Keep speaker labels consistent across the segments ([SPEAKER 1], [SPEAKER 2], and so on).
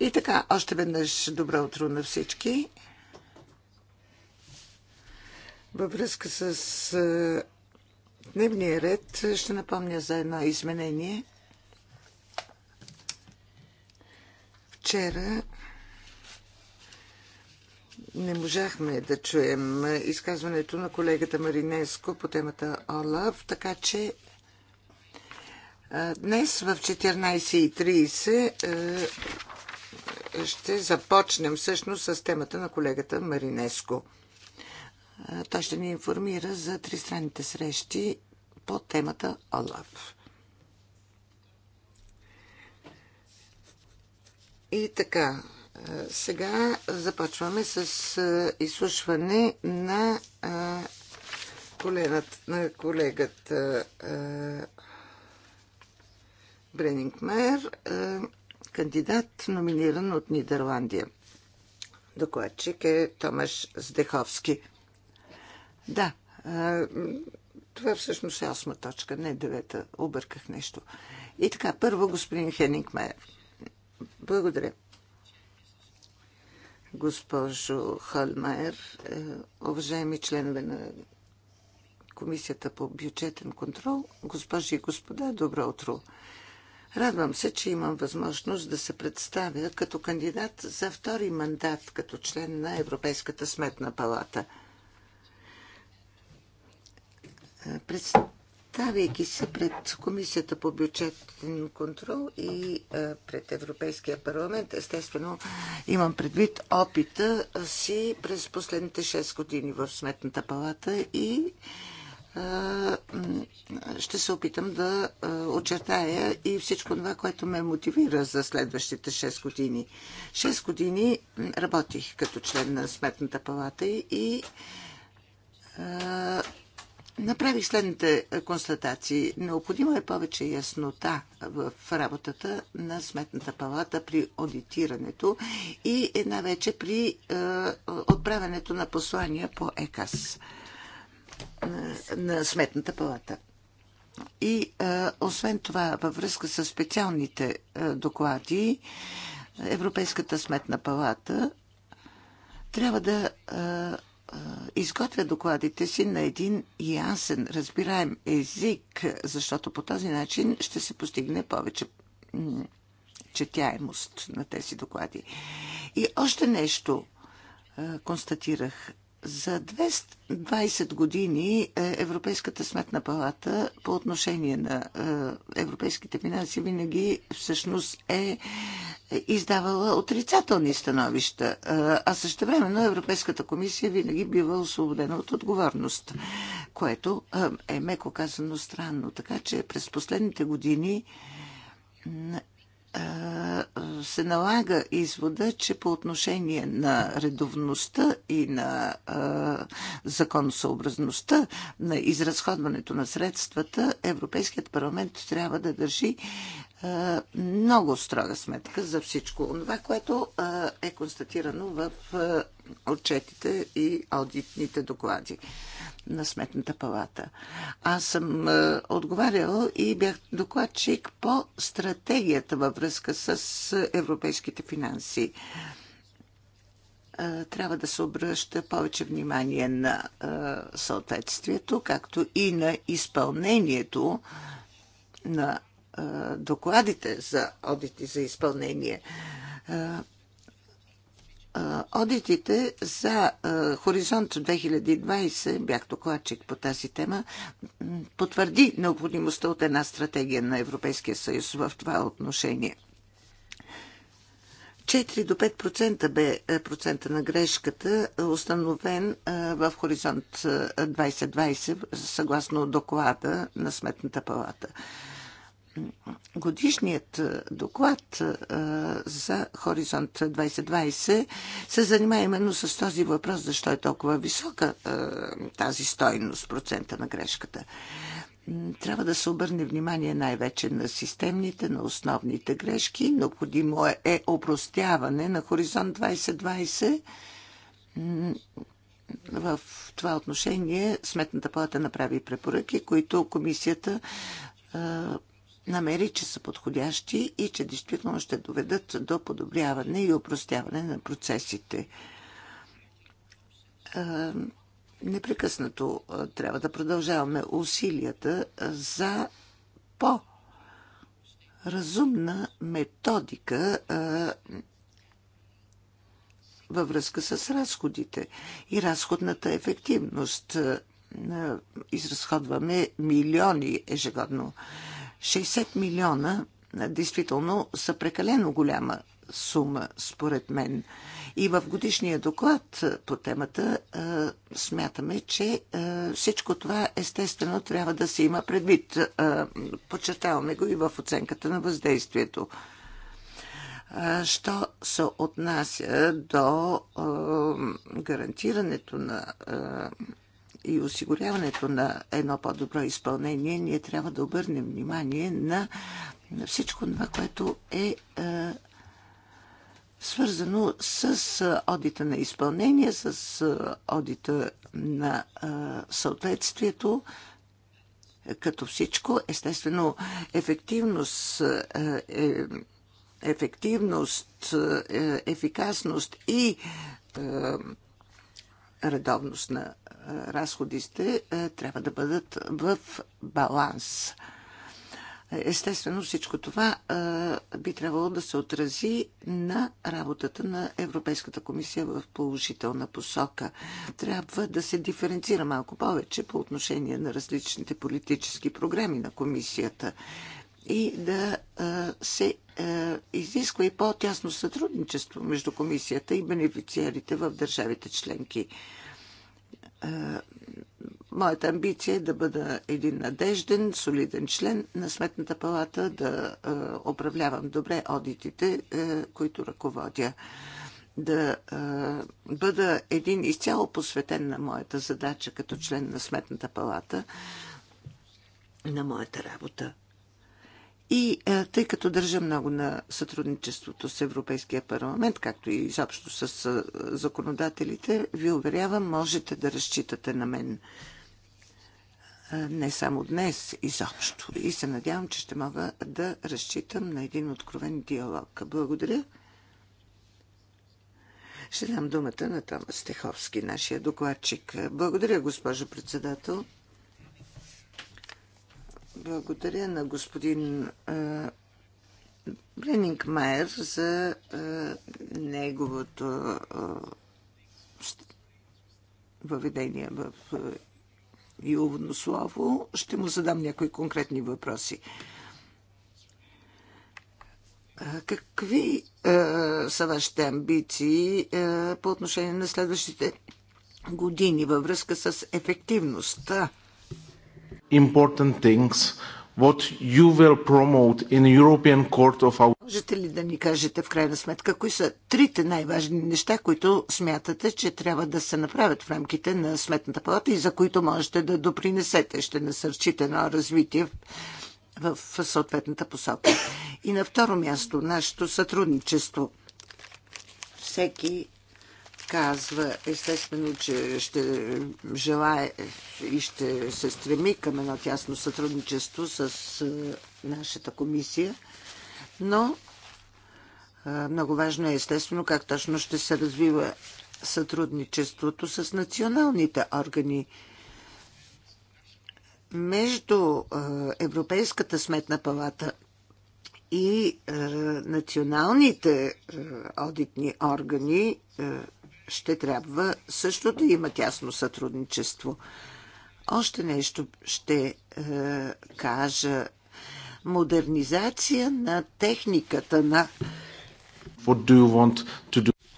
[SPEAKER 1] И така, още веднъж добро утро на всички. Във връзка с дневния ред ще напомня за едно изменение. Вчера не можахме да чуем изказването на колегата Маринеско по темата ОЛАВ, така че Днес в 14.30 е, ще започнем всъщност с темата на колегата Маринеско. Той ще ни информира за тристранните срещи по темата ОЛАВ. И така, сега започваме с изслушване на колегата, на колегата Бренинг Майер, е, кандидат, номиниран от Нидерландия. Докладчик е Томаш Здеховски. Да, е, това всъщност е осма точка, не девета. Обърках нещо. И така, първо господин Хенинг Майер. Благодаря. Госпожо Холмайер, е, уважаеми членове на Комисията по бюджетен контрол, госпожи и господа, добро утро. Радвам се, че имам възможност да се представя като кандидат за втори мандат като член на Европейската сметна палата. Представяйки се пред Комисията по бюджетен контрол и е, пред Европейския парламент, естествено имам предвид опита си през последните 6 години в Сметната палата и ще се опитам да очертая и всичко това, което ме мотивира за следващите 6 години. 6 години работих като член на Сметната палата и направих следните констатации. Необходима е повече яснота в работата на Сметната палата при аудитирането и една вече при отправянето на послания по ЕКАС на Сметната палата. И а, освен това, във връзка с специалните а, доклади, Европейската сметна палата трябва да а, а, изготвя докладите си на един ясен, разбираем език, защото по този начин ще се постигне повече четяемост на тези доклади. И още нещо а, констатирах. За 20 години е, Европейската сметна палата по отношение на е, европейските финанси винаги всъщност е, е издавала отрицателни становища, а също времено Европейската комисия винаги бива освободена от отговорност, което е меко казано странно. Така че през последните години се налага извода, че по отношение на редовността и на законосъобразността на изразходването на средствата, Европейският парламент трябва да държи много строга сметка за всичко това, което е констатирано в отчетите и аудитните доклади на Сметната палата. Аз съм отговарял и бях докладчик по стратегията във връзка с европейските финанси. Трябва да се обръща повече внимание на съответствието, както и на изпълнението на докладите за одити за изпълнение. Одитите за Хоризонт 2020, бях докладчик по тази тема, потвърди необходимостта от една стратегия на Европейския съюз в това отношение. 4 до 5% бе е, процента на грешката, установен е, в Хоризонт 2020, е, съгласно доклада на Сметната палата годишният е, доклад е, за Хоризонт 2020 се занимава именно с този въпрос, защо е толкова висока е, тази стойност, процента на грешката. Трябва да се обърне внимание най-вече на системните, на основните грешки. Необходимо е опростяване на Хоризонт 2020 в това отношение Сметната палата направи препоръки, които комисията намери, че са подходящи и че действително ще доведат до подобряване и упростяване на процесите. Непрекъснато трябва да продължаваме усилията за по- разумна методика във връзка с разходите и разходната ефективност. изразходваме милиони ежегодно. 60 милиона действително са прекалено голяма сума, според мен. И в годишния доклад по темата смятаме, че всичко това естествено трябва да се има предвид. Подчертаваме го и в оценката на въздействието. Що се отнася до гарантирането на и осигуряването на едно по-добро изпълнение, ние трябва да обърнем внимание на, на всичко това, което е, е свързано с е, одита на изпълнение, с е, одита на е, съответствието, като всичко. Естествено, ефективност е, е ефективност, ефикасност и редовност на разходите е, трябва да бъдат в баланс. Естествено, всичко това е, би трябвало да се отрази на работата на Европейската комисия в положителна посока. Трябва да се диференцира малко повече по отношение на различните политически програми на комисията и да е, се изисква и по-тясно сътрудничество между комисията и бенефициарите в държавите членки. Е, моята амбиция е да бъда един надежден, солиден член на Сметната палата, да е, управлявам добре одитите, е, които ръководя, да бъда един изцяло посветен на моята задача като член на Сметната палата, на моята работа. И е, тъй като държа много на сътрудничеството с Европейския парламент, както и изобщо с е, законодателите, ви уверявам, можете да разчитате на мен. Е, не само днес, изобщо. И се надявам, че ще мога да разчитам на един откровен диалог. Благодаря. Ще дам думата на Томас Стеховски, нашия докладчик. Благодаря, госпожо председател. Благодаря на господин Бренинг Майер за неговото въведение в и слово. Ще му задам някои конкретни въпроси. Какви е, са вашите амбиции е, по отношение на следващите години във връзка с
[SPEAKER 2] ефективността important things what you will promote in European Court of Auditors.
[SPEAKER 1] Можете ли да ни кажете в крайна сметка кои са трите най-важни неща, които смятате, че трябва да се направят в рамките на Сметната палата и за които можете да допринесете, ще насърчите на развитие в съответната посока. И на второ място, нашето сътрудничество. Всеки казва естествено, че ще желае и ще се стреми към едно тясно сътрудничество с нашата комисия, но много важно е естествено как точно ще се развива сътрудничеството с националните органи между Европейската сметна палата и националните одитни органи ще трябва също да има тясно сътрудничество. Още нещо ще е, кажа. Модернизация на техниката на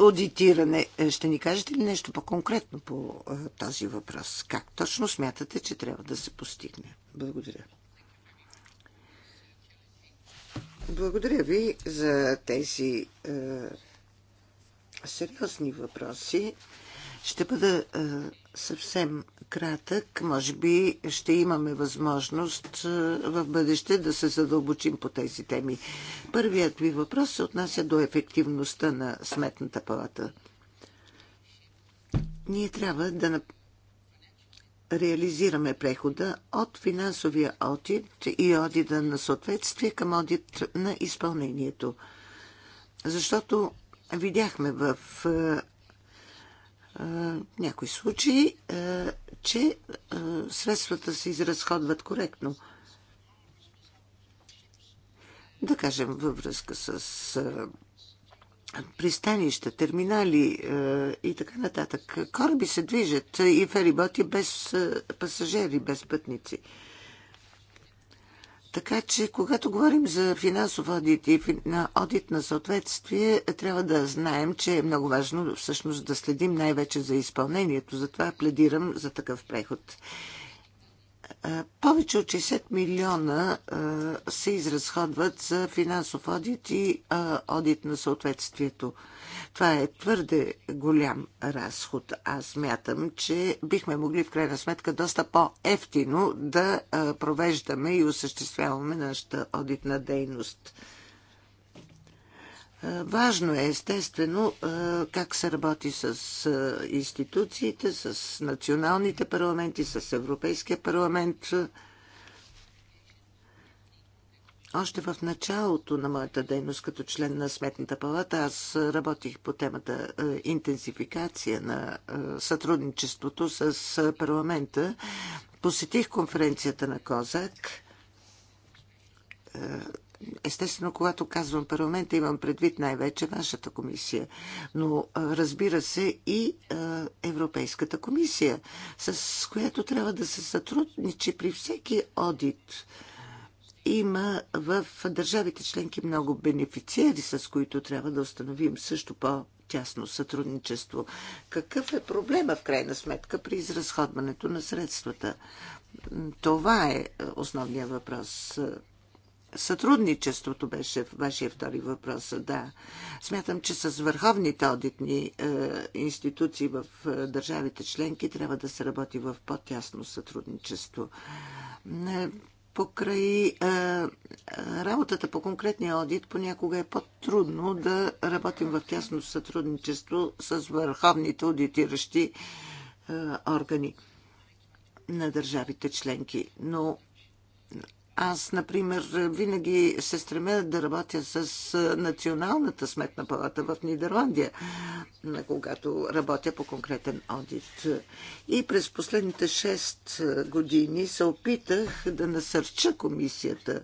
[SPEAKER 1] аудитиране. Е, ще ни кажете ли нещо по-конкретно по е, този въпрос? Как точно смятате, че трябва да се постигне? Благодаря. Благодаря ви за тези е, сериозни въпроси. Ще бъда е, съвсем кратък. Може би ще имаме възможност е, в бъдеще да се задълбочим по тези теми. Първият ви въпрос се отнася до ефективността на сметната палата. Ние трябва да реализираме прехода от финансовия одит и одита на съответствие към одит на изпълнението. Защото видяхме в някои случаи, че средствата се изразходват коректно. Да кажем, във връзка с пристанища, терминали и така нататък. Кораби се движат и фериботи без пасажери, без пътници. Така че, когато говорим за финансов одит и на одит на съответствие, трябва да знаем, че е много важно всъщност да следим най-вече за изпълнението. Затова пледирам за такъв преход. Повече от 60 милиона се изразходват за финансов одит и одит на съответствието. Това е твърде голям разход. Аз мятам, че бихме могли в крайна сметка доста по-ефтино да провеждаме и осъществяваме нашата одитна дейност. Важно е, естествено, как се работи с институциите, с националните парламенти, с Европейския парламент. Още в началото на моята дейност като член на Сметната палата аз работих по темата е, интенсификация на е, сътрудничеството с парламента. Посетих конференцията на Козак. Е, естествено, когато казвам парламента, имам предвид най-вече вашата комисия, но разбира се и Европейската комисия, с която трябва да се сътрудничи при всеки одит има в държавите членки много бенефициери, с които трябва да установим също по-тясно сътрудничество. Какъв е проблема в крайна сметка при изразходването на средствата? Това е основният въпрос. Сътрудничеството беше вашия втори въпрос. Да, смятам, че с върховните одитни е, институции в е, държавите членки трябва да се работи в по-тясно сътрудничество. Е, покрай а, работата по конкретния одит понякога е по-трудно да работим в тясно сътрудничество с върховните аудитиращи а, органи на държавите членки. Но аз, например, винаги се стремя да работя с Националната сметна палата в Нидерландия, когато работя по конкретен одит. И през последните 6 години се опитах да насърча комисията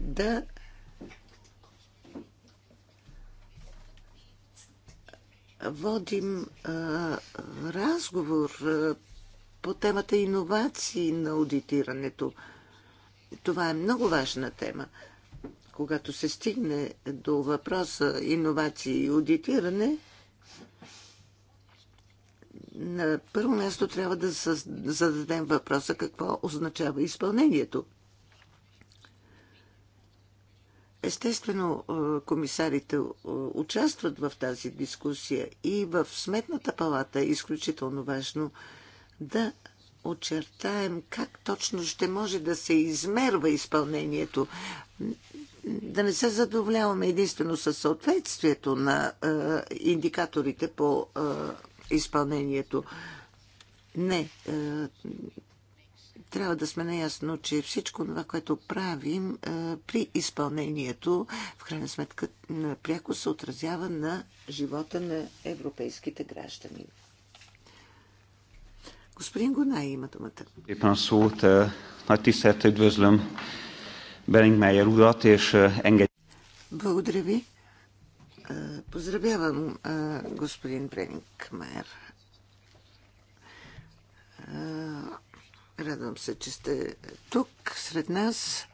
[SPEAKER 1] да водим а, разговор по темата иновации на аудитирането. Това е много важна тема. Когато се стигне до въпроса иновации и аудитиране, на първо място трябва да зададем въпроса какво означава изпълнението. Естествено, е, комисарите е, участват в тази дискусия и в Сметната палата е изключително важно да очертаем как точно ще може да се измерва изпълнението. Да не се задоволяваме единствено със съответствието на е, индикаторите по е, изпълнението. Не. Е, трябва да сме наясно, че всичко това, което правим е, при изпълнението, в крайна сметка, е, пряко се отразява на живота на европейските граждани. Господин Гонай има думата. Éppen szót, eh, nagy tisztelt üdvözlöm Bellingmeyer urat, еш енгед... Eh, Благодаря ви. Е, поздравявам е, господин Мейер. Е, радвам се, че сте тук сред нас.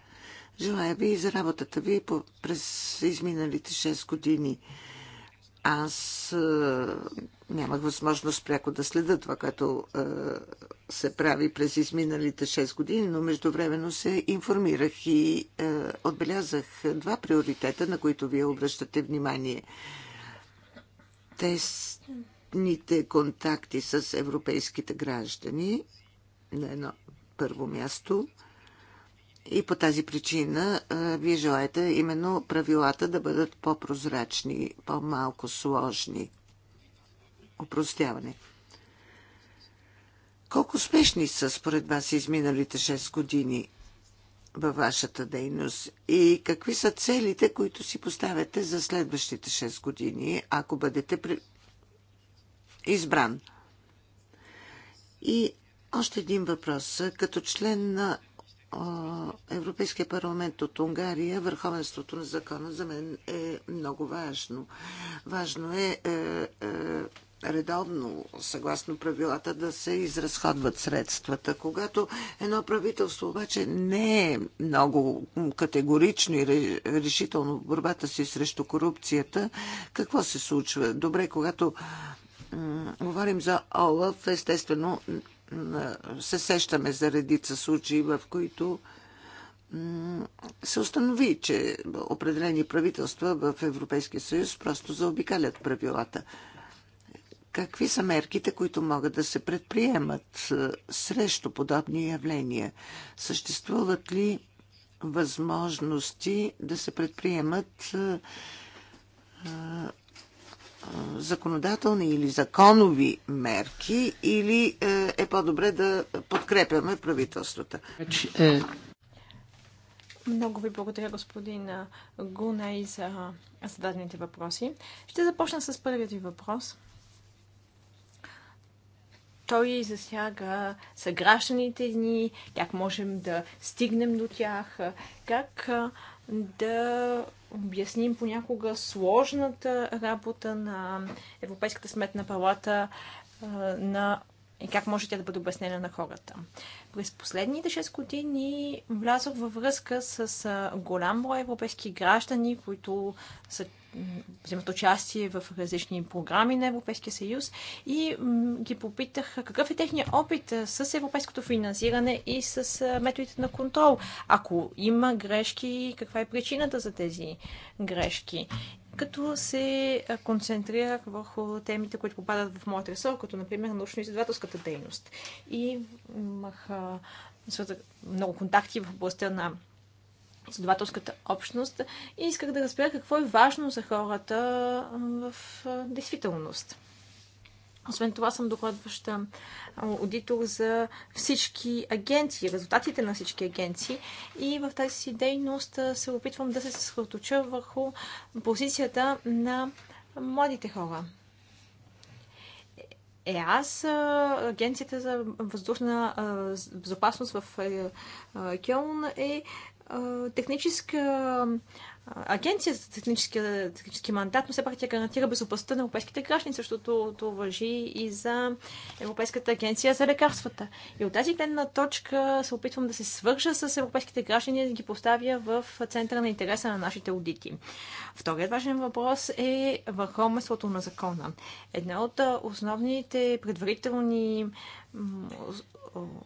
[SPEAKER 1] Желая ви и за работата ви през изминалите 6 години. Аз нямах възможност пряко да следа това, което е, се прави през изминалите 6 години, но междувременно се информирах и е, отбелязах два приоритета, на които вие обръщате внимание.
[SPEAKER 2] Тесните
[SPEAKER 1] контакти с европейските граждани на едно първо място. И по тази причина е, вие желаете именно правилата да бъдат по-прозрачни, по-малко сложни опростяване. Колко успешни са според вас изминалите 6 години във вашата дейност и какви са целите, които си поставяте за следващите 6 години, ако бъдете при... избран? И още един въпрос. Като член на Европейския парламент от Унгария, върховенството на закона за мен е много важно. Важно е, е, е редовно, съгласно правилата, да се изразходват средствата. Когато едно правителство обаче не е много категорично и решително в борбата си срещу корупцията, какво се случва? Добре, когато говорим за ОЛАФ, естествено се сещаме за редица случаи, в които се установи, че определени правителства в Европейския съюз просто заобикалят правилата. Какви са мерките, които могат да се предприемат е, срещу подобни явления? Съществуват ли възможности да се предприемат е, е, законодателни или законови мерки или е по-добре да подкрепяме правителствата?
[SPEAKER 3] Много ви благодаря, господин Гунай, за зададените въпроси. Ще започна с първият ви въпрос – той засяга съгражданите ни, как можем да стигнем до тях, как да обясним понякога сложната работа на Европейската сметна палата на и как може тя да бъде обяснена на хората. През последните 6 години влязох във връзка с голям брой европейски граждани, които са вземат участие в различни програми на Европейския съюз и ги попитах какъв е техният опит с европейското финансиране и с методите на контрол. Ако има грешки, каква е причината за тези грешки? като се концентрирах върху темите, които попадат в моят ресор, като например научно-изследователската дейност. И имах много контакти в областта на следователската общност и исках да разбера какво е важно за хората в действителност. Освен това съм докладваща аудитор за всички агенции, резултатите на всички агенции и в тази си дейност се опитвам да се съсредоточа върху позицията на младите хора. Е, аз, Агенцията за въздушна безопасност в е, е техническа агенция за технически, технически мандат, но все пак тя гарантира безопасността на европейските граждани. защото това въжи и за Европейската агенция за лекарствата. И от тази гледна точка се опитвам да се свържа с европейските граждани и да ги поставя в центъра на интереса на нашите аудити. Вторият важен въпрос е върховенството на закона. Една от основните предварителни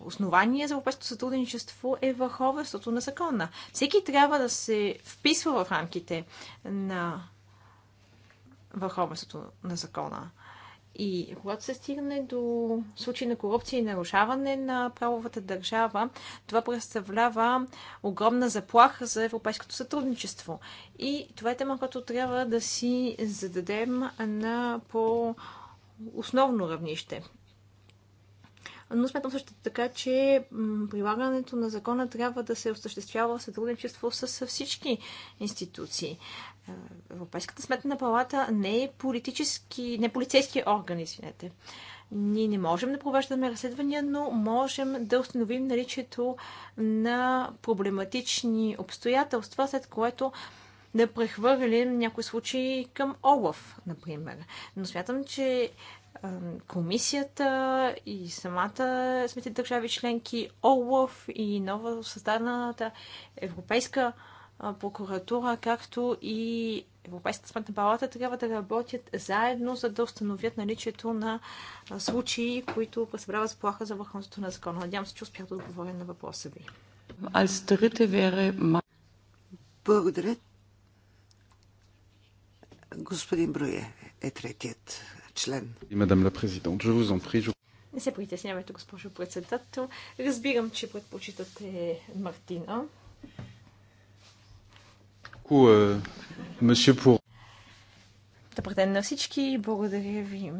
[SPEAKER 3] основание за европейското сътрудничество е върховенството на закона. Всеки трябва да се вписва в рамките на върховенството на закона. И когато се стигне до случаи на корупция и нарушаване на правовата държава, това представлява огромна заплаха за европейското сътрудничество. И това е тема, която трябва да си зададем на по основно равнище но смятам също така, че прилагането на закона трябва да се осъществява в сътрудничество с всички институции. Е, Европейската сметна палата не е политически, не е полицейски орган, извинете. Ние не можем да провеждаме разследвания, но можем да установим наличието на проблематични обстоятелства, след което да прехвърлим някои случаи към Олаф, например. Но смятам, че комисията и самата смете държави членки, ОЛАФ и нова създадената Европейска прокуратура, както и Европейската сметна палата трябва да работят заедно, за да установят наличието на случаи, които представляват заплаха за върховенството на закона. Надявам се, че успях да отговоря на въпроса ви.
[SPEAKER 1] Благодаря. Господин Броя е
[SPEAKER 3] третият член. не се притеснявайте, госпожо председател. Разбирам, че предпочитате Мартина. Е, Добър ден на всички. Благодаря ви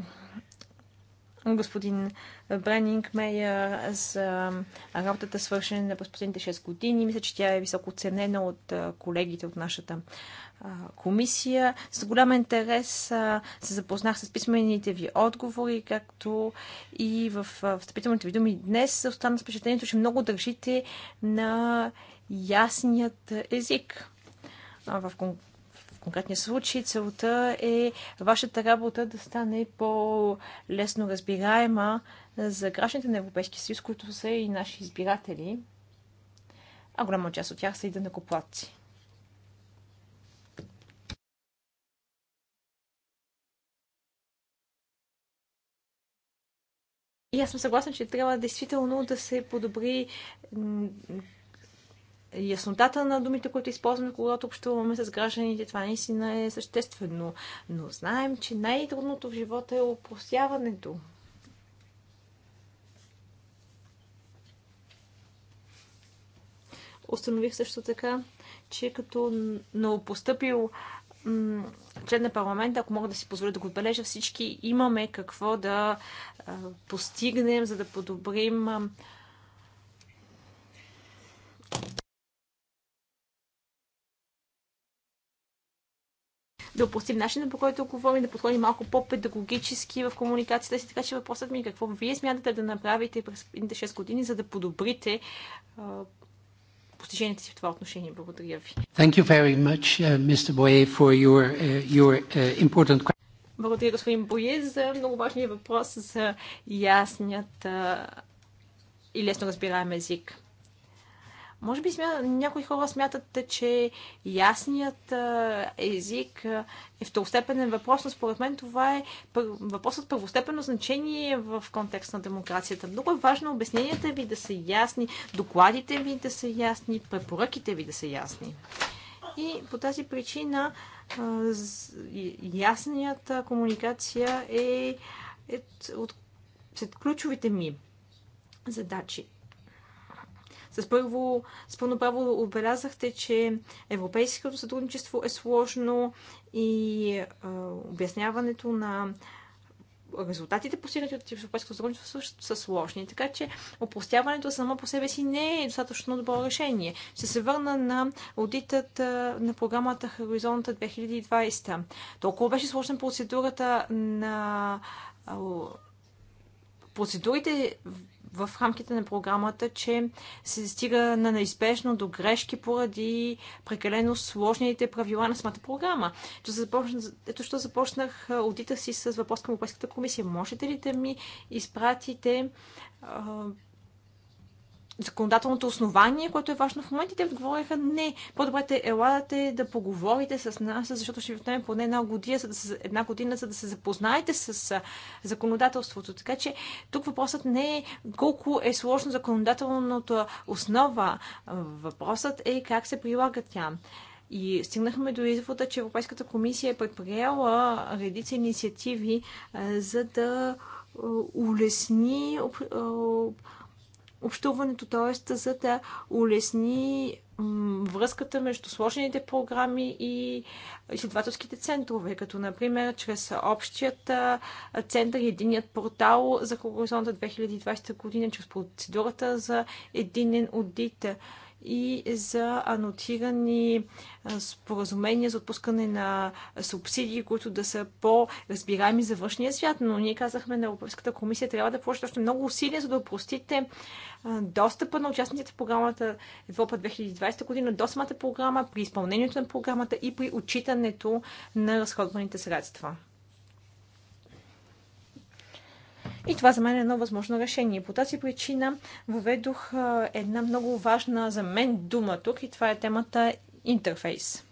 [SPEAKER 3] господин Бренинг Мейер за работата свършена през последните 6 години. Мисля, че тя е високо оценена от колегите от нашата комисия. С голям интерес се запознах с писмените ви отговори, както и в встъпителните ви думи днес. Остана с впечатлението, че много държите на ясният език в конкретния случай целта е вашата работа да стане по-лесно разбираема за гражданите на Европейския съюз, които са и наши избиратели, а голяма част от тях са и дънакоплатци. И аз съм съгласна, че трябва действително да се подобри яснотата на думите, които използваме, когато общуваме с гражданите, това наистина е съществено. Но знаем, че най-трудното в живота е опросяването. Установих също така, че като новопостъпил член на парламента, ако мога да си позволя да го отбележа, всички имаме какво да постигнем, за да подобрим да опростим начина по който говорим, да подходим малко по-педагогически в комуникацията си. Така че въпросът ми е какво вие смятате да направите през едните 6 години, за да подобрите постиженията си в това отношение. Благодаря ви.
[SPEAKER 1] Thank you very much, uh, Mr. Boye, for your, uh, your uh, important question.
[SPEAKER 3] Благодаря, господин Бое, за много важния въпрос за ясният и лесно разбираем език. Може би смя... някои хора смятат, че ясният език е второстепенен въпрос, но според мен това е пър... въпросът първостепенно значение в контекст на демокрацията. Много е важно обясненията ви да са ясни, докладите ви да са ясни, препоръките ви да са ясни. И по тази причина ясният комуникация е, е от сред ключовите ми задачи. С, първо, с пълно право отбелязахте, че европейското сътрудничество е сложно и е, обясняването на резултатите постигнати от европейското сътрудничество също са сложни. Така че опростяването само по себе си не е достатъчно добро решение. Ще се върна на аудитът на програмата Хоризонта 2020. Толкова беше сложна процедурата на процедурите в рамките на програмата, че се стига на неизбежно до грешки поради прекалено сложните правила на самата програма. Ето що започнах аудита си с въпрос към Европейската комисия. Можете ли да ми изпратите законодателното основание, което е важно в момента, те отговориха не. По-добре те еладате да поговорите с нас, защото ще ви отнеме поне една година, за да се, една година, за да се запознаете с законодателството. Така че тук въпросът не е колко е сложно законодателната основа. Въпросът е как се прилага тя. И стигнахме до извода, че Европейската комисия е предприела редица инициативи, за да улесни общуването, т.е. за да улесни връзката между сложените програми и изследователските центрове, като например чрез общият център и единият портал за хоризонта 2020 година, чрез процедурата за единен аудит и за анотирани споразумения за отпускане на субсидии, които да са по-разбираеми за външния свят. Но ние казахме на Европейската комисия, трябва да положите още много усилия, за да упростите достъпа на участниците в програмата Европа 2020 година до самата програма, при изпълнението на програмата и при отчитането на разходваните средства. И това за мен е едно възможно решение. По тази причина въведох една много важна за мен дума тук и това е темата интерфейс.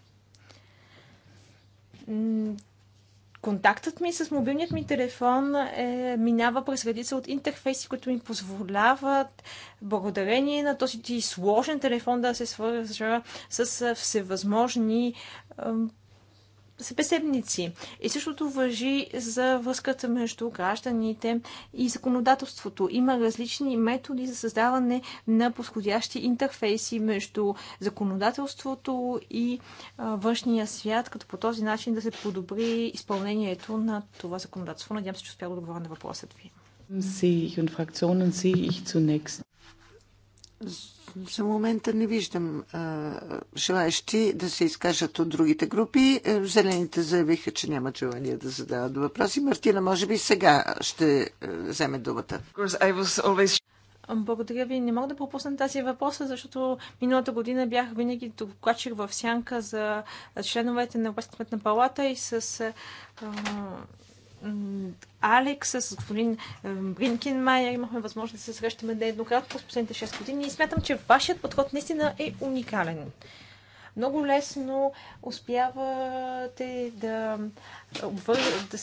[SPEAKER 3] Контактът ми с мобилният ми телефон е, минава през редица от интерфейси, които ми позволяват, благодарение на този ти сложен телефон, да се свържа с всевъзможни събеседници. И същото въжи за връзката между гражданите и законодателството. Има различни методи за създаване на подходящи интерфейси между законодателството и външния свят, като по този начин да се подобри изпълнението на това законодателство. Надявам се, че успях да отговоря на въпросът ви.
[SPEAKER 2] Sie ich und Fraktionen
[SPEAKER 1] sehe ich zunächst.
[SPEAKER 3] За момента не виждам а,
[SPEAKER 1] желаящи да се изкажат от другите групи. Е, Зелените заявиха, че нямат желание да задават въпроси. Мартина, може би сега ще е, вземе думата.
[SPEAKER 3] Благодаря ви. Не мога да пропусна тази въпроса, защото миналата година бях винаги докладчик в сянка за членовете на Европейската палата и с е, Алекс, с господин Бринкин Майер имахме възможност да се срещаме нееднократно през последните 6 години и смятам, че вашият подход наистина е уникален. Много лесно успявате да, обвър... да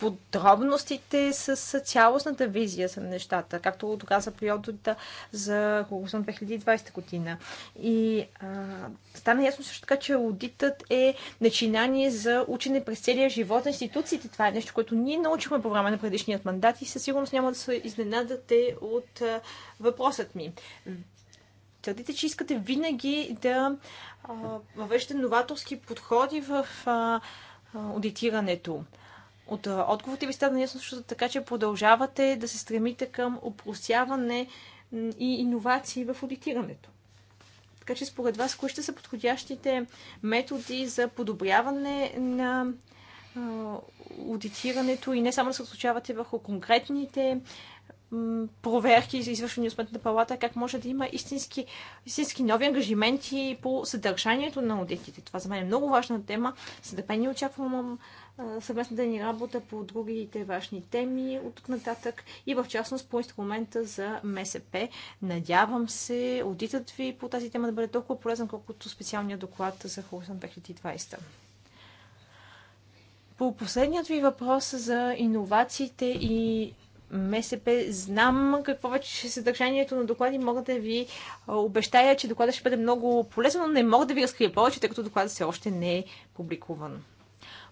[SPEAKER 3] подробностите с цялостната визия за нещата, както го каза периодата за хоризонт 2020 година. И а, стана ясно също така, че аудитът е начинание за учене през целия живот на институциите. Това е нещо, което ние научихме по време на предишният мандат и със сигурност няма да се изненадате от а, въпросът ми. Твърдите, че искате винаги да въвеждате новаторски подходи в а, аудитирането. От отговорите ви стана ясно също така, че продължавате да се стремите към опросяване и иновации в аудитирането. Така че според вас, кои ще са подходящите методи за подобряване на аудитирането и не само да се случавате върху конкретните проверки, за извършване от Сметната палата, как може да има истински, истински нови ангажименти по съдържанието на аудитите. Това за мен е много важна тема. С очаквам съвместната ни работа по другите важни теми от тук нататък и в частност по инструмента за МСП. Надявам се аудитът ви по тази тема да бъде толкова полезен, колкото специалния доклад за Хоризонт 2020. По последният ви въпрос за иновациите и МСП. Знам какво вече е съдържанието на доклади. Мога да ви обещая, че докладът ще бъде много полезен, но не мога да ви разкрия повече, тъй като докладът все още не е публикуван.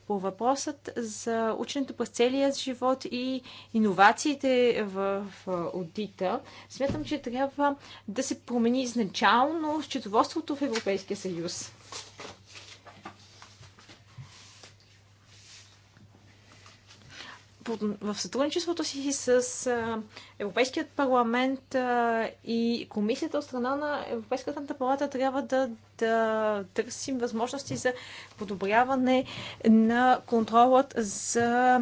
[SPEAKER 3] По въпросът за ученето през целия живот и иновациите в, в аудита, смятам, че трябва да се промени изначално счетоводството в Европейския съюз. в сътрудничеството си с Европейският парламент и комисията от страна на Европейската палата трябва да, да търсим възможности за подобряване на контролът за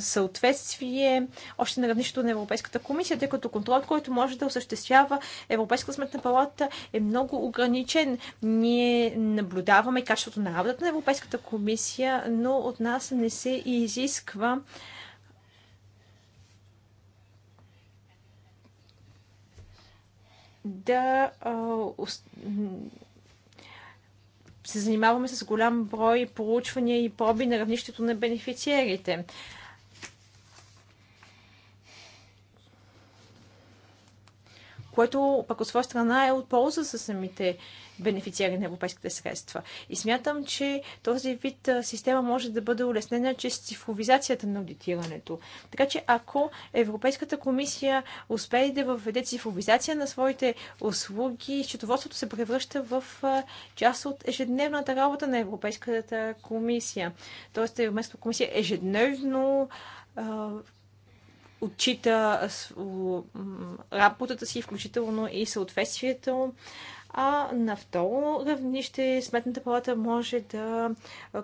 [SPEAKER 3] съответствие още на равнището на Европейската комисия, тъй като контролът, който може да осъществява Европейската сметна палата е много ограничен. Ние наблюдаваме качеството на работата на Европейската комисия, но от нас не се изисква да се занимаваме с голям брой проучвания и проби на равнището на бенефициерите. което пък от своя страна е от полза за самите бенефициари на европейските средства. И смятам, че този вид система може да бъде улеснена чрез цифровизацията на аудитирането. Така че ако Европейската комисия успее да въведе цифровизация на своите услуги, счетоводството се превръща в част от ежедневната работа на Европейската комисия. Тоест, Европейската комисия ежедневно отчита работата си, включително и съответствието а на второ равнище Сметната палата може да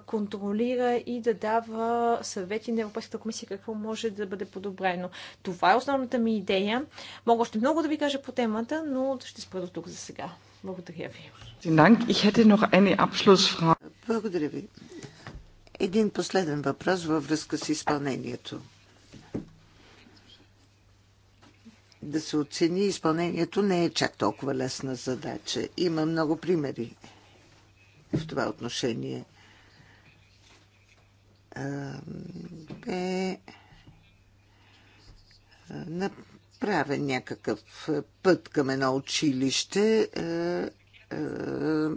[SPEAKER 3] контролира и да дава съвети на Европейската комисия какво може да бъде подобрено. Това е основната ми идея. Мога още много да ви кажа по темата, но ще спра до тук за сега. Благодаря ви. Благодаря ви. Един
[SPEAKER 1] последен въпрос във връзка с изпълнението. да се оцени изпълнението не е чак толкова лесна задача. Има много примери в това отношение. Бе направен някакъв път към едно училище.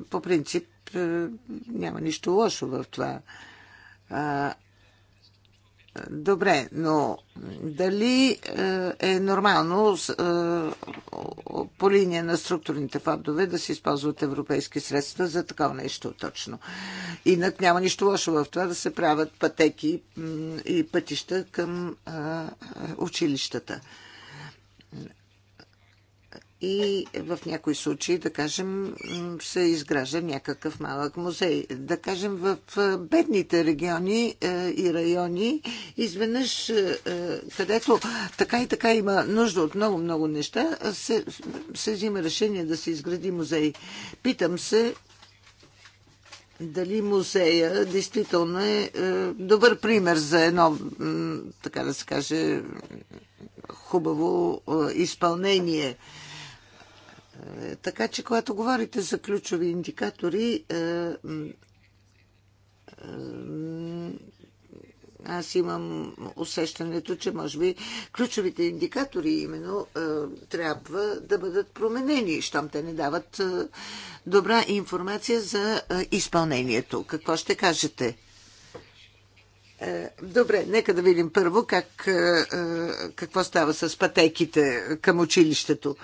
[SPEAKER 1] По принцип няма нищо лошо в това. Добре, но дали е, е нормално е, по линия на структурните фондове да се използват европейски средства за такова нещо точно? Инак няма нищо лошо в това да се правят пътеки и пътища към е, училищата и в някои случаи, да кажем, се изгражда някакъв малък музей. Да кажем, в бедните региони е, и райони, изведнъж, е, е, където така и така има нужда от много-много неща, се, се взима решение да се изгради музей. Питам се, дали музея действително е, добър пример за едно, така да се каже, хубаво изпълнение е, така че, когато говорите за ключови индикатори, е, е, аз имам усещането, че може би ключовите индикатори именно трябва да бъдат променени, щом те не дават добра информация за изпълнението. Какво ще кажете? Добре, нека да видим първо как, какво става с пътеките към училището.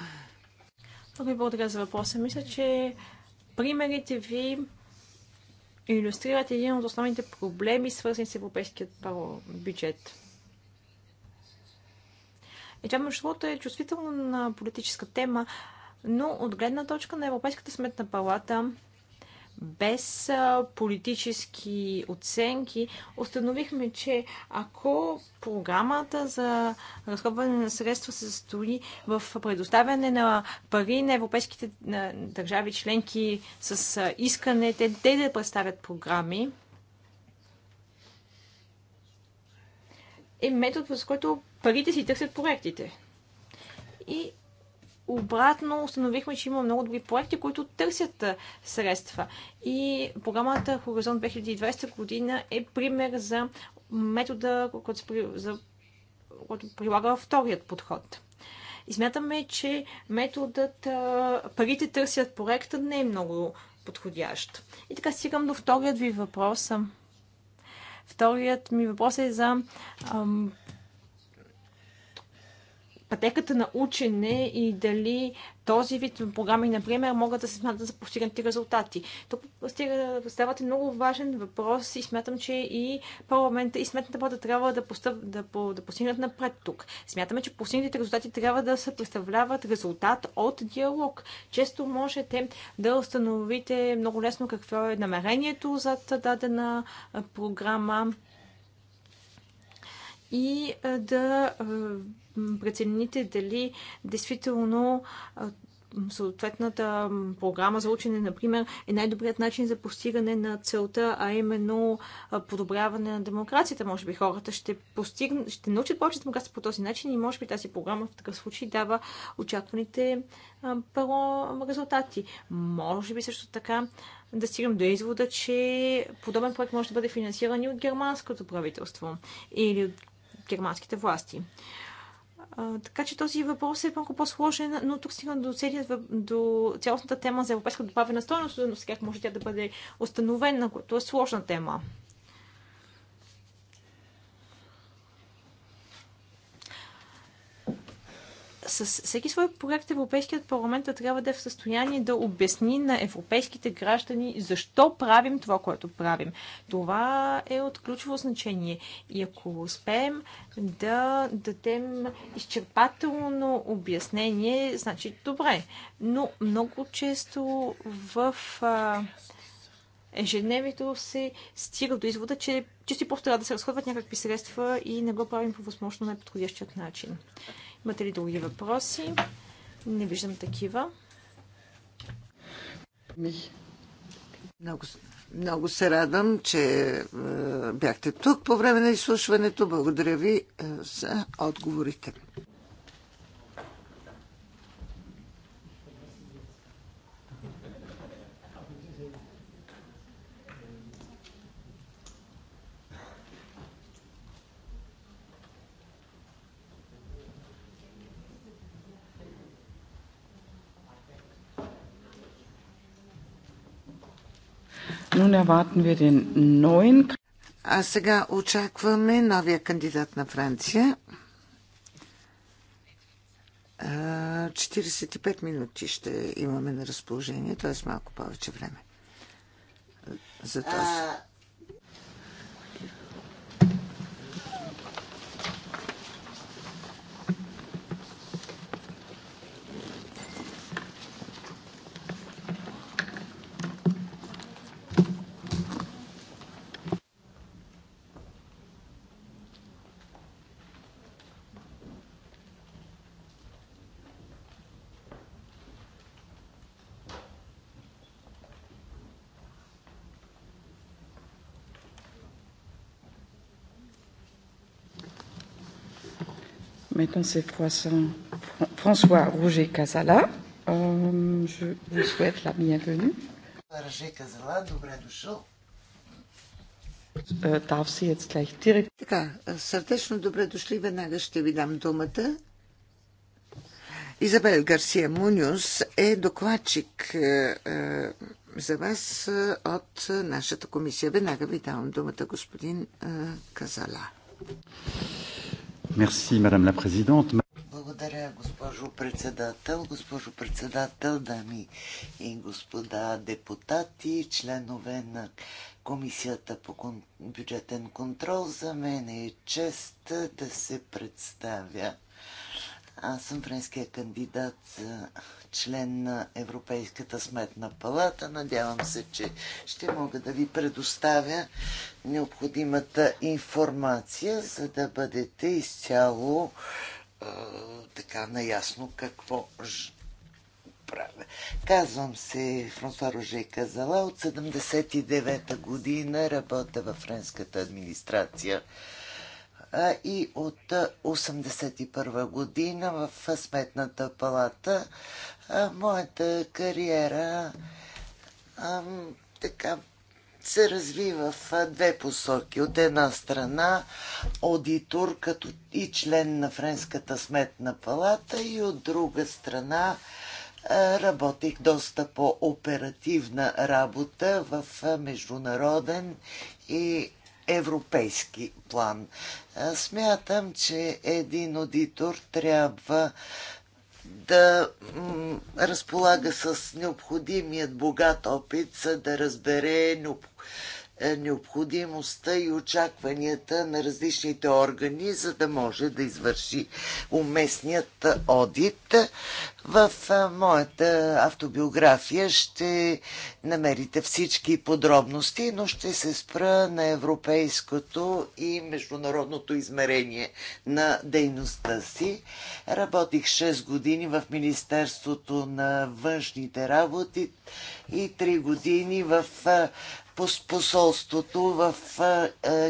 [SPEAKER 3] Много ви благодаря за въпроса. Мисля, че примерите ви иллюстрират един от основните проблеми, свързани с европейският бюджет. И това, между другото, е чувствително на политическа тема, но от гледна точка на Европейската сметна палата без политически оценки, установихме, че ако програмата за разходване на средства се състои в предоставяне на пари на европейските държави членки с искане те, те да представят програми, е метод, с който парите си търсят проектите. И обратно установихме, че има много добри проекти, които търсят средства. И програмата Хоризонт 2020 година е пример за метода, който, при... за... който прилага вторият подход. И смятаме, че методът парите търсят проекта не е много подходящ. И така стигам до вторият ви въпрос. Вторият ми въпрос е за ам, пътеката на учене и дали този вид програми, например, могат да се смятат за постигнати резултати. Тук ставате много важен въпрос и смятам, че и парламента и сметната палата трябва да, постъп, да, по, да постигнат напред тук. Смятаме, че постигнатите резултати трябва да се представляват резултат от диалог. Често можете да установите много лесно какво е намерението за дадена програма и да прецените дали действително съответната програма за учене, например, е най-добрият начин за постигане на целта, а именно подобряване на демокрацията. Може би хората ще, постигна, ще научат повече демокрация по този начин и може би тази програма в такъв случай дава очакваните първо резултати. Може би също така да стигам до извода, че подобен проект може да бъде финансиран и от германското правителство или от германските власти така че този въпрос е малко по-сложен, но тук стигна до, целият, до цялостната тема за европейска добавена стоеност, но сега може тя да бъде установена, което е сложна тема. с всеки свой проект Европейският парламент трябва да е в състояние да обясни на европейските граждани защо правим това, което правим. Това е от ключово значение. И ако успеем да дадем изчерпателно обяснение, значи добре. Но много често в а, ежедневието се стига до извода, че чести просто трябва да се разходват някакви средства и не го правим по възможно най-подходящият начин. Имате ли други въпроси? Не виждам такива.
[SPEAKER 1] Много, много се радвам, че е, бяхте тук по време на изслушването. Благодаря ви е, за отговорите. А сега очакваме новия кандидат на Франция. 45 минути ще имаме на разположение, т.е. малко повече време за този.
[SPEAKER 3] maintenant c'est François Roger Casala. Euh, je vous souhaite la bienvenue.
[SPEAKER 2] Roger Casala, добре дошъл.
[SPEAKER 3] Euh,
[SPEAKER 1] така, сърдечно добре дошли. Веднага ще ви дам думата. Изабел Гарсия Муниус е докладчик е, е, за вас е, от нашата комисия. Веднага ви давам думата, господин Казала.
[SPEAKER 3] Merci, madame la présidente.
[SPEAKER 2] Благодаря, госпожо председател. Госпожо председател, дами и господа депутати, членове на Комисията по бюджетен контрол, за мен е чест да се представя аз съм френския кандидат за член на Европейската сметна палата. Надявам се, че ще мога да ви предоставя необходимата информация, за да бъдете изцяло е, така наясно какво правя. Казвам се Франсуа Рожей Казала. От 79-та година работя във френската администрация и от 1981 година в Сметната палата. Моята кариера така се развива в две посоки. От една страна аудитор като и член на Френската сметна палата и от друга страна работих доста по-оперативна работа в международен и европейски план. Смятам, че един аудитор трябва да разполага с необходимият богат опит, за да разбере необходимо. Е, необходимостта и очакванията на различните органи, за да може да извърши уместният одит. В е, моята автобиография ще намерите всички подробности, но ще се спра на европейското и международното измерение на дейността си. Работих 6 години в Министерството на външните работи и 3 години в е, посолството в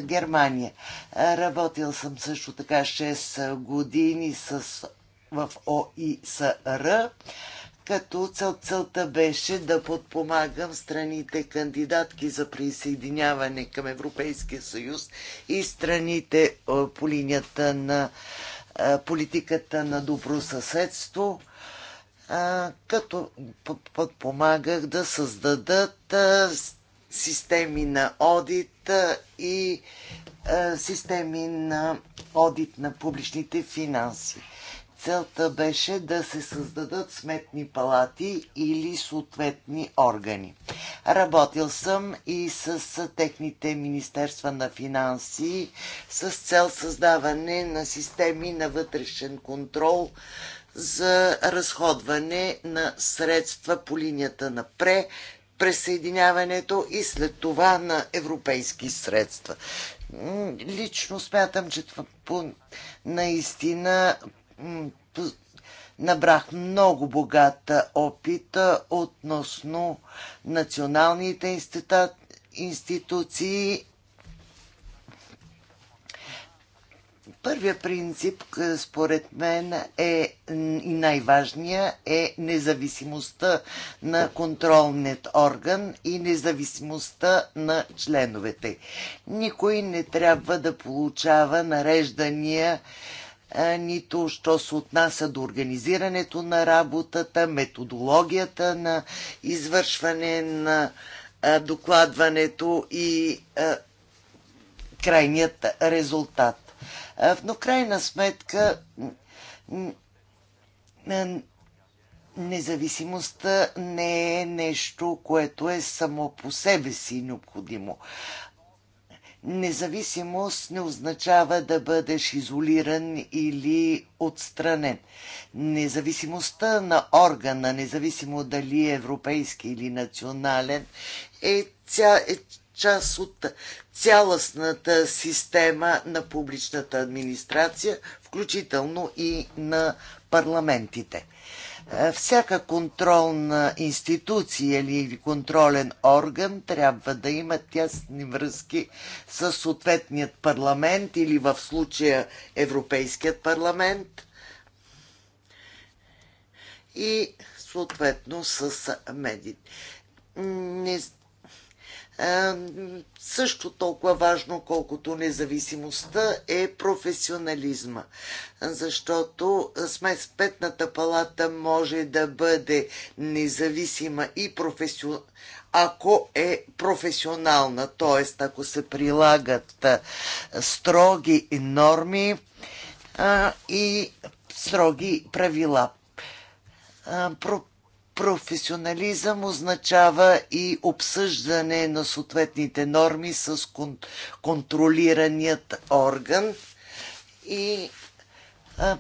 [SPEAKER 2] Германия. Работил съм също така 6 години с, в ОИСР, като цел, целта беше да подпомагам страните кандидатки за присъединяване към Европейския съюз и страните по линията на политиката на добро съседство, като подпомагах да създадат системи на одит и системи на одит на публичните финанси. Целта беше да се създадат сметни палати или съответни органи. Работил съм и с техните Министерства на финанси с цел създаване на системи на вътрешен контрол за разходване на средства по линията на ПРЕ присъединяването и след това на европейски средства. Лично смятам, че това по, наистина по, набрах много богата опит относно националните институции Първия принцип, е, според мен, е и най-важния е независимостта на контролният орган и независимостта на членовете. Никой не трябва да получава нареждания е, нито що се отнася до организирането на работата, методологията на извършване на е, докладването и крайният резултат. Но в крайна сметка независимостта не е нещо, което е само по себе си необходимо. Независимост не означава да бъдеш изолиран или отстранен. Независимостта на органа, независимо дали е европейски или национален, е, ця, е част от цялостната система на публичната администрация, включително и на парламентите. Е, всяка контролна институция или контролен орган трябва да има тясни връзки с съответният парламент или в случая Европейският парламент и съответно с медиите. Е, също толкова важно, колкото независимостта е професионализма. Защото сметната палата може да бъде независима и професионална, ако е професионална, т.е. ако се прилагат е, строги норми е, и строги правила. Професионализъм означава и обсъждане на съответните норми с кон- контролираният орган и а,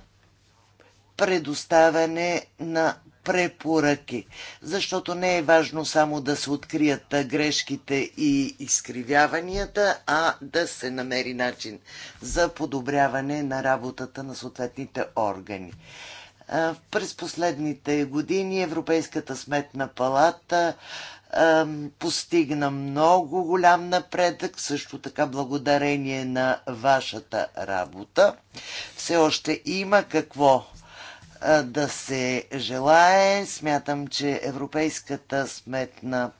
[SPEAKER 2] предоставяне на препоръки. Защото не е важно само да се открият грешките и изкривяванията, а да се намери начин за подобряване на работата на съответните органи. През последните години Европейската сметна палата постигна много голям напредък, също така благодарение на вашата работа. Все още има какво да се желае. Смятам, че Европейската сметна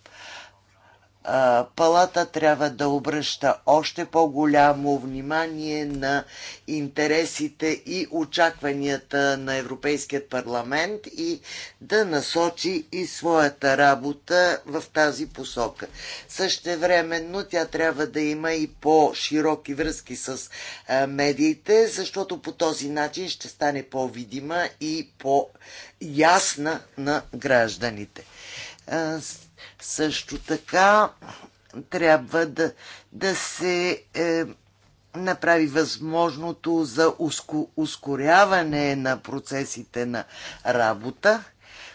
[SPEAKER 2] палата трябва да обръща още по-голямо внимание на интересите и очакванията на Европейският парламент и да насочи и своята работа в тази посока. Същевременно тя трябва да има и по-широки връзки с медиите, защото по този начин ще стане по-видима и по-ясна на гражданите също така трябва да, да се е, направи възможното за уско, ускоряване на процесите на работа.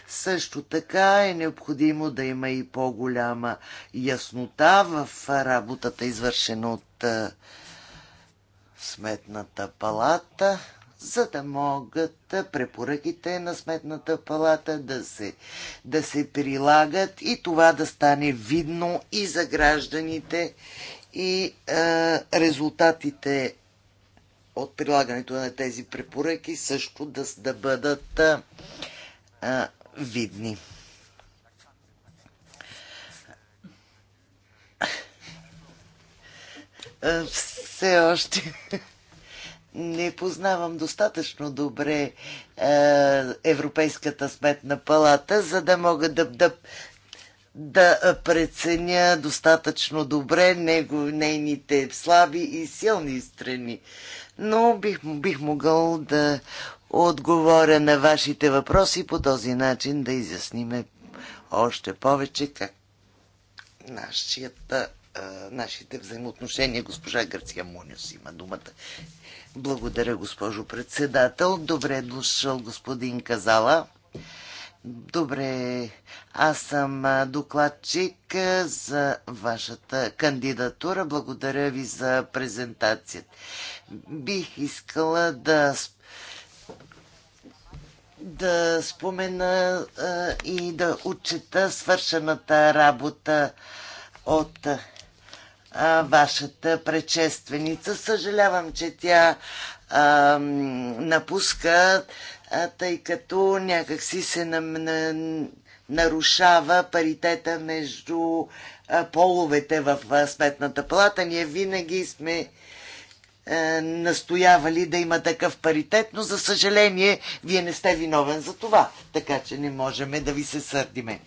[SPEAKER 2] Също така е необходимо да има и по-голяма яснота в работата, извършена от е, Сметната палата за да могат препоръките на Сметната палата да се, да се прилагат и това да стане видно и за гражданите и е, резултатите от прилагането на тези препоръки също да, да бъдат е, видни. Все още не познавам достатъчно добре е, Европейската сметна палата, за да мога да, да, да е, преценя достатъчно добре него, нейните слаби и силни страни. Но бих, бих могъл да отговоря на вашите въпроси по този начин да изясниме още повече как нашията е, нашите взаимоотношения. Госпожа Гърция Мониус има думата. Благодаря, госпожо председател. Добре дошъл, господин Казала. Добре, аз съм докладчик за вашата кандидатура. Благодаря ви за презентацията. Бих искала да да спомена а, и да отчета свършената работа от а, вашата предшественица. Съжалявам, че тя а, напуска, а, тъй като някакси се на, на, нарушава паритета между а, половете в а, Сметната палата. Ние винаги сме настоявали да има такъв паритет, но за съжаление вие не сте виновен за това, така че не можем да ви се сърдиме.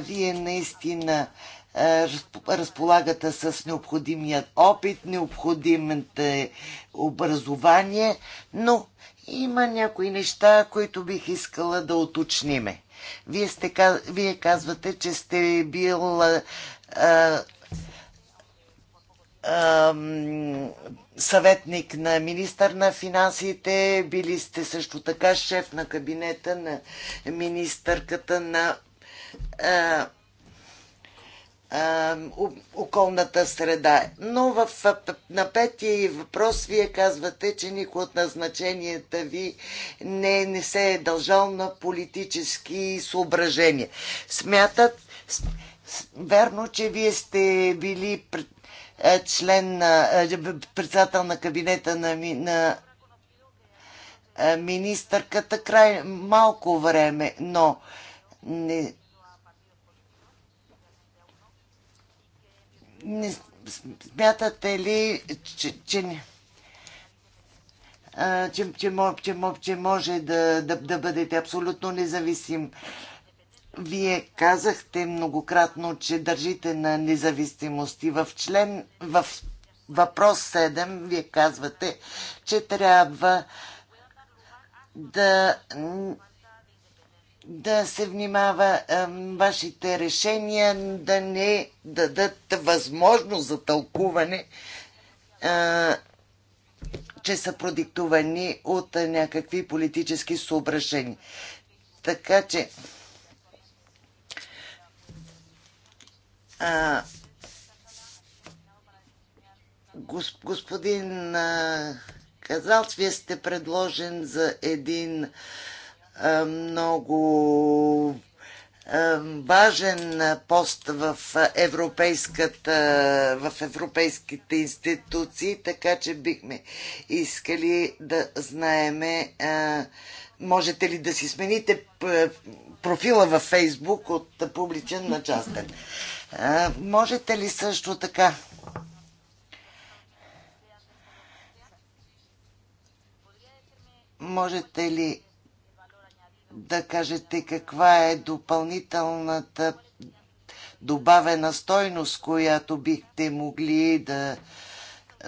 [SPEAKER 2] Вие наистина е, разполагате с необходимият опит, необходимите образование, но има някои неща, които бих искала да уточниме. Вие, сте, вие казвате, че сте бил а, е, е, а, съветник на министър на финансите, били сте също така шеф на кабинета на министърката на а, околната среда. Но в, на петия въпрос вие казвате, че никой от назначенията ви не, не се е дължал на политически съображения. Смятат, верно, че вие сте били пред, член на, председател на кабинета на, на министърката край малко време, но не, не смятате ли, че, че не? че, че, че, че може да, да, да бъдете абсолютно независим. Вие казахте многократно, че държите на независимост и в член, в въпрос 7, вие казвате, че трябва да да се внимава а, вашите решения да не дадат възможност за тълкуване, а, че са продиктовани от а, някакви политически съображения. Така че а, господин а, Казалц, вие сте предложен за един е, много е, важен пост в, европейската, в европейските институции, така че бихме искали да знаеме е, можете ли да си смените профила във Фейсбук от публичен на частен. Можете ли също така можете ли да кажете каква е допълнителната добавена стойност, която бихте могли да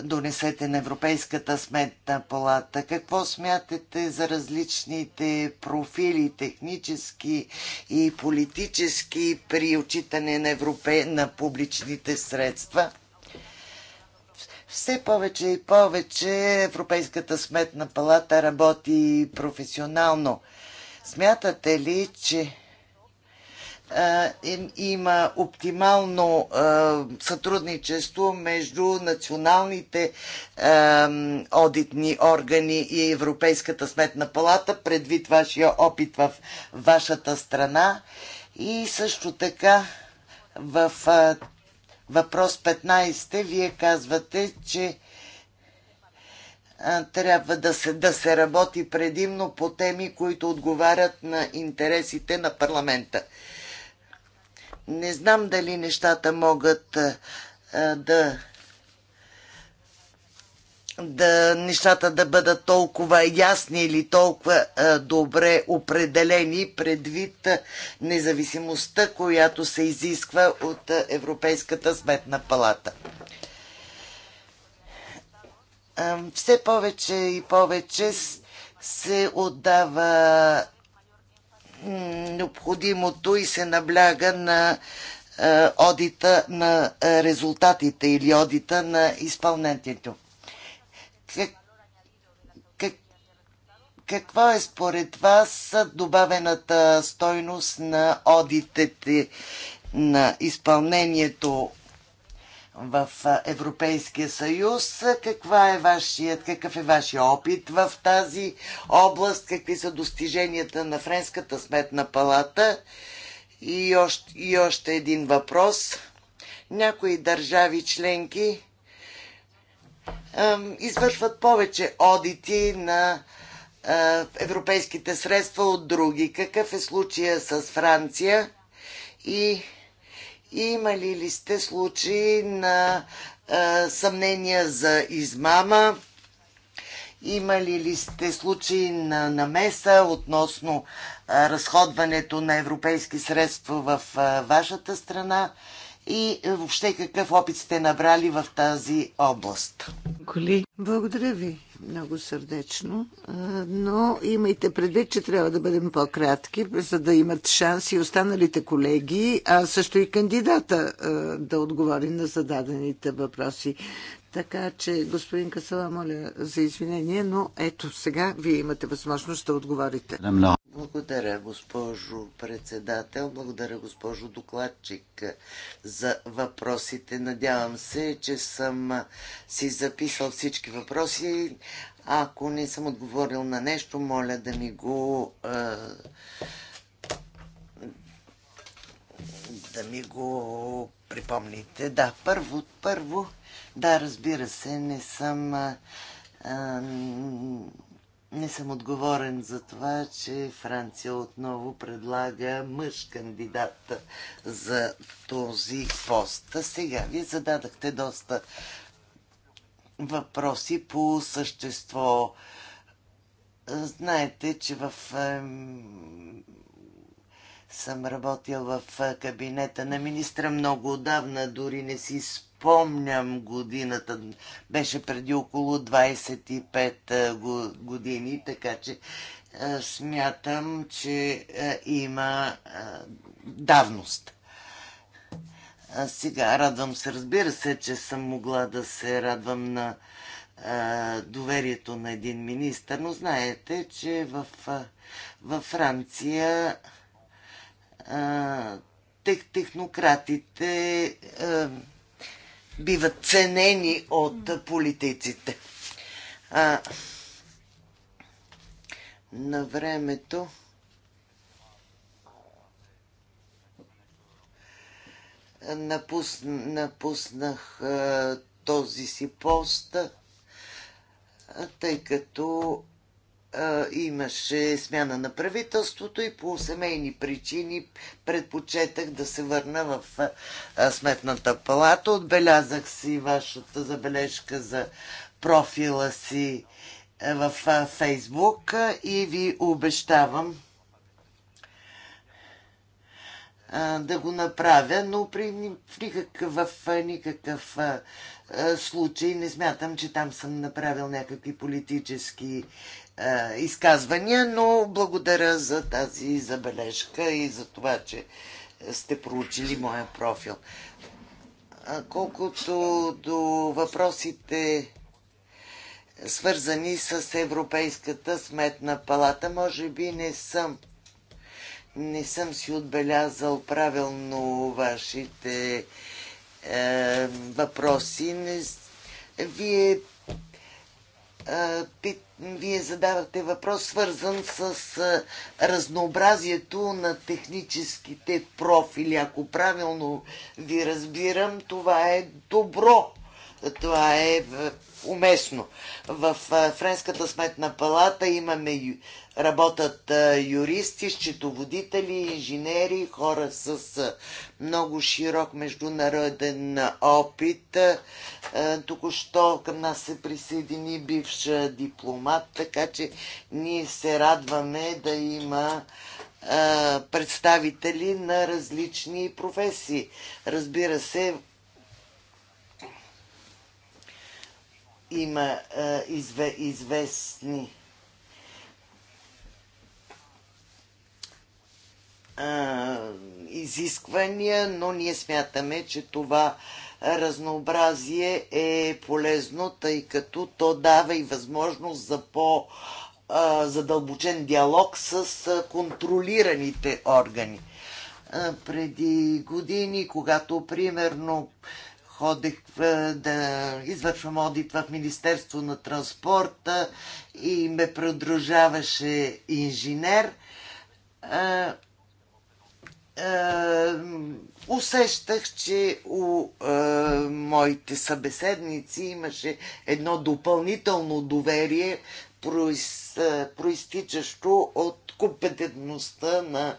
[SPEAKER 2] донесете на Европейската сметна палата? Какво смятате за различните профили, технически и политически при отчитане на, европе... на публичните средства? Все повече и повече Европейската сметна палата работи професионално – Смятате ли, че има оптимално сътрудничество между националните одитни органи и Европейската сметна палата, предвид вашия опит в вашата страна. И също така в въпрос 15 вие казвате, че трябва да се, да се работи предимно по теми, които отговарят на интересите на парламента. Не знам дали нещата могат а, да да нещата да бъдат толкова ясни или толкова а, добре определени предвид независимостта, която се изисква от Европейската сметна палата все повече и повече се отдава необходимото и се набляга на одита на резултатите или одита на изпълнението. каква е според вас добавената стойност на одитите на изпълнението в Европейския съюз. Каква е вашият, какъв е вашия опит в тази област? Какви са достиженията на Френската сметна палата? И още, и още един въпрос. Някои държави членки извършват повече одити на европейските средства от други. Какъв е случая с Франция? И Имали ли сте случаи на а, съмнения за измама? Имали ли сте случаи на намеса относно а, разходването на европейски средства в а, вашата страна? и е, въобще какъв опит сте набрали в тази област. Коли,
[SPEAKER 1] благодаря ви много сърдечно, но имайте предвид, че трябва да бъдем по-кратки, за да имат шанс и останалите колеги, а също и кандидата да отговори на зададените въпроси. Така че, господин
[SPEAKER 2] Касала, моля за извинение, но ето сега вие имате възможност да отговорите. Благодаря, госпожо председател. Благодаря, госпожо докладчик, за въпросите. Надявам се, че съм си записал всички въпроси. Ако не съм отговорил на нещо, моля да ми го. Е, да ми го припомните. Да, първо, първо да, разбира се, не съм, а, не съм отговорен за това, че Франция отново предлага мъж кандидат за този пост. А сега вие зададахте доста въпроси по същество. Знаете, че в съм работил в кабинета на министра много отдавна, дори не си спомням годината. Беше преди около 25 години, така че смятам, че има давност. А сега радвам се, разбира се, че съм могла да се радвам на доверието на един министр, но знаете, че в, във Франция тех, технократите а, биват ценени от политиците. А, на времето напуснах а, този си пост, а, тъй като имаше смяна на правителството и по семейни причини предпочетах да се върна в Сметната палата. Отбелязах си вашата забележка за профила си в Фейсбук и ви обещавам да го направя, но при, никакъв, в никакъв случай не смятам, че там съм направил някакви политически е, изказвания, но благодаря за тази забележка и за това, че сте проучили моя профил. А колкото до въпросите свързани с Европейската сметна палата, може би не съм не съм си отбелязал правилно вашите е, въпроси. Не, вие вие задавате въпрос, свързан с разнообразието на техническите профили. Ако правилно ви разбирам, това е добро. Това е уместно. В Френската сметна палата имаме, работят юристи, счетоводители, инженери, хора с много широк международен опит. Току-що към нас се присъедини бивш дипломат, така че ние се радваме да има представители на различни професии. Разбира се, има е, изве, известни е, изисквания, но ние смятаме, че това разнообразие е полезно, тъй като то дава и възможност за по- е, задълбочен диалог с контролираните органи. Преди години, когато примерно ходех да извършвам одит в Министерство на транспорта и ме продължаваше инженер. усещах, че у моите събеседници имаше едно допълнително доверие, проистичащо от компетентността на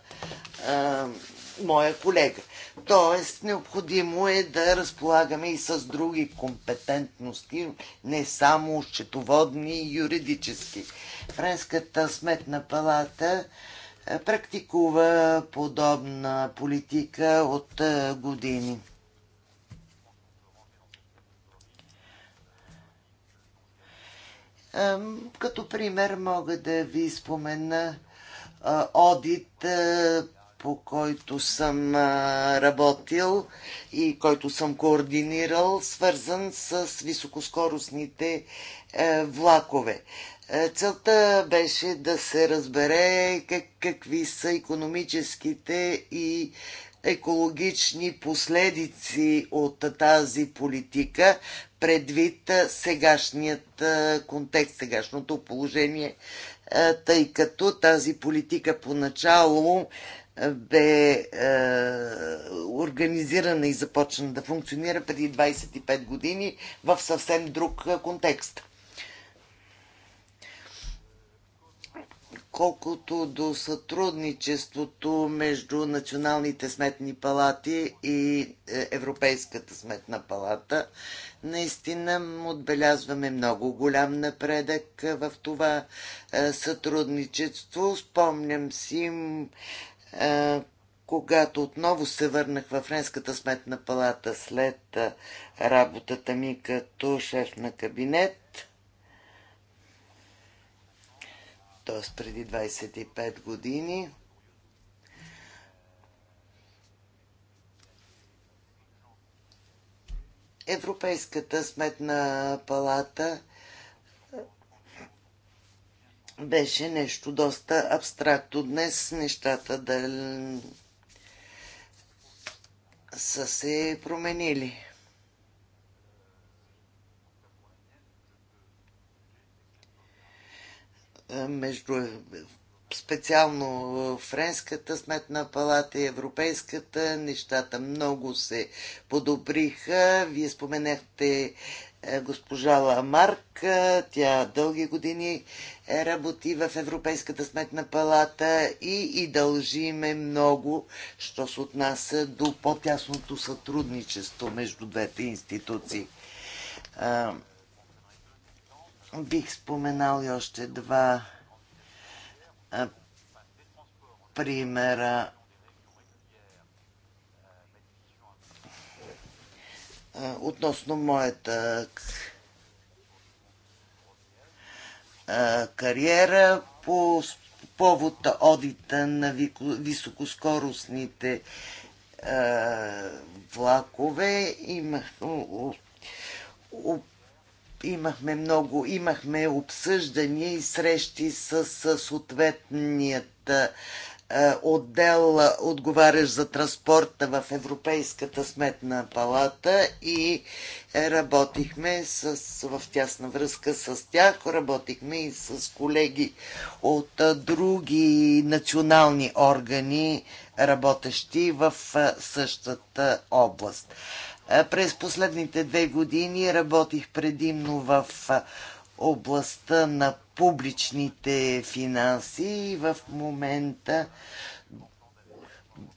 [SPEAKER 2] моя колега. Тоест, необходимо е да разполагаме и с други компетентности, не само счетоводни и юридически. Френската сметна палата е, практикува подобна политика от е, години. Като пример мога да ви спомена е, одит по който съм работил и който съм координирал, свързан с високоскоростните е, влакове. Е, целта беше да се разбере как, какви са економическите и екологични последици от тази политика предвид сегашният контекст, сегашното положение, тъй като тази политика поначало бе е, организирана и започна да функционира преди 25 години в съвсем друг е, контекст. Колкото до сътрудничеството между националните сметни палати и е, Европейската сметна палата, наистина отбелязваме много голям напредък в това е, сътрудничество. Спомням си когато отново се върнах във Френската сметна палата след работата ми като шеф на кабинет, т.е. преди 25 години, Европейската сметна палата – беше нещо доста абстрактно. Днес нещата да са се променили. Между специално Френската сметна палата и Европейската, нещата много се подобриха. Вие споменахте е, госпожа Ламарк, е, тя дълги години работи в Европейската сметна палата и, и дължиме много, що се отнася до по-тясното сътрудничество между двете институции. А, бих споменал и още два а, примера. относно моята кариера по повод одита на високоскоростните влакове. Имах, имахме много, имахме обсъждания и срещи с съответният е, отдел е, отговарящ за транспорта в Европейската сметна палата и е, работихме с, в тясна връзка с тях, работихме и с колеги от други национални органи, работещи в същата област. През последните две години работих предимно в областта на публичните финанси и в момента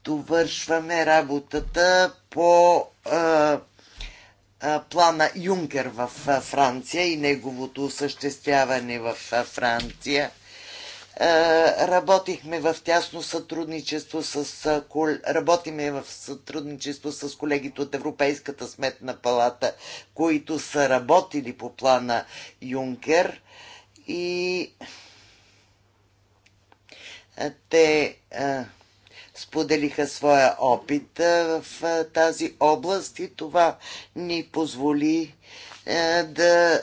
[SPEAKER 2] довършваме работата по а, а, плана Юнкер в Франция и неговото осъществяване в Франция. Е, работихме в тясно сътрудничество с, е, работиме в сътрудничество с колегите от Европейската сметна палата, които са работили по плана Юнкер и е, те споделиха своя опит в тази област и това ни позволи да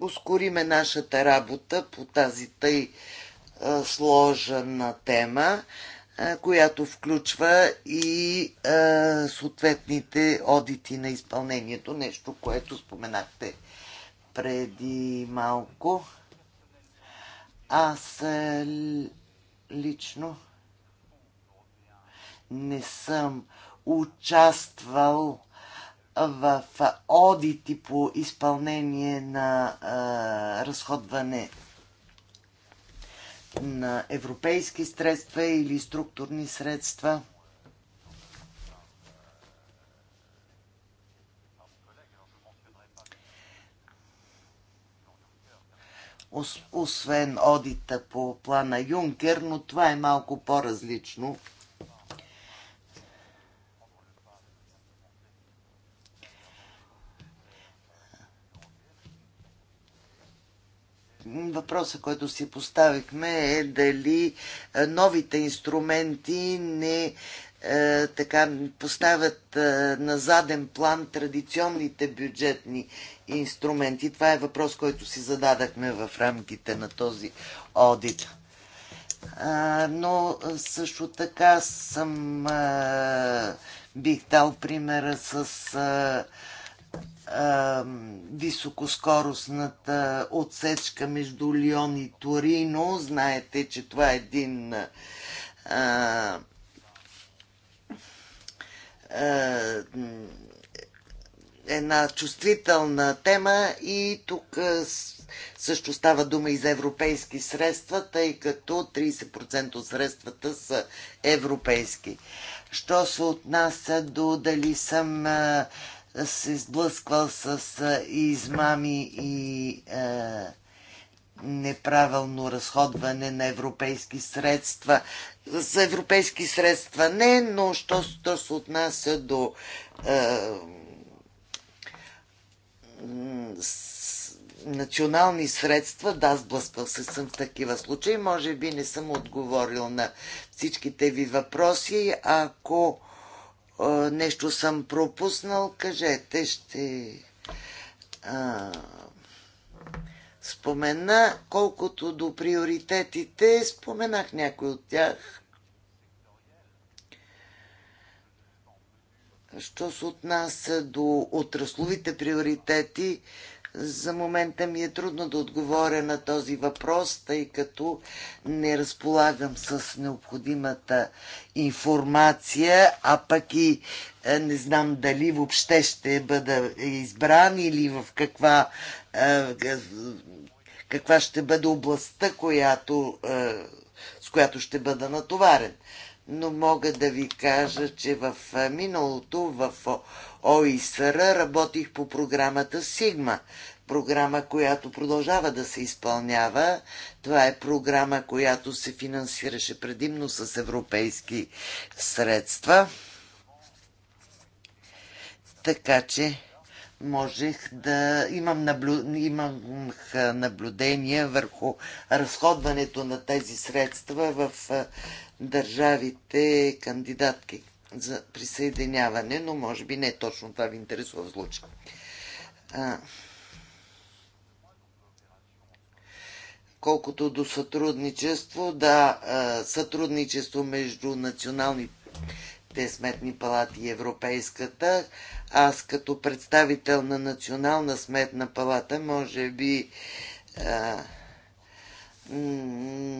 [SPEAKER 2] ускориме нашата работа по тази тъй е, сложена тема, е, която включва и е, съответните одити на изпълнението, нещо, което споменахте преди малко. Аз лично не съм участвал в одити по изпълнение на а, разходване на европейски средства или структурни средства. Освен одита по плана Юнкер, но това е малко по-различно въпроса, който си поставихме е дали е, новите инструменти не е, така поставят е, на заден план традиционните бюджетни инструменти. Това е въпрос, който си зададахме в рамките на този одит. Но също така съм бих дал примера с високоскоростната отсечка между Лион и Торино. Знаете, че това е един а, а, една чувствителна тема и тук също става дума и за европейски средства, тъй като 30% от средствата са европейски. Що се отнася до дали съм а, се сблъсквал с измами и е, неправилно разходване на европейски средства. За европейски средства не, но що, що се отнася до е, национални средства, да, сблъсквал се съм в такива случаи. Може би не съм отговорил на всичките ви въпроси. Ако нещо съм пропуснал, кажете, ще а, спомена. Колкото до приоритетите, споменах някой от тях. Що се отнася до отрасловите приоритети, за момента ми е трудно да отговоря на този въпрос, тъй като не разполагам с необходимата информация, а пък и е, не знам дали въобще ще бъда избран или в каква, е, каква ще бъде областта, която, е, с която ще бъда натоварен но мога да ви кажа, че в миналото в ОИСР работих по програмата Сигма, програма, която продължава да се изпълнява. Това е програма, която се финансираше предимно с европейски средства. Така че можех да имам, наблю... имам наблюдение върху разходването на тези средства в държавите кандидатки за присъединяване, но може би не точно това ви интересува в случая. Колкото до сътрудничество, да, сътрудничество между националните две сметни палати и Европейската. Аз като представител на Национална сметна палата, може би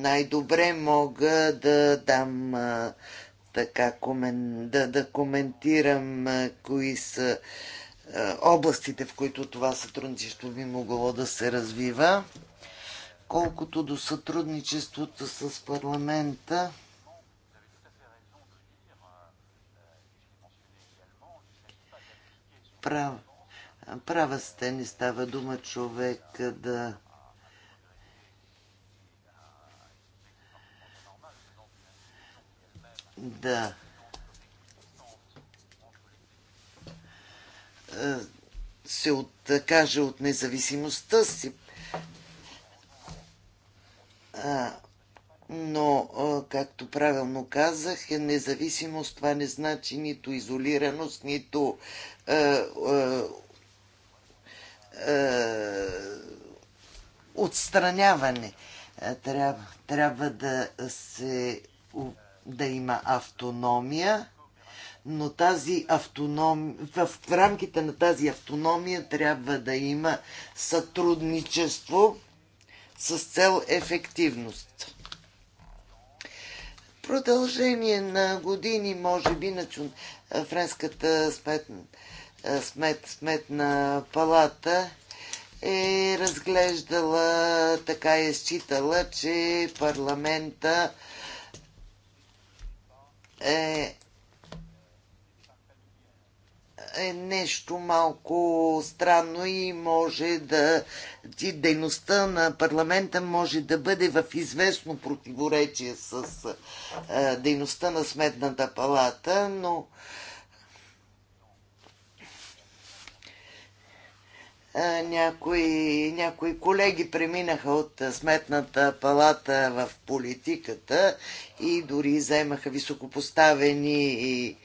[SPEAKER 2] най-добре мога да дам а, така комен, да, да коментирам а, кои са а, областите, в които това сътрудничество би могло да се развива. Колкото до сътрудничеството с парламента, прав, права сте, не става дума човек да да е, се откаже от независимостта си. А, но, както правилно казах, е независимост това не значи нито изолираност, нито е, е, е, отстраняване. Трябва, трябва да се да има автономия, но тази автономия, в рамките на тази автономия трябва да има сътрудничество с цел ефективност продължение на години, може би, на чун... френската смет... Смет... сметна палата е разглеждала, така е считала, че парламента е е нещо малко странно и може да дейността на парламента може да бъде в известно противоречие с а, е, дейността на Сметната палата, но е, някои, някои колеги преминаха от сметната палата в политиката и дори заемаха високопоставени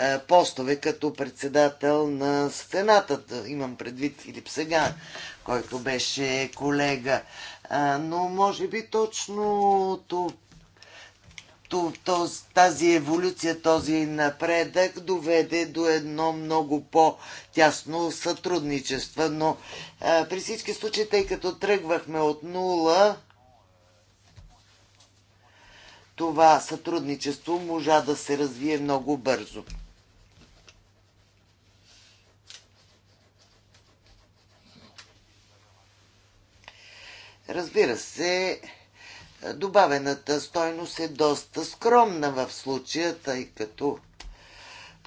[SPEAKER 2] е, постове като председател на стената. Имам предвид Филип Сега, който беше колега. Е, но може би точно тази еволюция, този напредък доведе до едно много по-тясно сътрудничество. Но е, при всички случаи, тъй като тръгвахме от нула, това сътрудничество можа да се развие много бързо. Разбира се, добавената стойност е доста скромна в случая, тъй като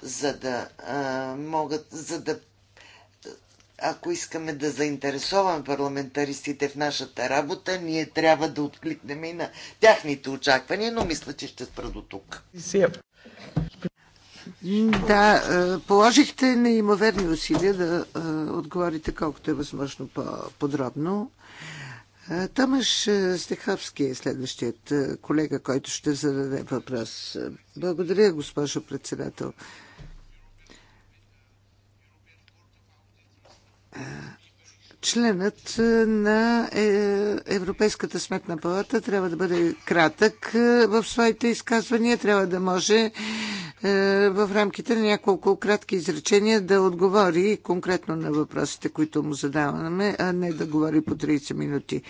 [SPEAKER 2] за да а, могат, за да ако искаме да заинтересуваме парламентаристите в нашата работа, ние трябва да откликнем и на тяхните очаквания, но мисля, че ще спра до тук.
[SPEAKER 1] Да, положихте неимоверни усилия да отговорите колкото е възможно по-подробно. Тамаш Стехавски е следващият колега, който ще зададе въпрос. Благодаря, госпожо председател. Членът е, на е, Европейската сметна палата трябва да бъде кратък е, в своите изказвания, трябва да може в рамките на няколко кратки изречения да отговори конкретно на въпросите, които му задаваме, а не да говори по 30 минути.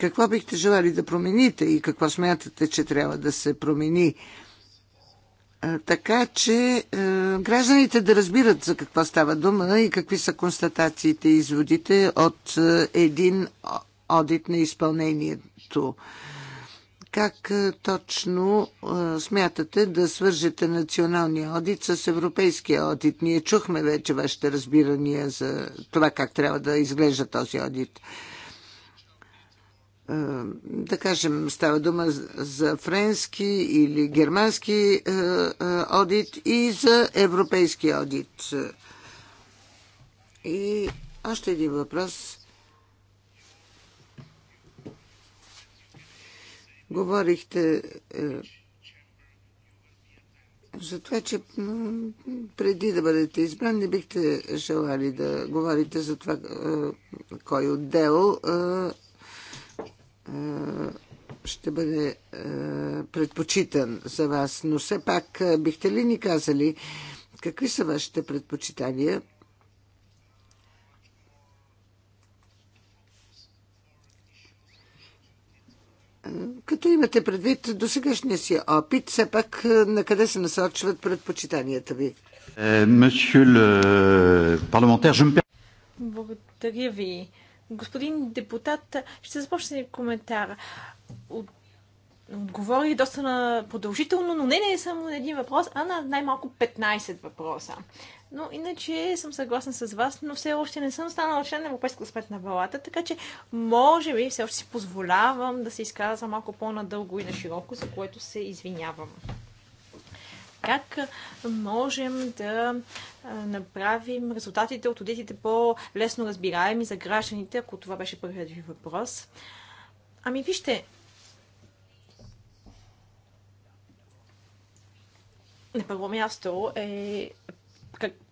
[SPEAKER 1] Какво бихте желали да промените и какво смятате, че трябва да се промени? така че е, гражданите да разбират за какво става дума и какви са констатациите и изводите от е, един одит на изпълнението. Как е, точно е, смятате да свържете националния одит с европейския одит? Ние чухме вече вашите разбирания за това как трябва да изглежда този одит. Е, да кажем, става дума за френски или германски е, е, одит и за европейски одит. И още един въпрос. Говорихте е, за това, че преди да бъдете избран, не бихте желали да говорите за това кой отдел ще бъде е, предпочитан за вас. Но все пак е, бихте ли ни казали какви са вашите предпочитания? Е, като имате предвид до сегашния си опит, все пак на къде се насочват предпочитанията ви?
[SPEAKER 3] Благодаря ви, Господин депутат, ще започне коментар. От... Отговори доста на продължително, но не, не е само на един въпрос, а на най-малко 15 въпроса. Но иначе съм съгласна с вас, но все още не съм станала член на Европейска сметна палата, така че може би все още си позволявам да се изказвам малко по-надълго и на широко, за което се извинявам. Как можем да направим резултатите от одитите по-лесно разбираеми за гражданите, ако това беше първият ви въпрос? Ами вижте, на първо място е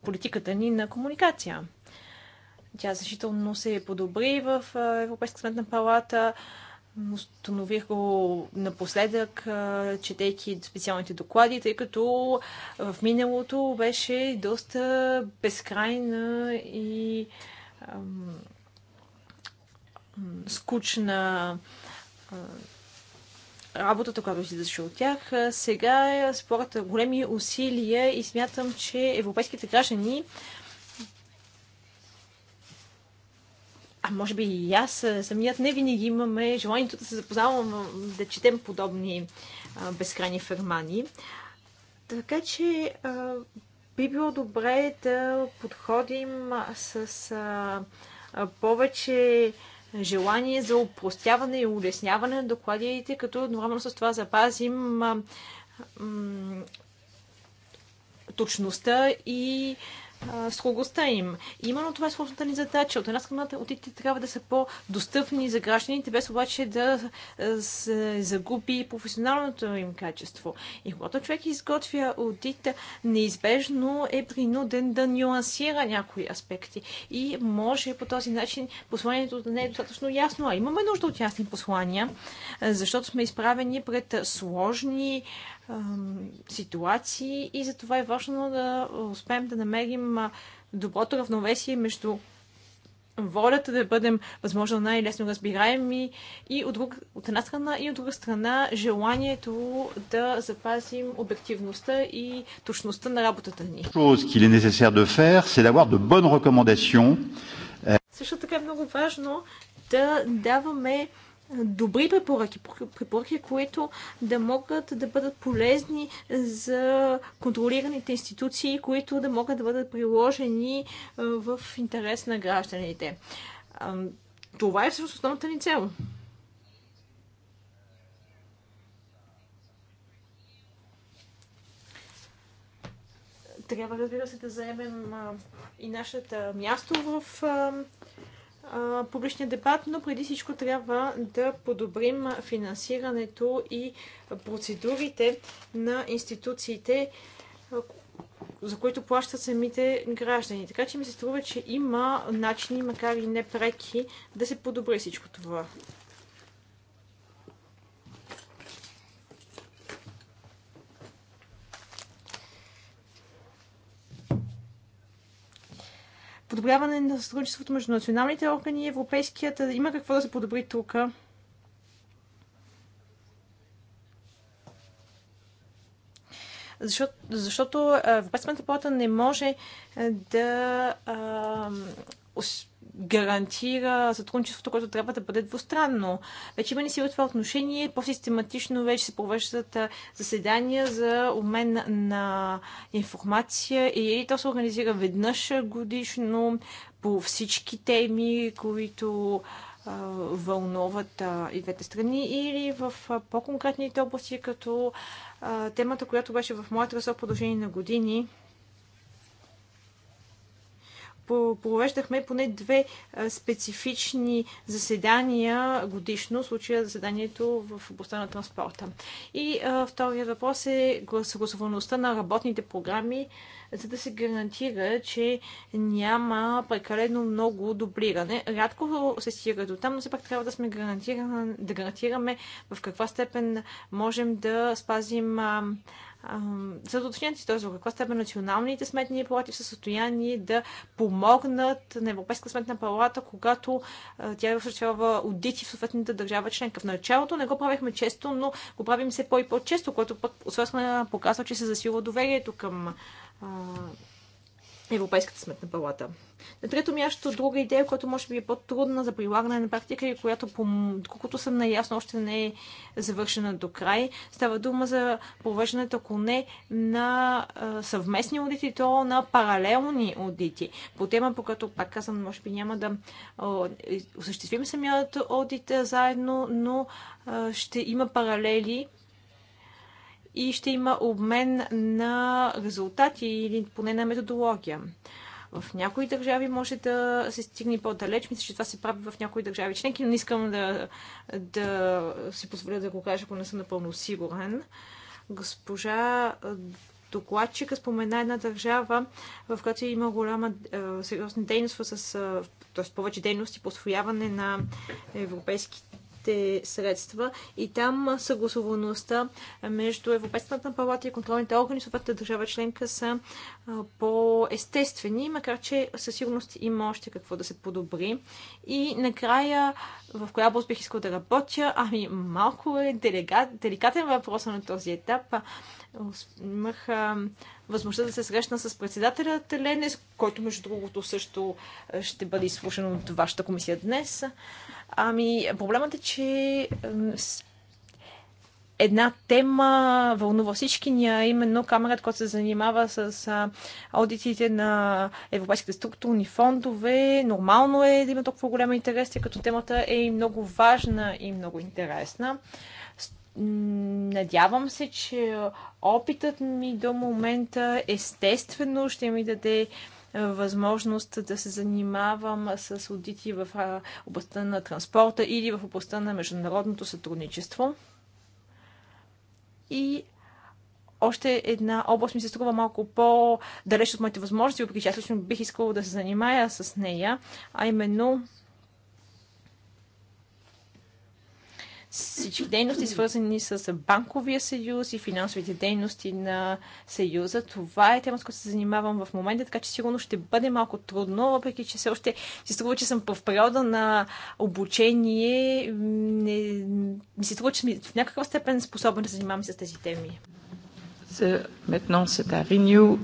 [SPEAKER 3] политиката ни на комуникация. Тя значително се подобри в Европейска сметна палата установих го напоследък, четейки специалните доклади, тъй като в миналото беше доста безкрайна и скучна работата, която дъща от тях. Сега спорят големи усилия и смятам, че европейските граждани а може би и аз самият не винаги имаме желанието да се запознавам, да четем подобни а, безкрайни фермани. Така че а, би било добре да подходим с а, повече желание за упростяване и улесняване на докладите, като едновременно с това запазим точността и а, Слугостта им. И именно това е сложната ни задача. От една страна одитите трябва да са по-достъпни за гражданите, без обаче да се загуби професионалното им качество. И когато човек изготвя отит неизбежно е принуден да нюансира някои аспекти. И може по този начин посланието да не е достатъчно ясно. А имаме нужда от ясни послания, защото сме изправени пред сложни ситуации и затова е важно да успеем да намерим доброто равновесие между волята да бъдем възможно най-лесно разбираеми и от, друг, от една страна и от друга страна желанието да запазим обективността и точността на работата ни. Също така е много важно да даваме добри препоръки, препоръки, които да могат да бъдат полезни за контролираните институции, които да могат да бъдат приложени в интерес на гражданите. Това е всъщност основната ни цел. трябва, разбира се, да заемем и нашата място в публичния дебат, но преди всичко трябва да подобрим финансирането и процедурите на институциите, за които плащат самите граждани. Така че ми се струва, че има начини, макар и непреки, да се подобри всичко това. подобряване на сътрудничеството между националните органи и европейският. Има какво да се подобри тук. Защото, защото Европейската плата не може да а, гарантира сътрудничеството, което трябва да бъде двустранно. Вече има в това отношение. По-систематично вече се провеждат заседания за обмен на информация и то се организира веднъж годишно по всички теми, които вълнуват и двете страни или в по-конкретните области, като темата, която беше в моята ресор в продължение на години – провеждахме поне две специфични заседания годишно, в случая заседанието в областта на транспорта. И втория въпрос е съгласуваността на работните програми, за да се гарантира, че няма прекалено много дублиране. Рядко се стига до там, но все пак трябва да сме гарантирани, да гарантираме в каква степен можем да спазим за да уточнят си този каква степен националните сметни палати са в състояние да помогнат на Европейска сметна палата, когато тя осъществява аудити в съответната държава членка. В началото не го правихме често, но го правим все по- и по-често, което пък освен показва, че се засилва доверието към Европейската сметна палата. На трето място, друга идея, която може би е по-трудна за прилагане на практика и която, доколкото съм наясно, още не е завършена до край. Става дума за провеждането, ако не на съвместни аудити, то на паралелни аудити. По тема, по която, пак казвам, може би няма да осъществим самият аудит заедно, но ще има паралели и ще има обмен на резултати или поне на методология. В някои държави може да се стигне по-далеч. Мисля, че това се прави в някои държави членки, но не искам да, да си позволя да го кажа, ако не съм напълно сигурен. Госпожа докладчика спомена една държава, в която има голяма сериозна дейност с т.е. повече дейности по освояване на европейските европейските средства и там съгласуваността между Европейската палата и контролните органи, съответната държава членка са по-естествени, макар че със сигурност има още какво да се подобри. И накрая, в коя област бих искал да работя? Ами, малко е делегат, деликатен въпрос на този етап. Имах възможността да се срещна с председателя Теленес, който между другото също ще бъде изслушан от вашата комисия днес. Ами, проблемът е, че една тема вълнува всички ни, именно камерата, която се занимава с аудитите на европейските структурни фондове. Нормално е да има толкова голям интерес, тъй като темата е и много важна и много интересна. Надявам се, че опитът ми до момента естествено ще ми даде м- възможност да се занимавам с аудити в областта на транспорта или в областта на международното сътрудничество. И още една област ми се струва малко по-далеч от моите възможности, въпреки че аз лично бих искала да се занимая с нея, а именно всички дейности, свързани с банковия съюз и финансовите дейности на съюза. Това е тема, с която се занимавам в момента, така че сигурно ще бъде малко трудно, въпреки че все още си струва, че съм в периода на обучение. Не, ми се струва, че в някаква степен способен да се занимавам с тези теми. maintenant, c'est à Renew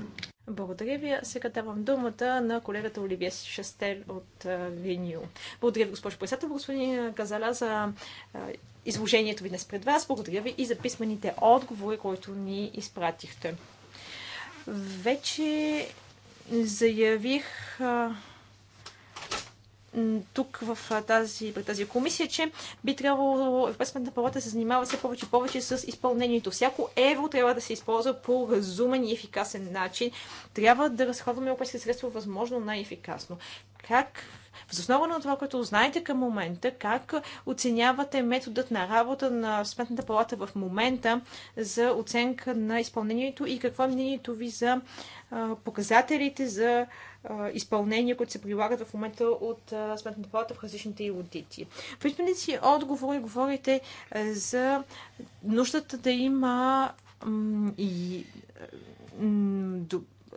[SPEAKER 3] благодаря ви. Сега давам думата на колегата Оливия Шестел от Виню. Благодаря ви, госпожо председател, господин Казаля, за изложението ви днес пред вас. Благодаря ви и за писмените отговори, които ни изпратихте. Вече заявих тук в тази, при тази комисия, че би трябвало Европейската палата да се занимава все повече и повече с изпълнението. Всяко евро трябва да се използва по разумен и ефикасен начин. Трябва да разходваме европейски средства възможно най-ефикасно. Как в основа на това, което знаете към момента, как оценявате методът на работа на Сметната палата в момента за оценка на изпълнението и какво е мнението ви за показателите за изпълнения, които се прилагат в момента от Сметната палата в различните и В изпълнение си отговори говорите за нуждата да има и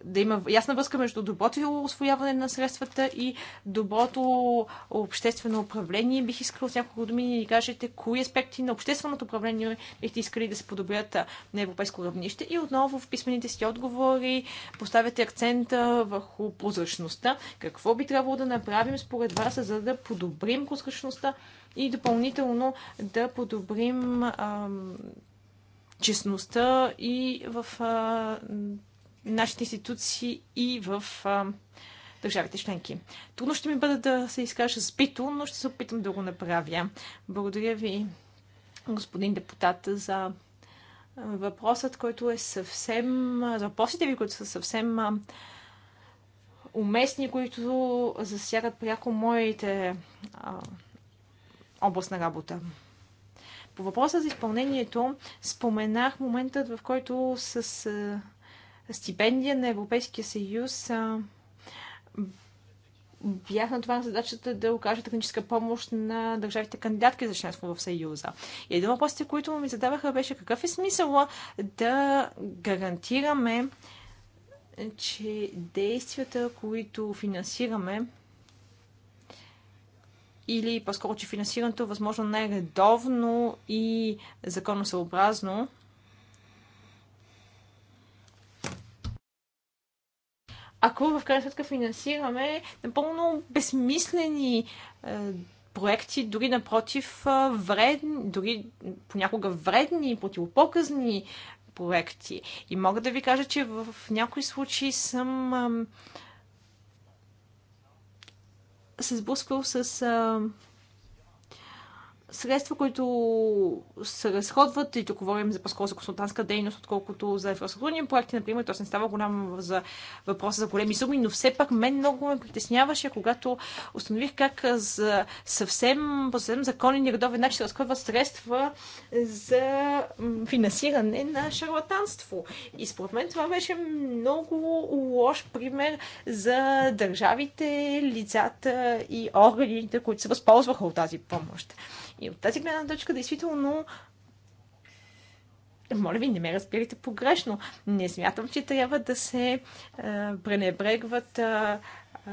[SPEAKER 3] да има ясна връзка между доброто освояване на средствата и доброто обществено управление. Бих искал с няколко думи да ни кажете кои аспекти на общественото управление бихте искали да се подобрят на европейско равнище. И отново в писмените си отговори поставяте акцента върху прозрачността. Какво би трябвало да направим според вас, за да подобрим прозрачността и допълнително да подобрим ам, честността и в нашите институции и в а, държавите членки. Трудно ще ми бъде да се изкажа спито, но ще се опитам да го направя. Благодаря ви, господин депутат, за въпросът, който е съвсем... за въпросите ви, които са съвсем уместни, които засягат пряко моите а, област на работа. По въпроса за изпълнението споменах моментът, в който с стипендия на Европейския съюз бях на това задачата да окажа техническа помощ на държавите кандидатки за членство в Съюза. И един въпрос, въпросите, които ми задаваха, беше какъв е смисъла да гарантираме, че действията, които финансираме, или по-скоро, че финансирането е възможно най-редовно и законосъобразно, ако в крайна сметка финансираме напълно безсмислени е, проекти, дори напротив, е, вредни, дори понякога вредни, противопоказни проекти. И мога да ви кажа, че в някои случаи съм е, се сблъсквал с е, средства, които се разходват, и тук говорим за по-скоро за консултантска дейност, отколкото за инфраструктурни проекти, например, т.е. не става голям за въпроса за големи суми, но все пак мен много ме притесняваше, когато установих как за съвсем, по съвсем законен и редовен начин се разходват средства за финансиране на шарлатанство. И според мен това беше много лош пример за държавите, лицата и органите, които се възползваха от тази помощ. И от тази гледна точка, действително, моля ви, не ме разбирайте погрешно. Не смятам, че трябва да се пренебрегват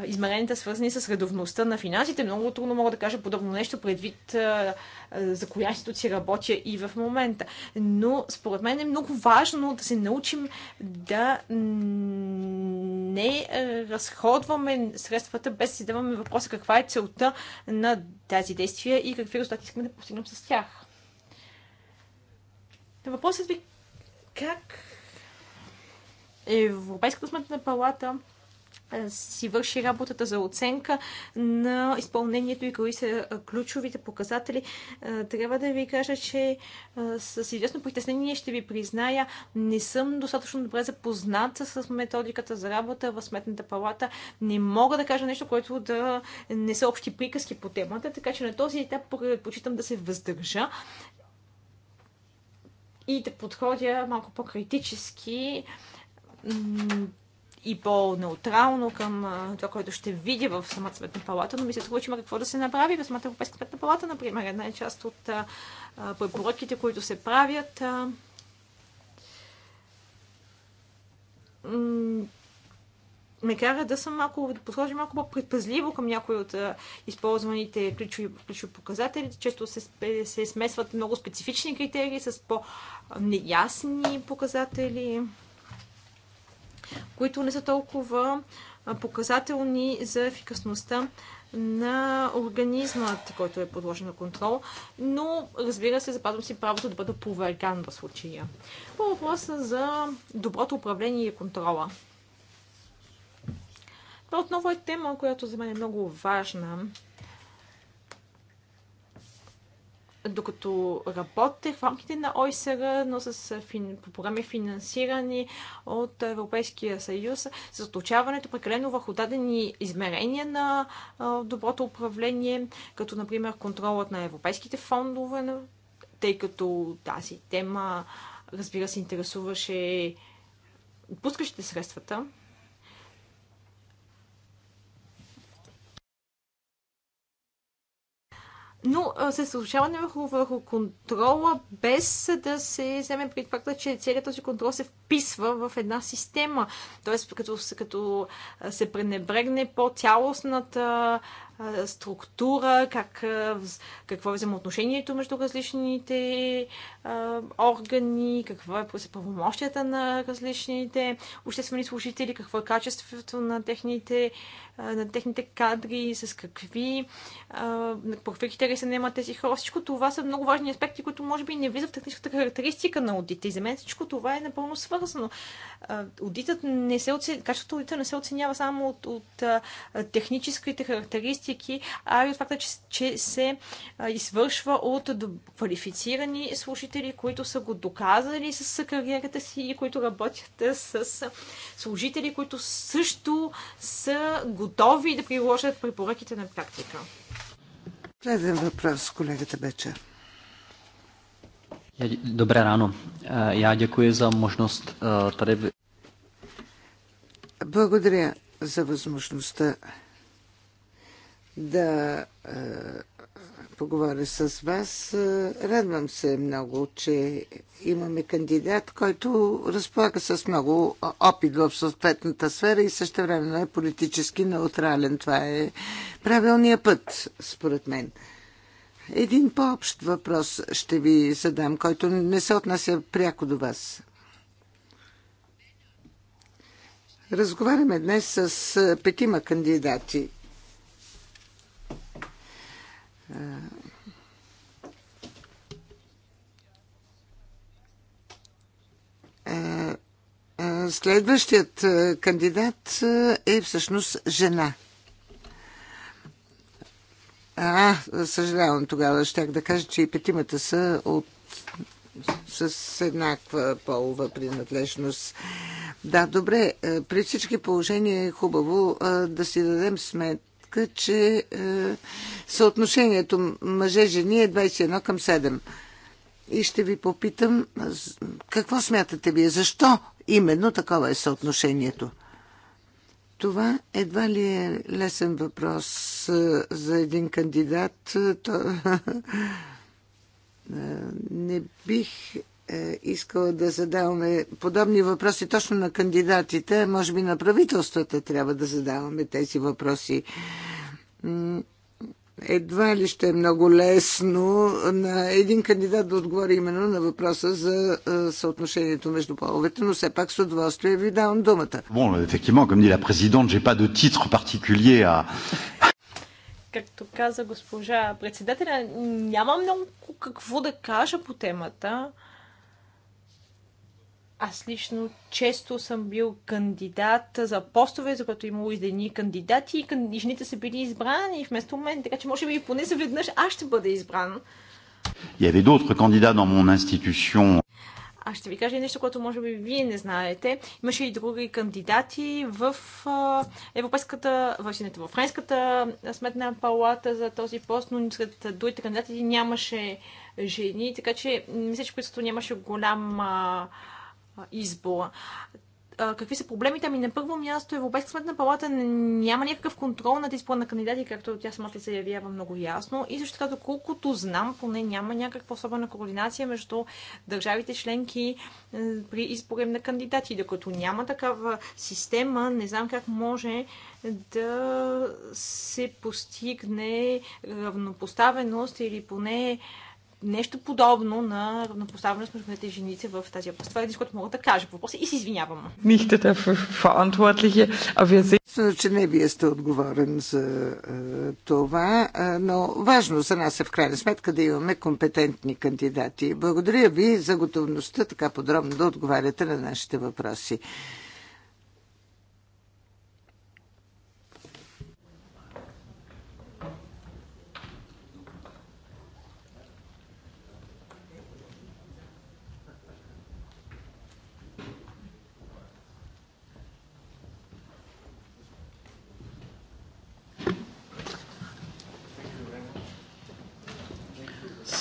[SPEAKER 3] измеренията, свързани с редовността на финансите. Много трудно мога да кажа подобно нещо предвид за коя институция работя и в момента. Но според мен е много важно да се научим да не разходваме средствата без да си даваме въпроса каква е целта на тази действия и какви резултати искаме да постигнем с тях. Въпросът ви как Европейската сметна палата си върши работата за оценка на изпълнението и кои са ключовите показатели. Трябва да ви кажа, че с известно притеснение ще ви призная, не съм достатъчно добре запозната с методиката за работа в Сметната палата. Не мога да кажа нещо, което да не са общи приказки по темата, така че на този етап предпочитам да се въздържа и да подходя малко по-критически и по-неутрално към това, което ще видя в самата сметна палата, но ми се струва, че има какво да се направи в самата Европейска сметна палата, например. Една е част от препоръките, които се правят. А, ме кара да съм малко, да подхожа малко по-предпазливо към някои от а, използваните ключови, ключови показатели. Често се, се смесват много специфични критерии с по-неясни показатели които не са толкова показателни за ефикасността на организма, който е подложен на контрол, но разбира се, запазвам си правото да бъда поверган в случая. По въпроса за доброто управление и контрола. Това отново е тема, която за мен е много важна. докато работех в рамките на ОИСР, но с фин... по програми финансирани от Европейския съюз, с отучаването прекалено върху дадени измерения на доброто управление, като например контролът на европейските фондове, тъй като тази тема, разбира се, интересуваше отпускащите средствата. но се съобщаване върху, върху контрола, без да се вземе пред факта, че целият този контрол се вписва в една система. Тоест, като, като се пренебрегне по-цялостната структура, как, какво е взаимоотношението между различните органи, какво е правомощията на различните обществени служители, какво е качеството на техните, на техните кадри, с какви профилите се наемат тези хора. Всичко това са много важни аспекти, които може би не влизат в техническата характеристика на аудита. И за мен всичко това е напълно свързано. Аудитът не се оценява, качеството аудита не се оценява само от, от техническите характеристики, политики, а и от факта, че, че се извършва от квалифицирани служители, които са го доказали с кариерата си и които работят с служители, които също са готови да приложат препоръките на практика.
[SPEAKER 1] Следен въпрос, колегата
[SPEAKER 2] Бечер. Добре рано. Я дякую за можност tady.
[SPEAKER 1] Благодаря за възможността да е, поговоря с вас. Радвам се много, че имаме кандидат, който разполага с много опит в съответната сфера и също време е политически неутрален. Това е правилният път, според мен. Един по-общ въпрос ще ви задам, който не се отнася пряко до вас. Разговаряме днес с петима кандидати – Следващият кандидат е всъщност жена. А, съжалявам тогава, щях да кажа, че и петимата са от, с еднаква полова принадлежност. Да, добре, при всички положения е хубаво да си дадем смет сметка, че е, съотношението мъже-жени е 21 към 7. И ще ви попитам, какво смятате вие? Защо именно такова е съотношението? Това едва ли е лесен въпрос е, за един кандидат. Е, то... Не бих е, искала да задаваме подобни въпроси точно на кандидатите, може би на правителствата трябва да задаваме тези въпроси. Едва ли ще е много лесно на един кандидат да отговори именно на въпроса за е, съотношението между половете, но все пак с удоволствие ви давам думата.
[SPEAKER 3] Bon, effectivement, comme dit la présidente, j'ai pas de titre particulier à, както каза госпожа председателя, няма много какво да кажа по темата. Аз лично често съм бил кандидат за постове, за което имало дени кандидати и жените са били избрани вместо мен, така че може би поне за веднъж аз ще бъда избран. Я ви avait кандидат на dans mon Аз ще ви кажа нещо, което може би вие не знаете. Имаше и други кандидати в Европейската, в, синете, в Френската сметна палата за този пост, но сред другите кандидати нямаше жени, така че мисля, че нямаше голям а, избора. Какви са проблемите ми? На първо място Европейска сметна палата няма някакъв контрол над избора на кандидати, както тя самата се явява много ясно. И също така, колкото знам, поне няма някаква особена координация между държавите членки при избора на кандидати. Докато няма такава система, не знам как може да се постигне равнопоставеност или поне нещо подобно на равнопоставеност между двете женици в тази област. Това е нещо, което мога да кажа по въпроса и се извинявам.
[SPEAKER 1] Нихте да verantwortliche, а вие се... че значи, не вие сте отговорен за е, това, е, но важно за нас е в крайна сметка да имаме компетентни кандидати. Благодаря ви за готовността така подробно да отговаряте на нашите въпроси.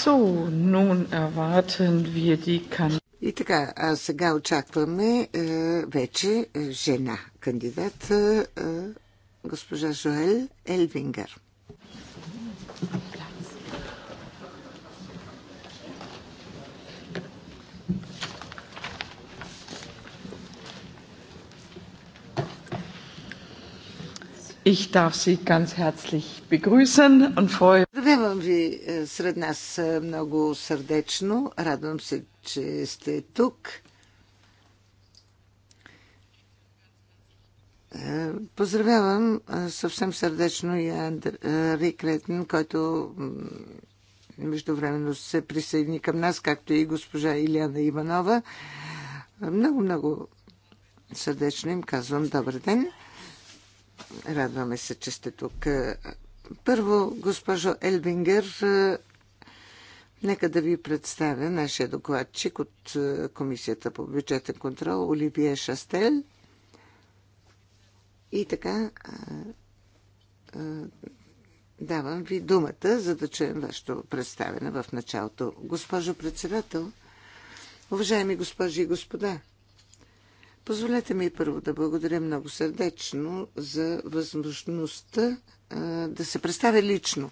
[SPEAKER 1] So, nun erwarten wir die kan... И така, а сега очакваме е, вече жена кандидат, е, е госпожа Жоел Елвингер. Ich darf Sie ganz herzlich begrüßen und freue Здравявам ви е, сред нас е, много сърдечно. Радвам се, че сте тук. Е, поздравявам съвсем сърдечно и Андрей Кретен, който междувременно се присъедини към нас, както и госпожа Иляна Иванова. Много-много сърдечно им казвам добър ден. Радваме се, че сте тук. Първо, госпожо Елбингер, нека да ви представя нашия докладчик от е, Комисията по бюджетен контрол, Оливия Шастел. И така, е, е, давам ви думата, за да чуем вашето представяне в началото. Госпожо председател, уважаеми госпожи и господа, Позволете ми първо да благодаря много сърдечно за възможността да се представя лично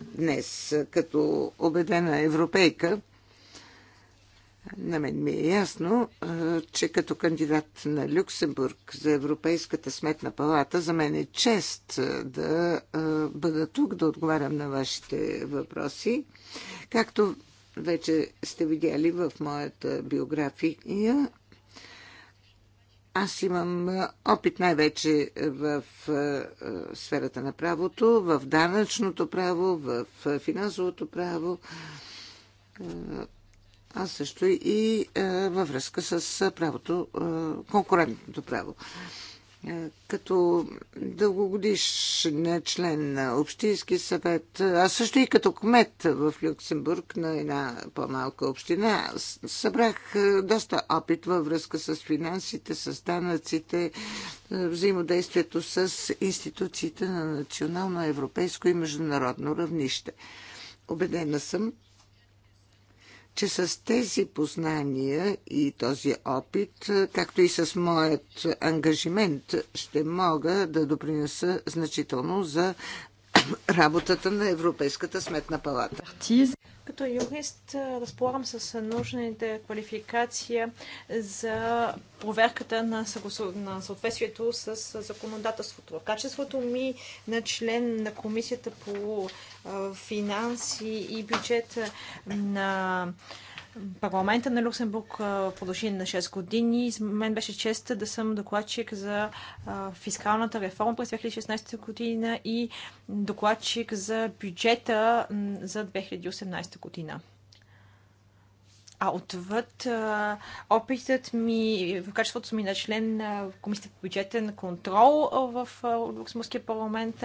[SPEAKER 1] днес като обедена европейка. На мен ми е ясно, че като кандидат на Люксембург за Европейската сметна палата, за мен е чест да бъда тук, да отговарям на вашите въпроси. Както вече сте видяли в моята биография, аз имам опит най-вече в сферата на правото, в данъчното право, в финансовото право, а също и във връзка с правото, конкурентното право. Е, като дългогодишен член на Общински съвет, а също и като кмет в Люксембург на една по-малка община, събрах е, доста опит във връзка с финансите, с данъците, е, взаимодействието с институциите на национално, европейско и международно равнище. Обедена съм, че с тези познания и този опит, е, както и с моят ангажимент, ще мога да допринеса значително за работата на Европейската сметна палата.
[SPEAKER 3] Като юрист разполагам с нужните квалификация за проверката на, съответствието с законодателството. В качеството ми на член на Комисията по финанси и бюджет на парламента на Люксембург в продължение на 6 години. За мен беше чест да съм докладчик за фискалната реформа през 2016 година и докладчик за бюджета за 2018 година. А отвъд опитът ми в качеството ми на член на Комисията по бюджетен контрол в Люксембургския парламент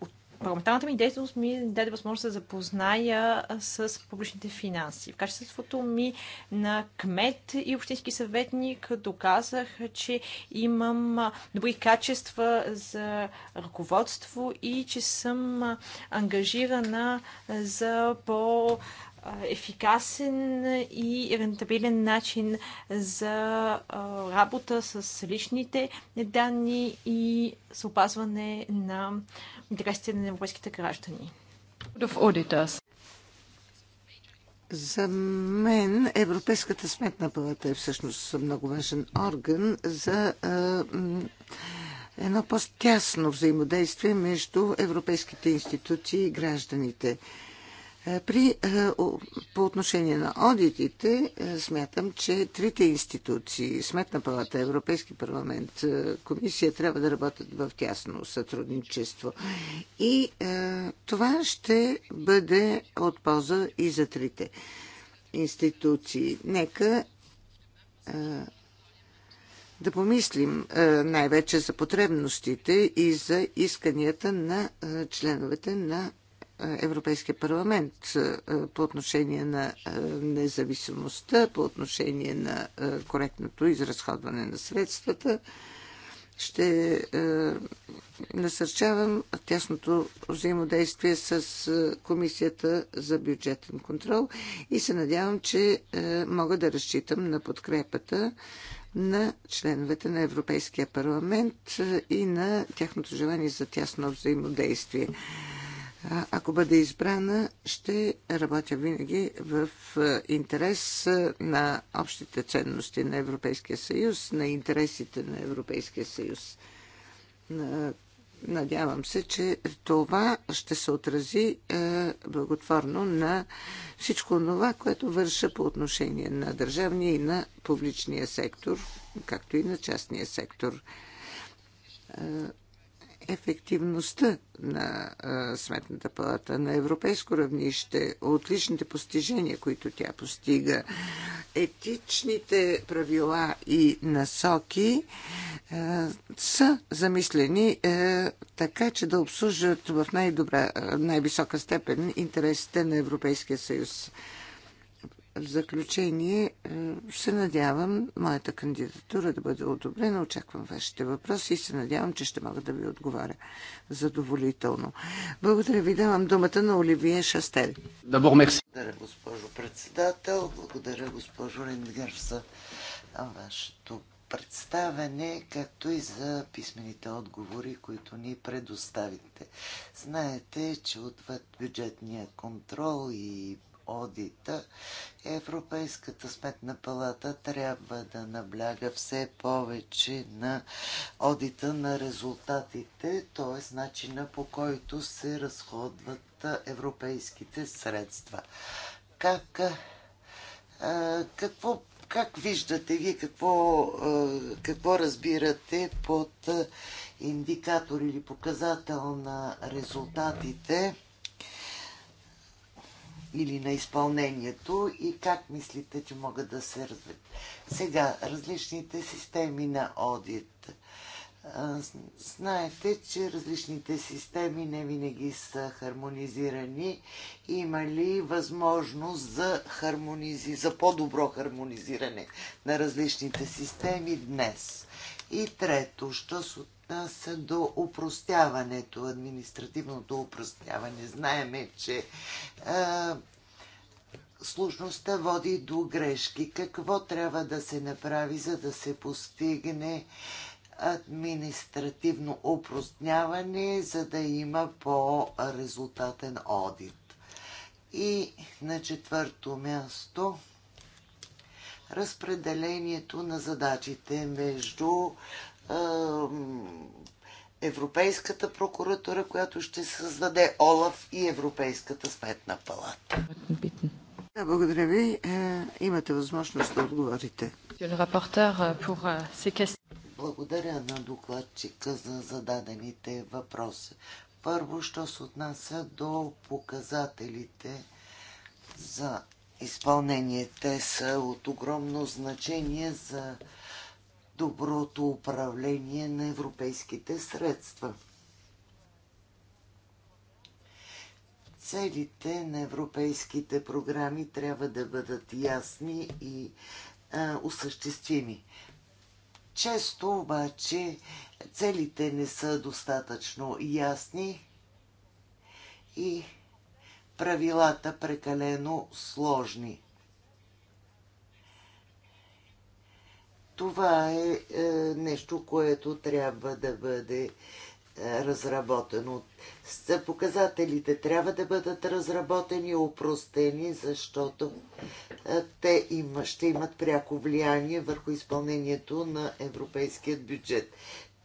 [SPEAKER 3] от парламентарната ми дейност ми даде възможност да запозная с публичните финанси. В качеството ми на кмет и общински съветник доказах, че имам добри качества за ръководство и че съм ангажирана за по- ефикасен и рентабилен начин за работа с личните данни и с опазване на интересите на европейските граждани.
[SPEAKER 1] За мен Европейската сметна палата е всъщност много важен орган за едно по-тясно взаимодействие между европейските институции и гражданите. Е, при, е, по отношение на одитите, е, смятам, че трите институции, Сметна палата, Европейски парламент, комисия трябва да работят в тясно сътрудничество. И това ще бъде от полза и за трите институции. Нека да помислим най-вече за потребностите и за исканията на членовете на Европейския парламент е, е, по отношение на е, независимостта, по отношение на коректното изразходване на средствата. Ще насърчавам тясното взаимодействие с Комисията за бюджетен контрол и се надявам, че мога да разчитам на подкрепата на членовете на Европейския парламент и на тяхното желание за тясно взаимодействие. Ако бъде избрана, ще работя винаги в интерес на общите ценности на Европейския съюз, на интересите на Европейския съюз. Надявам се, че това ще се отрази благотворно на всичко това, което върша по отношение на държавния и на публичния сектор, както и на частния сектор ефективността на Сметната палата на европейско равнище, отличните постижения, които тя постига, етичните правила и насоки а, са замислени а, така, че да обслужат в най-добра, най-висока степен интересите на Европейския съюз в заключение е, се надявам моята кандидатура да бъде одобрена. Очаквам вашите въпроси и се надявам, че ще мога да ви отговаря задоволително. Благодаря ви. Давам думата на Оливия Шастел. Добър, мерси.
[SPEAKER 2] Благодаря, госпожо председател. Благодаря, госпожо Рендгер, за вашето представене, както и за писмените отговори, които ни предоставите. Знаете, че отвъд бюджетния контрол и одита, Европейската сметна палата трябва да набляга все повече на одита на резултатите, т.е. начина по който се разходват европейските средства. Как, а, какво, как виждате ви, какво, а, какво разбирате под индикатор или показател на резултатите? или на изпълнението и как мислите, че могат да се развият. Сега, различните системи на одит. Знаете, че различните системи не винаги са хармонизирани. Има ли възможност за, хармонизи... за по-добро хармонизиране на различните системи днес? И трето, що се отнася до упростяването, административното упростяване. Знаеме, че а, сложността води до грешки. Какво трябва да се направи, за да се постигне административно упростняване, за да има по-резултатен одит? И на четвърто място разпределението на задачите между Европейската прокуратура, която ще създаде ОЛАФ и Европейската сметна палата. Да, благодаря ви. Е,
[SPEAKER 1] имате възможност да отговорите.
[SPEAKER 2] Euh, euh, благодаря на докладчика за зададените въпроси. Първо, що се отнася до показателите за изпълнение. Те са от огромно значение за доброто управление на европейските средства. Целите на европейските програми трябва да бъдат ясни и а, осъществими. Често обаче целите не са достатъчно ясни и правилата прекалено сложни. това е, е нещо, което трябва да бъде е, разработено. показателите трябва да бъдат разработени и упростени, защото е, те има, ще имат пряко влияние върху изпълнението на европейският бюджет.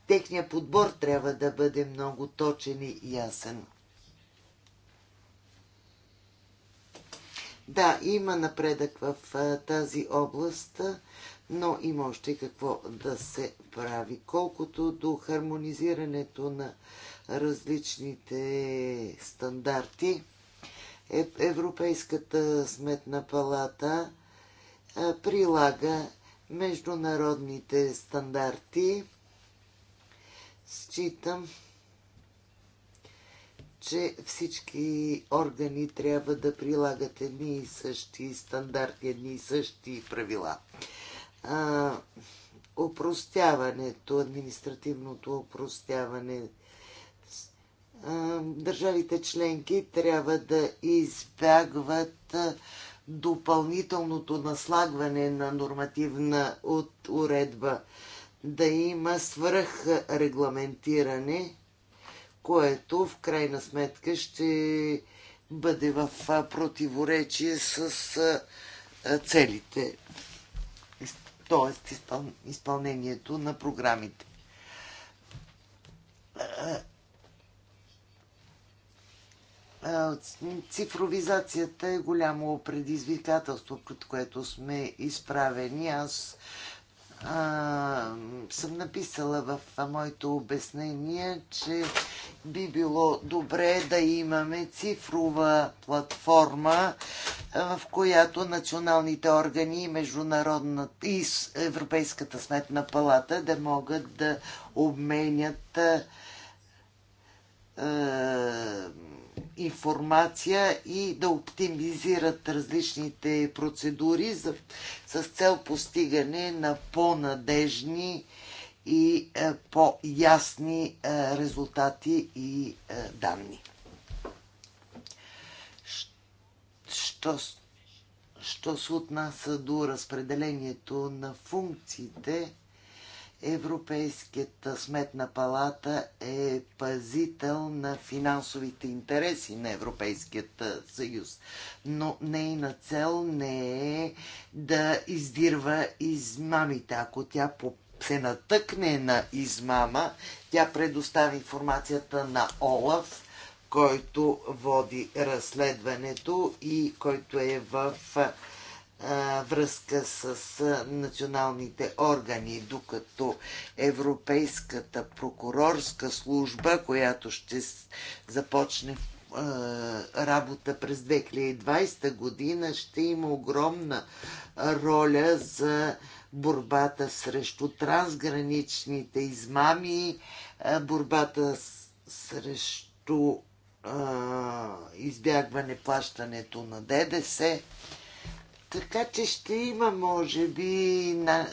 [SPEAKER 2] Техният подбор трябва да бъде много точен и ясен. Да, има напредък в е, тази област но има още какво да се прави. Колкото до хармонизирането на различните стандарти, е, Европейската сметна палата прилага международните стандарти. Считам, че всички органи трябва да прилагат едни и същи стандарти, едни и същи правила опростяването, административното опростяване. Държавите членки трябва да избягват допълнителното наслагване на нормативна от уредба, да има свръхрегламентиране, което в крайна сметка ще бъде в противоречие с целите т.е. Изпъл... изпълнението на програмите. Е, е, цифровизацията е голямо предизвикателство, пред което сме изправени. Аз съм написала в моето обяснение, че би било добре да имаме цифрова платформа, в която националните органи и Международната и Европейската сметна палата да могат да обменят информация и да оптимизират различните процедури за, с цел постигане на по-надежни и е, по-ясни е, резултати и е, данни. Що, що се отнася до разпределението на функциите, Европейската сметна палата е пазител на финансовите интереси на Европейският съюз. Но нейна цел не е да издирва измамите. Ако тя се натъкне на измама, тя предостави информацията на Олаф, който води разследването и който е в връзка с националните органи, докато Европейската прокурорска служба, която ще започне работа през 2020 година, ще има огромна роля за борбата срещу трансграничните измами, борбата срещу избягване плащането на ДДС. Така че ще има, може би, на,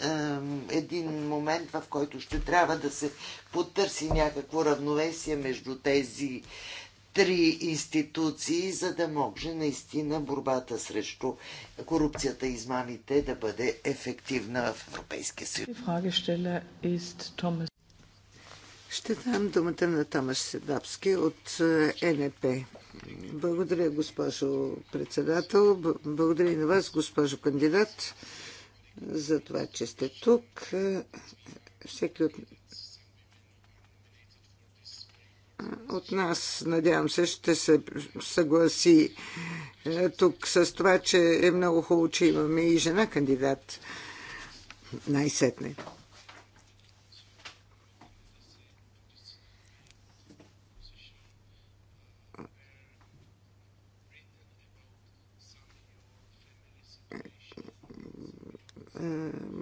[SPEAKER 2] е, един момент, в който ще трябва да се потърси някакво равновесие между тези три институции, за да може наистина борбата срещу корупцията и измамите да бъде ефективна в Европейския съюз.
[SPEAKER 1] Ще дам думата на Томаш Седапски от е, НП. Благодаря, госпожо председател. Благодаря и на вас, госпожо кандидат, за това, че сте тук. Е, всеки от от нас, надявам се, ще се съгласи е, тук с това, че е много хубаво, че имаме и жена кандидат. Най-сетне.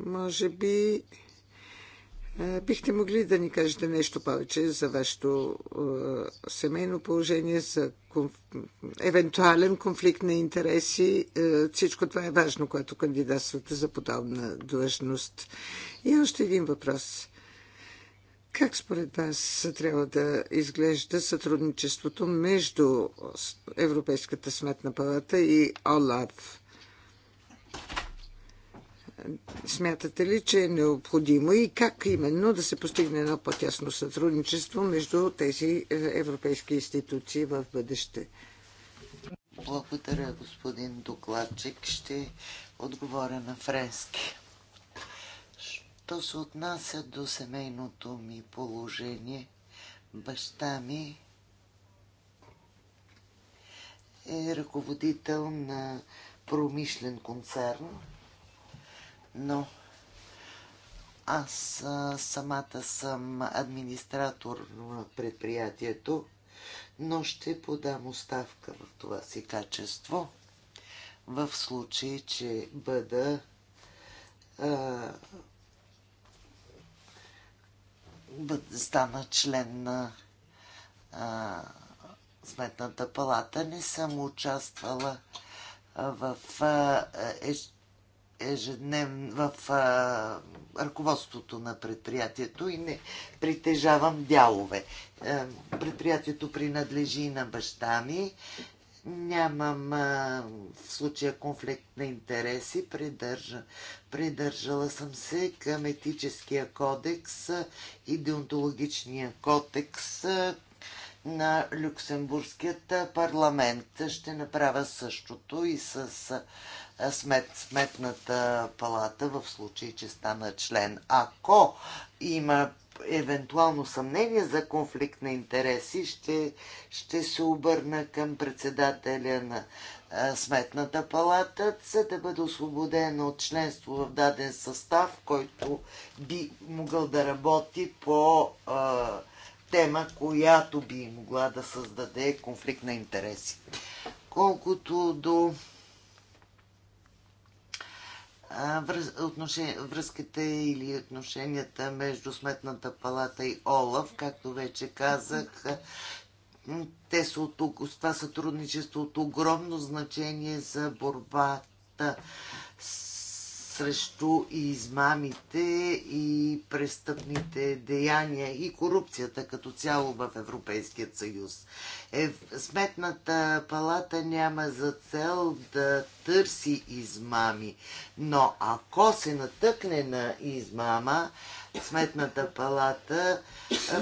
[SPEAKER 1] Може би е, бихте могли да ни кажете нещо повече за вашето е, семейно положение, за конф... евентуален конфликт на интереси. Е, всичко това е важно, което кандидатствате за подобна длъжност. И още един въпрос. Как според вас трябва да изглежда сътрудничеството между Европейската сметна палата и ОЛАВ? Смятате ли, че е необходимо и как именно да се постигне едно по-тясно сътрудничество
[SPEAKER 2] между тези е, европейски институции в бъдеще? Благодаря, господин докладчик. Ще отговоря на френски. Що се отнася до семейното ми положение, баща ми е ръководител на промишлен концерн но аз самата съм администратор на предприятието, но ще подам оставка в това си качество, в случай, че бъда а, стана член на а, Сметната палата. Не съм участвала в а, е, Ежеднев в а, ръководството на предприятието и не притежавам дялове. А, е, предприятието принадлежи на баща ми. Нямам а, в случая конфликт на интереси. Придържа, придържала съм се към етическия кодекс и деонтологичния кодекс, на Люксембургският парламент. Ще направя същото и с смет, сметната палата в случай, че стана член. Ако има евентуално съмнение за конфликт на интереси, ще, ще се обърна към председателя на Сметната палата, за да бъде освободен от членство в даден състав, който би могъл да работи по а, тема, която би могла да създаде конфликт на интереси. Колкото до връзките или отношенията между Сметната палата и ОЛАВ, както вече казах, те са от, това сътрудничество е от огромно значение за борбата с срещу измамите и престъпните деяния и корупцията като цяло в Европейския съюз. Е, сметната палата няма за цел да търси измами, но ако се натъкне на измама, Сметната палата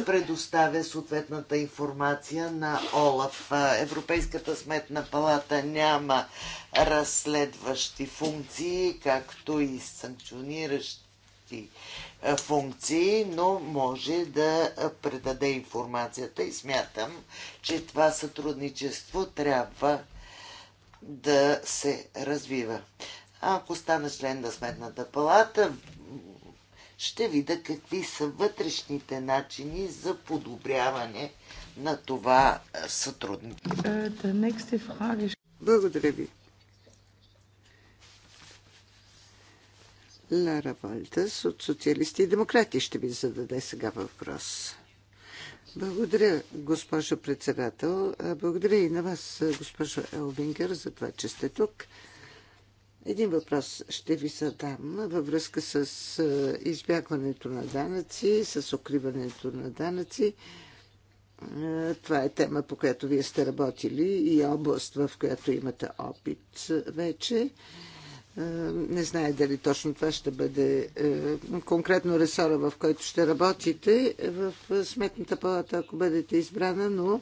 [SPEAKER 2] предоставя съответната информация на ОЛАФ. Европейската сметна палата няма разследващи функции, както и санкциониращи функции, но може да предаде информацията и смятам, че това сътрудничество трябва да се развива. Ако стана член на Сметната палата, ще видя какви са вътрешните начини за подобряване на това е, сътрудничество.
[SPEAKER 1] Е, е
[SPEAKER 2] Благодаря ви.
[SPEAKER 1] Лара Вальтас от Социалисти и Демократи ще ви зададе сега въпрос. Благодаря, госпожо председател. Благодаря и на вас, госпожо Елвингер, за това, че сте тук. Един въпрос ще ви задам във връзка с избягването на данъци, с укриването на данъци. Това е тема, по която вие сте работили и област, в която имате опит вече. Не знае дали точно това ще бъде конкретно ресора, в който ще работите в Сметната палата, ако бъдете избрана, но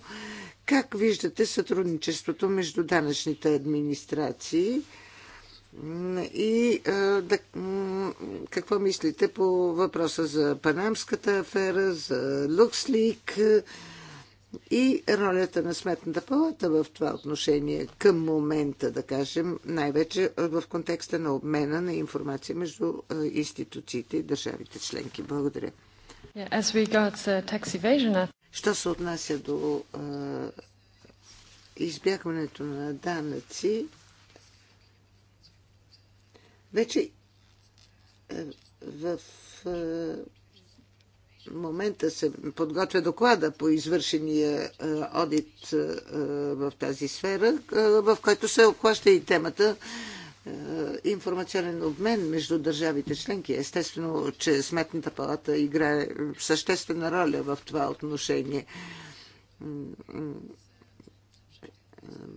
[SPEAKER 1] как виждате сътрудничеството между данъчните администрации? И да, какво мислите по въпроса за Панамската афера, за Люкслик и ролята на Сметната палата в това отношение към момента, да кажем, най-вече в контекста на обмена на информация между институциите и държавите членки. Благодаря.
[SPEAKER 2] Uh, Що
[SPEAKER 1] се отнася до избягването на данъци, вече е, в е, момента се подготвя доклада по извършения е, одит в тази сфера, в който се обхваща и темата информационен обмен между държавите членки. Естествено, че Сметната палата играе съществена роля в това отношение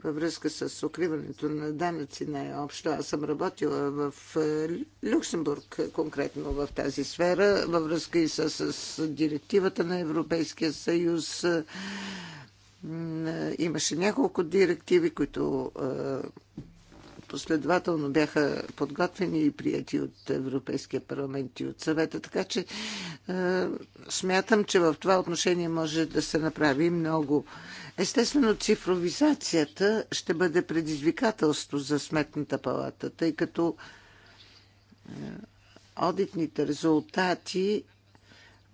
[SPEAKER 1] във връзка с укриването на данъци най-общо. Аз съм работила в е, Люксембург е, конкретно в тази сфера, във връзка и с, с директивата на Европейския съюз. Е, имаше няколко директиви, които последователно бяха подготвени и прияти от Европейския парламент и от съвета. Така че смятам, че в това отношение може да се направи много. Естествено, цифровизацията ще бъде предизвикателство за сметната палата, тъй като е, одитните резултати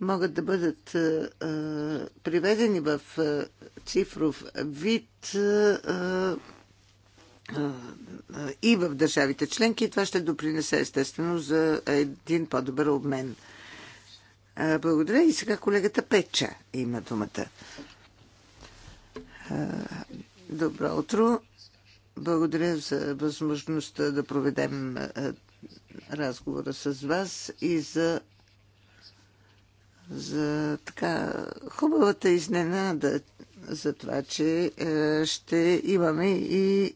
[SPEAKER 1] могат да бъдат е, е, приведени в е, цифров вид е, е и в държавите членки. И това ще допринесе естествено за един по-добър обмен. благодаря. И сега колегата Печа има думата. Добро утро. Благодаря за възможността да проведем разговора с вас и за, за така хубавата изненада за това, че ще имаме и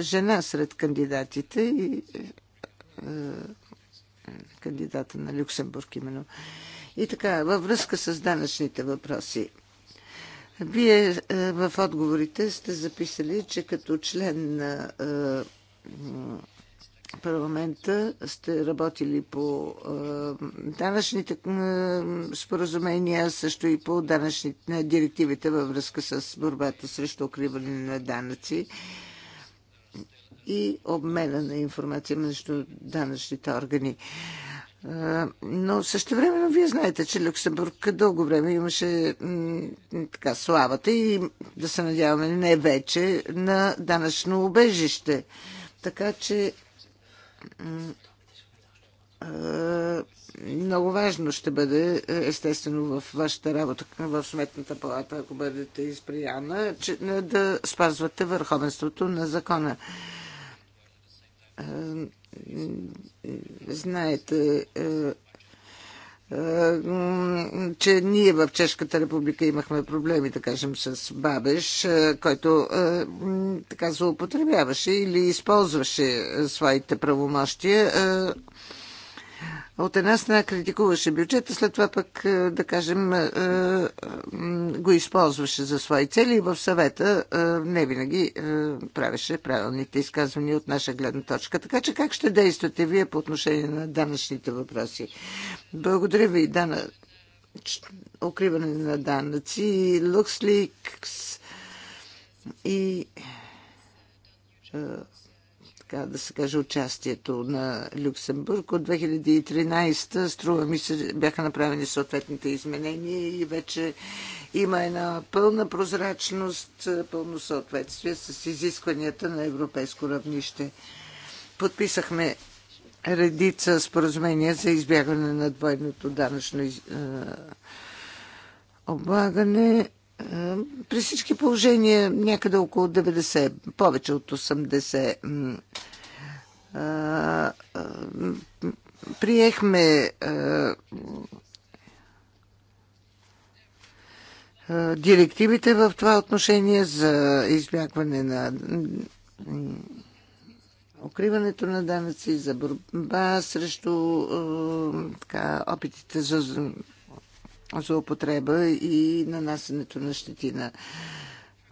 [SPEAKER 1] жена сред кандидатите и кандидата на Люксембург именно. И така, във връзка с данъчните въпроси. Вие е, в отговорите сте записали, че като член на е, парламента сте работили по е, данъчните споразумения, също и по данъчните директивите във връзка с борбата срещу укриване на данъци и обмена на информация между данъчните органи. Е, но също време вие знаете, че Люксембург дълго време имаше така славата и да се надяваме не вече на данъчно убежище. Така че е, много важно ще бъде, е, естествено, в вашата работа в Сметната палата, ако бъдете изприяна, че, да спазвате върховенството на закона знаете, е, е, че ние в Чешката република имахме проблеми, да кажем, с Бабеш, е, който така злоупотребяваше или използваше своите правомощия от една страна критикуваше бюджета, след това пък, е, да кажем, е, е, го използваше за свои цели и в съвета не винаги правеше правилните изказвания от наша гледна точка. Така че как ще действате вие по отношение на данъчните въпроси? Благодаря ви, Дана. Укриване на данъци, LuxLeaks и така да се каже, участието на Люксембург. От 2013 струва ми се бяха направени съответните изменения и вече има една пълна прозрачност, пълно съответствие с изискванията на европейско равнище. Подписахме редица споразумения за избягване на двойното данъчно е, облагане е, при всички положения някъде около 90, повече от 80 е, е, приехме директивите в това отношение за избягване на укриването на данъци, за борба срещу така, опитите за злоупотреба и нанасенето на щети на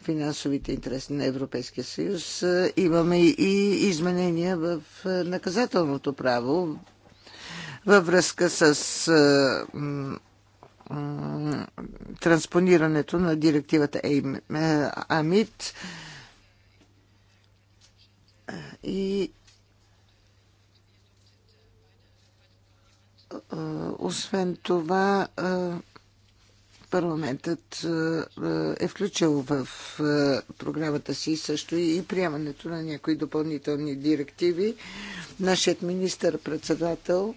[SPEAKER 1] финансовите интереси на Европейския съюз. Имаме и изменения в наказателното право във връзка с транспонирането на директивата АМИД и освен това парламентът е, е включил в е, програмата си също и приемането на някои допълнителни директиви. Нашият министър-председател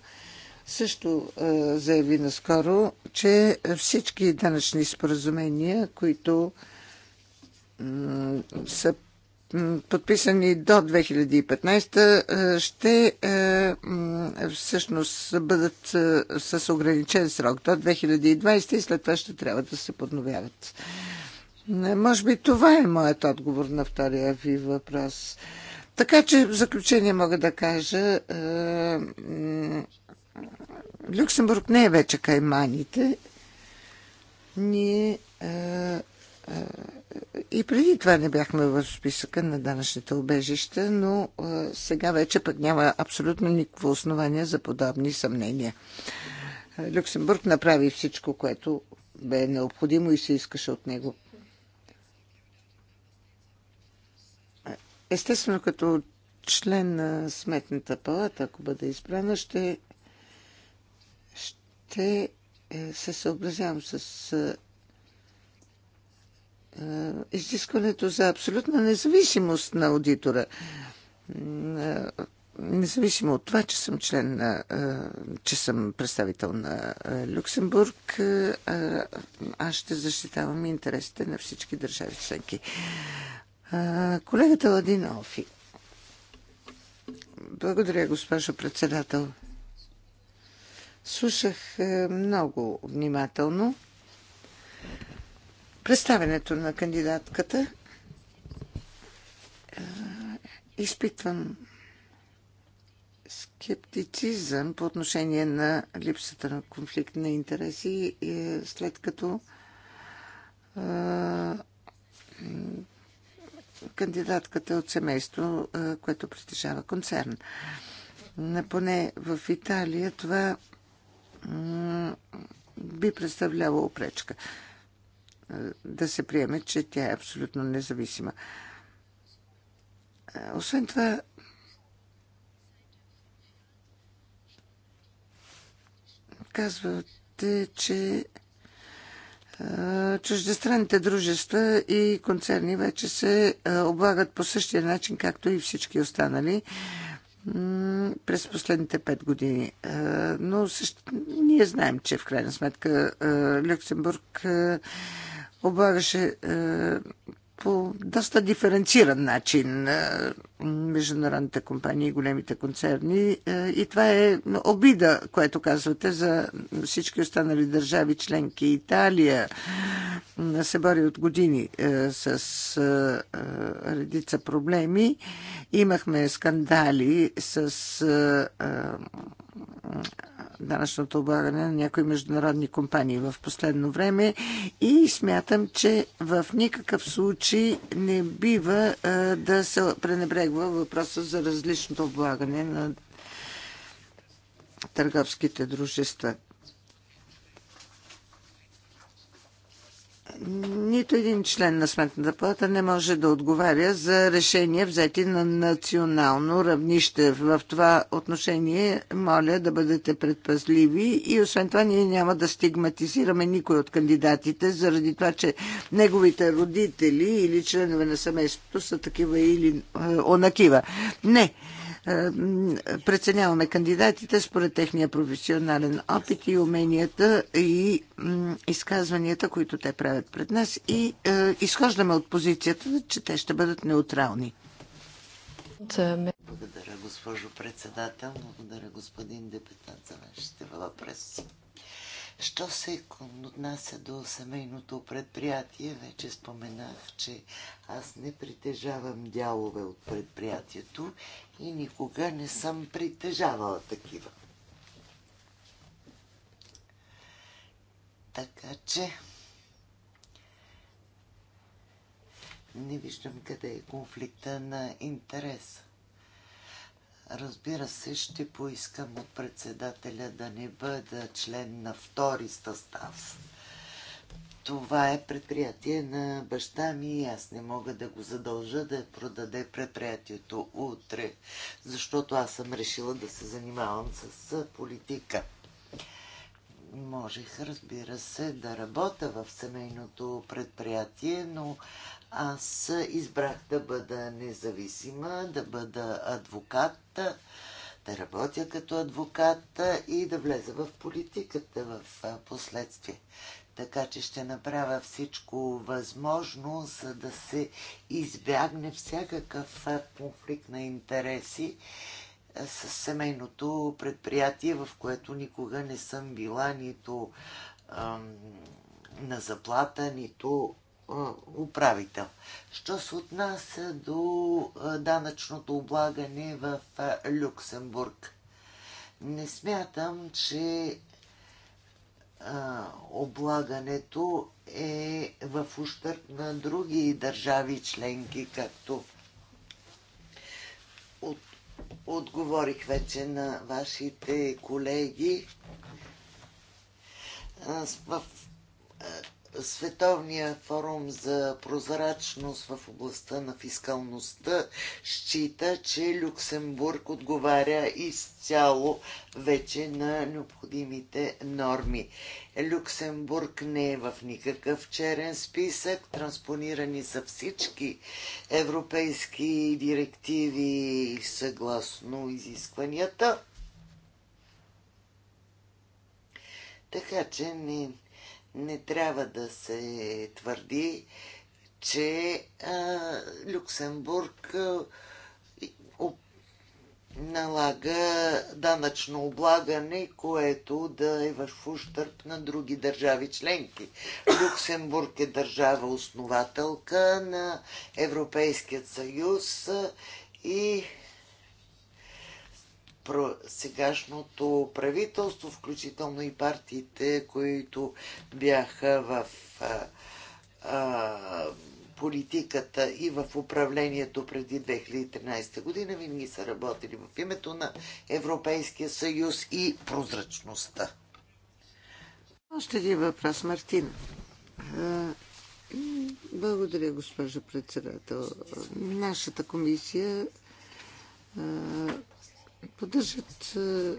[SPEAKER 1] също е, заяви наскоро, че всички данъчни споразумения, които са подписани до 2015, е, ще е, всъщност бъдат е, с ограничен срок до 2020 и след това ще трябва да се подновяват. Може би това е моят отговор на втория ви въпрос. Така че в заключение мога да кажа, Люксембург не е вече кайманите. Ние и преди това не бяхме в списъка на данъчните обежища, но сега вече пък няма абсолютно никакво основание за подобни съмнения. Люксембург направи всичко, което бе необходимо и се искаше от него. Естествено, като член на Сметната палата, ако бъде избрана, ще, ще е, се съобразявам с е, изискването за абсолютна независимост на аудитора. Е, независимо от това, че съм член на, е, че съм представител на Люксембург, аз ще защитавам интересите на всички държави членки. Колегата Ладина Офи. Благодаря, госпожо председател. Слушах много внимателно представенето на кандидатката е, изпитвам скептицизъм по отношение на липсата на конфликт на интереси, е, след като е, кандидатката е от семейство, което притежава концерн. Поне в Италия това би представлявало опречка да се приеме, че тя е абсолютно независима. Освен това, казвате, че чуждестранните дружества и концерни вече се облагат по същия начин, както и всички останали през последните пет години. Но също, ние знаем, че в крайна сметка Люксембург облагаше е, по доста диференциран начин е, международните компании и големите концерни. Е, и това е обида, което казвате за всички останали държави членки. Италия се бори от години с редица проблеми. Имахме скандали с данъчното облагане на някои международни компании в последно време и смятам, че в никакъв случай не бива да се пренебрегва въпроса за различното облагане на търговските дружества. нито един член на Сметната палата не може да отговаря за решения взети на национално равнище. В това отношение моля да бъдете предпазливи и освен това ние няма да стигматизираме никой от кандидатите заради това, че неговите родители или членове на семейството са такива или е, онакива. Не преценяваме кандидатите според техния професионален опит и уменията и изказванията, които те правят пред нас и е, изхождаме от позицията, че те ще бъдат неутрални.
[SPEAKER 2] Благодаря, госпожо председател. Благодаря, господин депутат, за вашите въпроси. Що се отнася до семейното предприятие, вече споменах, че аз не притежавам дялове от предприятието и никога не съм притежавала такива. Така че не виждам къде е конфликта на интерес. Разбира се, ще поискам от председателя да не бъда член на втори състав това е предприятие на баща ми и аз не мога да го задължа да продаде предприятието утре, защото аз съм решила да се занимавам с политика. Можех, разбира се, да работя в семейното предприятие, но аз избрах да бъда независима, да бъда адвокат, да работя като адвокат и да влеза в политиката в последствие. Така че ще направя всичко възможно, за да се избягне всякакъв конфликт на интереси с семейното предприятие, в което никога не съм била нито ам, на заплата, нито управител. Що се отнася до данъчното облагане в Люксембург? Не смятам, че облагането е в ущърп на други държави членки, както от, отговорих вече на вашите колеги. В Световния форум за прозрачност в областта на фискалността счита, че Люксембург отговаря изцяло вече на необходимите норми. Люксембург не е в никакъв черен списък. Транспонирани са всички европейски директиви съгласно изискванията. Така че не, не трябва да се твърди, че а, Люксембург а, у, налага данъчно облагане, което да е в ущърп на други държави членки. Люксембург е държава основателка на Европейският съюз и сегашното правителство, включително и партиите, които бяха в а, а, политиката и в управлението преди 2013 година, винаги са работили в името на Европейския съюз и прозрачността.
[SPEAKER 1] Още един въпрос, Мартин. Благодаря, госпожо председател. Нашата комисия поддържат, е,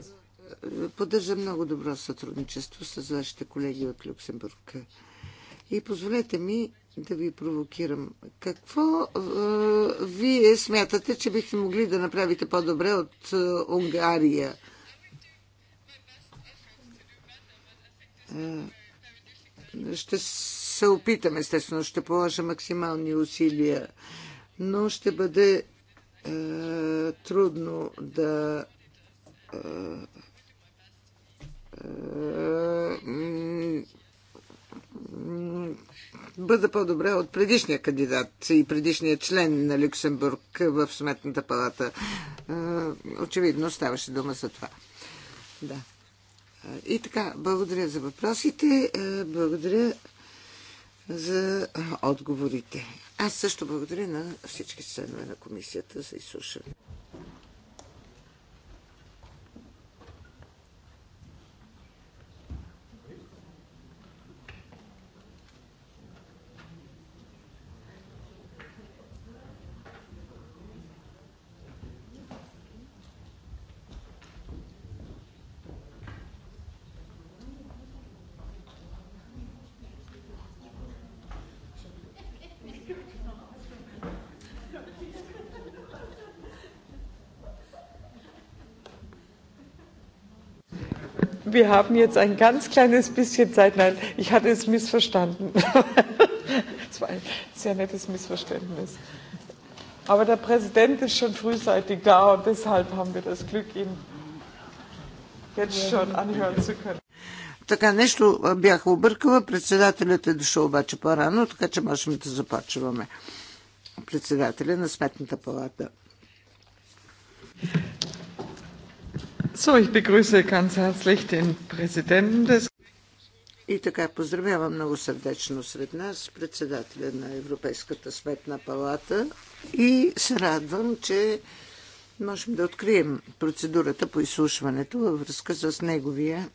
[SPEAKER 1] поддържа много добро сътрудничество с вашите колеги от Люксембург. И позволете ми да ви провокирам. Какво е, вие смятате, че бихте могли да направите по-добре от е, Унгария? Е, ще се опитам, естествено, ще положа максимални усилия, но ще бъде е, трудно да е, е, бъда по-добре от предишния кандидат и предишния член на Люксембург в Сметната палата. Очевидно ставаше дума за това. Да. И така, благодаря за въпросите, благодаря за отговорите. Аз също благодаря на всички членове на комисията за изслушване. wir haben jetzt ein ganz kleines bisschen Zeit. Nein, ich hatte es missverstanden. Das war ein sehr nettes Missverständnis. Aber der Präsident ist schon frühzeitig da und deshalb haben wir das Glück, ihn jetzt schon anhören zu können. Така, нещо бях объркала. Председателят е дошъл обаче по-рано, така че можем да започваме. Председателя на Сметната палата. So, ich begrüße ganz herzlich den Präsidenten des и така поздравявам много сърдечно сред нас председателя на Европейската светна палата и се радвам, че можем да открием процедурата по изслушването във връзка с неговия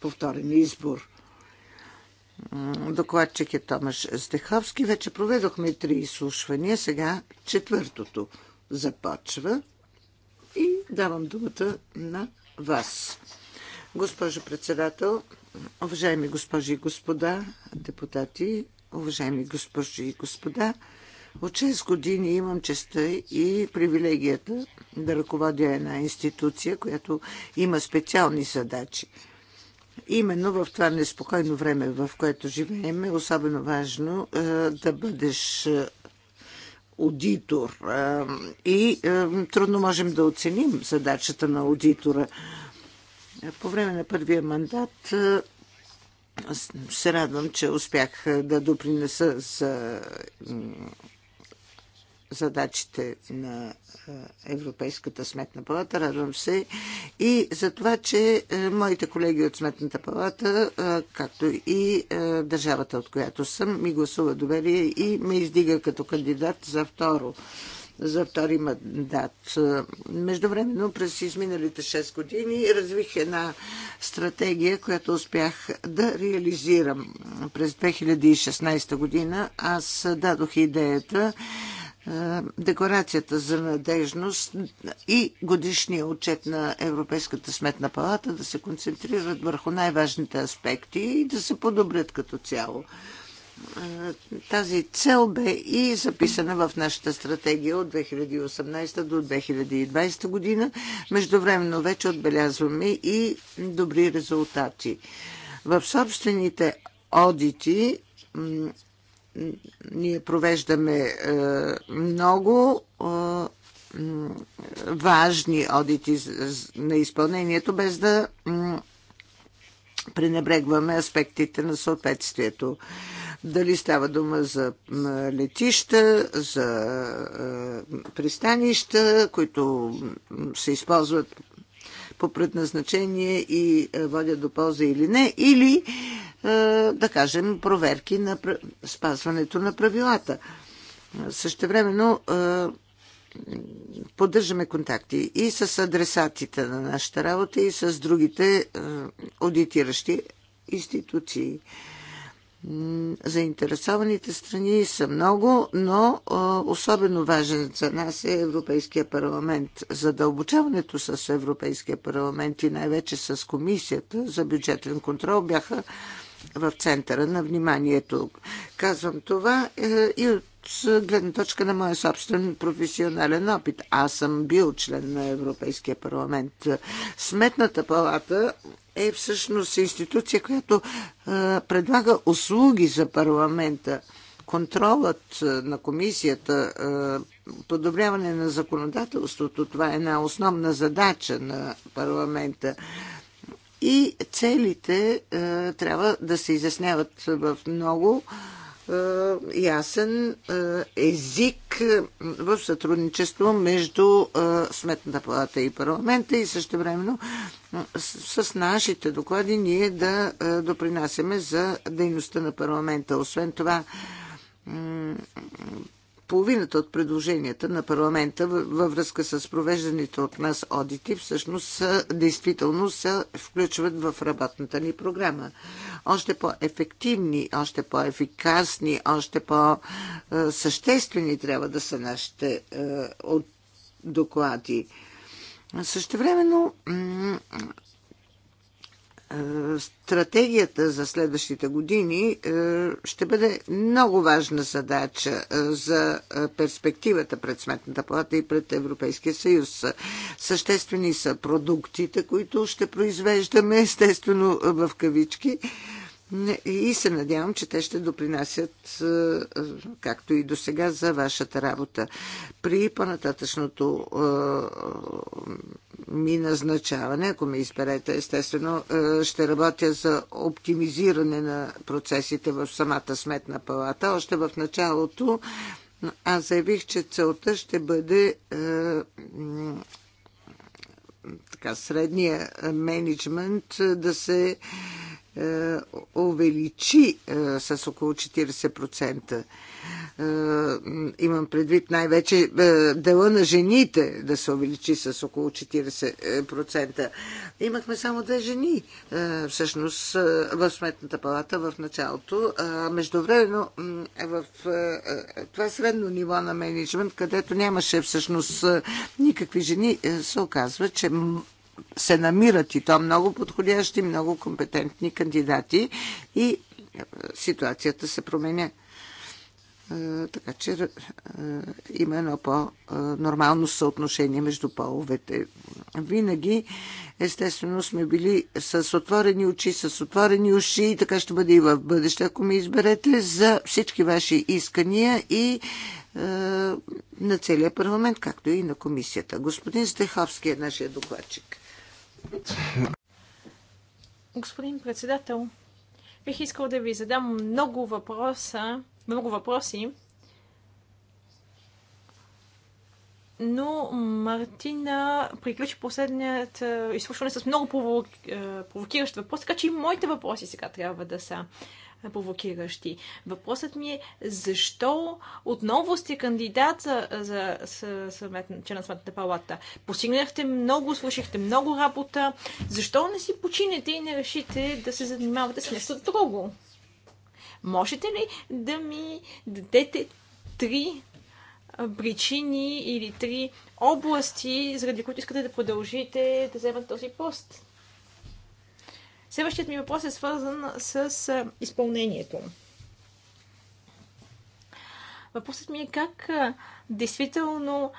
[SPEAKER 1] повторен избор. Докладчик е Томаш Стеховски. Вече проведохме три изслушвания, сега четвъртото започва. И давам думата на вас. Госпожо председател, уважаеми госпожи и господа депутати, уважаеми госпожи и господа, от 6 години имам честа и привилегията да ръководя една институция, която има специални задачи. Именно в това неспокойно време, в което живеем, е особено важно е, да бъдеш е, аудитор и трудно можем да оценим задачата на аудитора. По време на първия мандат се радвам, че успях да допринеса за задачите на Европейската сметна палата. Радвам се и за това, че моите колеги от сметната палата, както и държавата, от която съм, ми гласува доверие и ме издига като кандидат за второ за втори мандат. Междувременно през изминалите 6 години развих една стратегия, която успях да реализирам. През 2016 година аз дадох идеята декларацията за надежност и годишния отчет на Европейската сметна палата да се концентрират върху най-важните аспекти и да се подобрят като цяло. Тази цел бе и записана в нашата стратегия от 2018 до 2020 година. Междувременно вече отбелязваме и добри резултати. В собствените одити ние провеждаме е, много е, важни одити на изпълнението, без да пренебрегваме аспектите на съответствието. Дали става дума за летища, за е, пристанища, които се използват по предназначение и е, водят до полза или не, или е, да кажем проверки на спазването на правилата. времено е, поддържаме контакти и с адресатите на нашата работа, и с другите аудитиращи институции. Заинтересованите страни са много, но особено важен за нас е Европейския парламент. Задълбочаването с Европейския парламент и най-вече с Комисията за бюджетен контрол бяха в центъра на вниманието. Казвам това е, и от гледна точка на моя собствен професионален опит. Аз съм бил член на Европейския парламент. Сметната палата е всъщност институция, която е, предлага услуги за парламента контролът е, на комисията, е, подобряване на законодателството, това е една основна задача на парламента. И целите трябва да се изясняват в много е, ясен е, език е, в сътрудничество между Сметната палата и парламента и също времено с нашите доклади ние да допринасяме за дейността на парламента. Освен това, половината от предложенията на парламента във връзка с провежданите от нас одити всъщност са, действително се включват в работната ни програма. Още по-ефективни, още по-ефикасни, още по-съществени е, трябва да са нашите е, от доклади. Същевременно стратегията за следващите години е, ще бъде много важна задача е, за е, перспективата пред Сметната плата и пред Европейския съюз. Съществени са продуктите, които ще произвеждаме, естествено в кавички, и се надявам, че те ще допринасят, е, е, както и до сега, за вашата работа. При по-нататъчното е, ми назначаване, ако ме изберете, естествено, ще работя за оптимизиране на процесите в самата сметна палата. Още в началото аз заявих, че целта ще бъде така, средния менеджмент да се е, увеличи е, с около 40%. Е, имам предвид най-вече дела на жените да се увеличи с около 40%. Имахме само две жени всъщност в Сметната палата в началото. Междувременно в това средно ниво на менеджмент, където нямаше всъщност никакви жени, се оказва, че се намират и то много подходящи, много компетентни кандидати и е, ситуацията се променя. Е, така че е, има едно по-нормално съотношение между половете. Винаги, естествено, сме били с отворени очи, с отворени уши и така ще бъде и в бъдеще, ако ми изберете, за всички ваши искания и на целия парламент, както и на комисията. Господин Стеховски е нашия докладчик.
[SPEAKER 3] Господин председател, бих искал да ви задам много въпроса, много въпроси, но Мартина приключи последният е, изслушване с много е, провокиращ въпрос, така че и моите въпроси сега трябва да са провокиращи. Въпросът ми е защо отново сте кандидат за, за, за съвмет, член на Сметната палата? Постигнахте много, слушахте много работа. Защо не си починете и не решите да се занимавате с нещо друго? Можете ли да ми дадете три причини или три области, заради които искате да продължите да вземат този пост? Следващият ми въпрос е свързан с изпълнението. Въпросът ми е как действително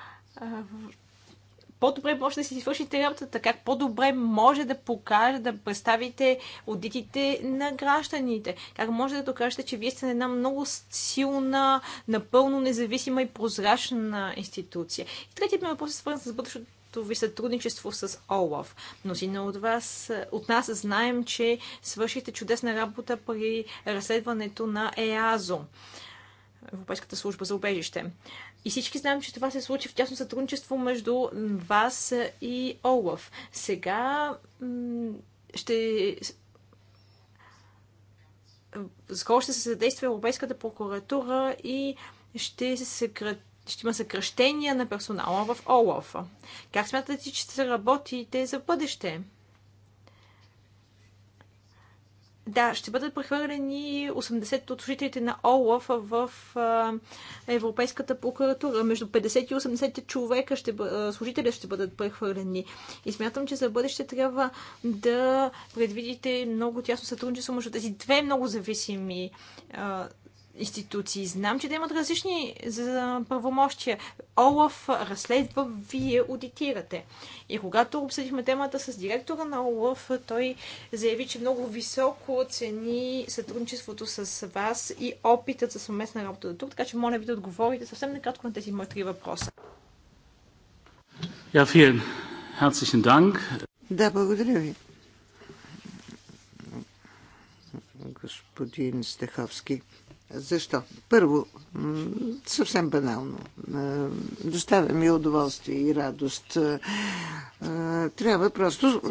[SPEAKER 3] по-добре може да си свършите работата, как по-добре може да покажете, да представите одитите на гражданите, как може да докажете, че вие сте една много силна, напълно независима и прозрачна институция. И третият ми въпрос е свързан с бъдещото ви сътрудничество с ОЛАФ. Мнозина от вас, от нас знаем, че свършихте чудесна работа при разследването на ЕАЗО. Европейската служба за убежище. И всички знаем, че това се случи в тясно сътрудничество между вас и ОЛАФ. Сега ще скоро ще се съдейства Европейската прокуратура и ще, се съкрат... ще има съкръщения на персонала в ОЛАФ. Как смятате, че ще работите за бъдеще? Да, ще бъдат прехвърлени 80 от служителите на ОЛАФ в Европейската прокуратура. Между 50 и 80 човека ще бъ... служителя ще бъдат прехвърлени. И смятам, че за бъдеще трябва да предвидите много тясно сътрудничество между тези две много зависими а, институции. Знам, че да имат различни правомощия. Олаф разследва, вие аудитирате. И когато обсъдихме темата с директора на Олаф, той заяви, че много високо цени сътрудничеството с вас и опитът за съвместна работа до тук, така че моля ви да отговорите съвсем накратко на тези мои три въпроса.
[SPEAKER 2] Ja, vielen herzlichen Dank.
[SPEAKER 1] Да, благодаря ви. Господин Стеховски. Защо? Първо, съвсем банално, е, доставя ми удоволствие и радост. Е, трябва просто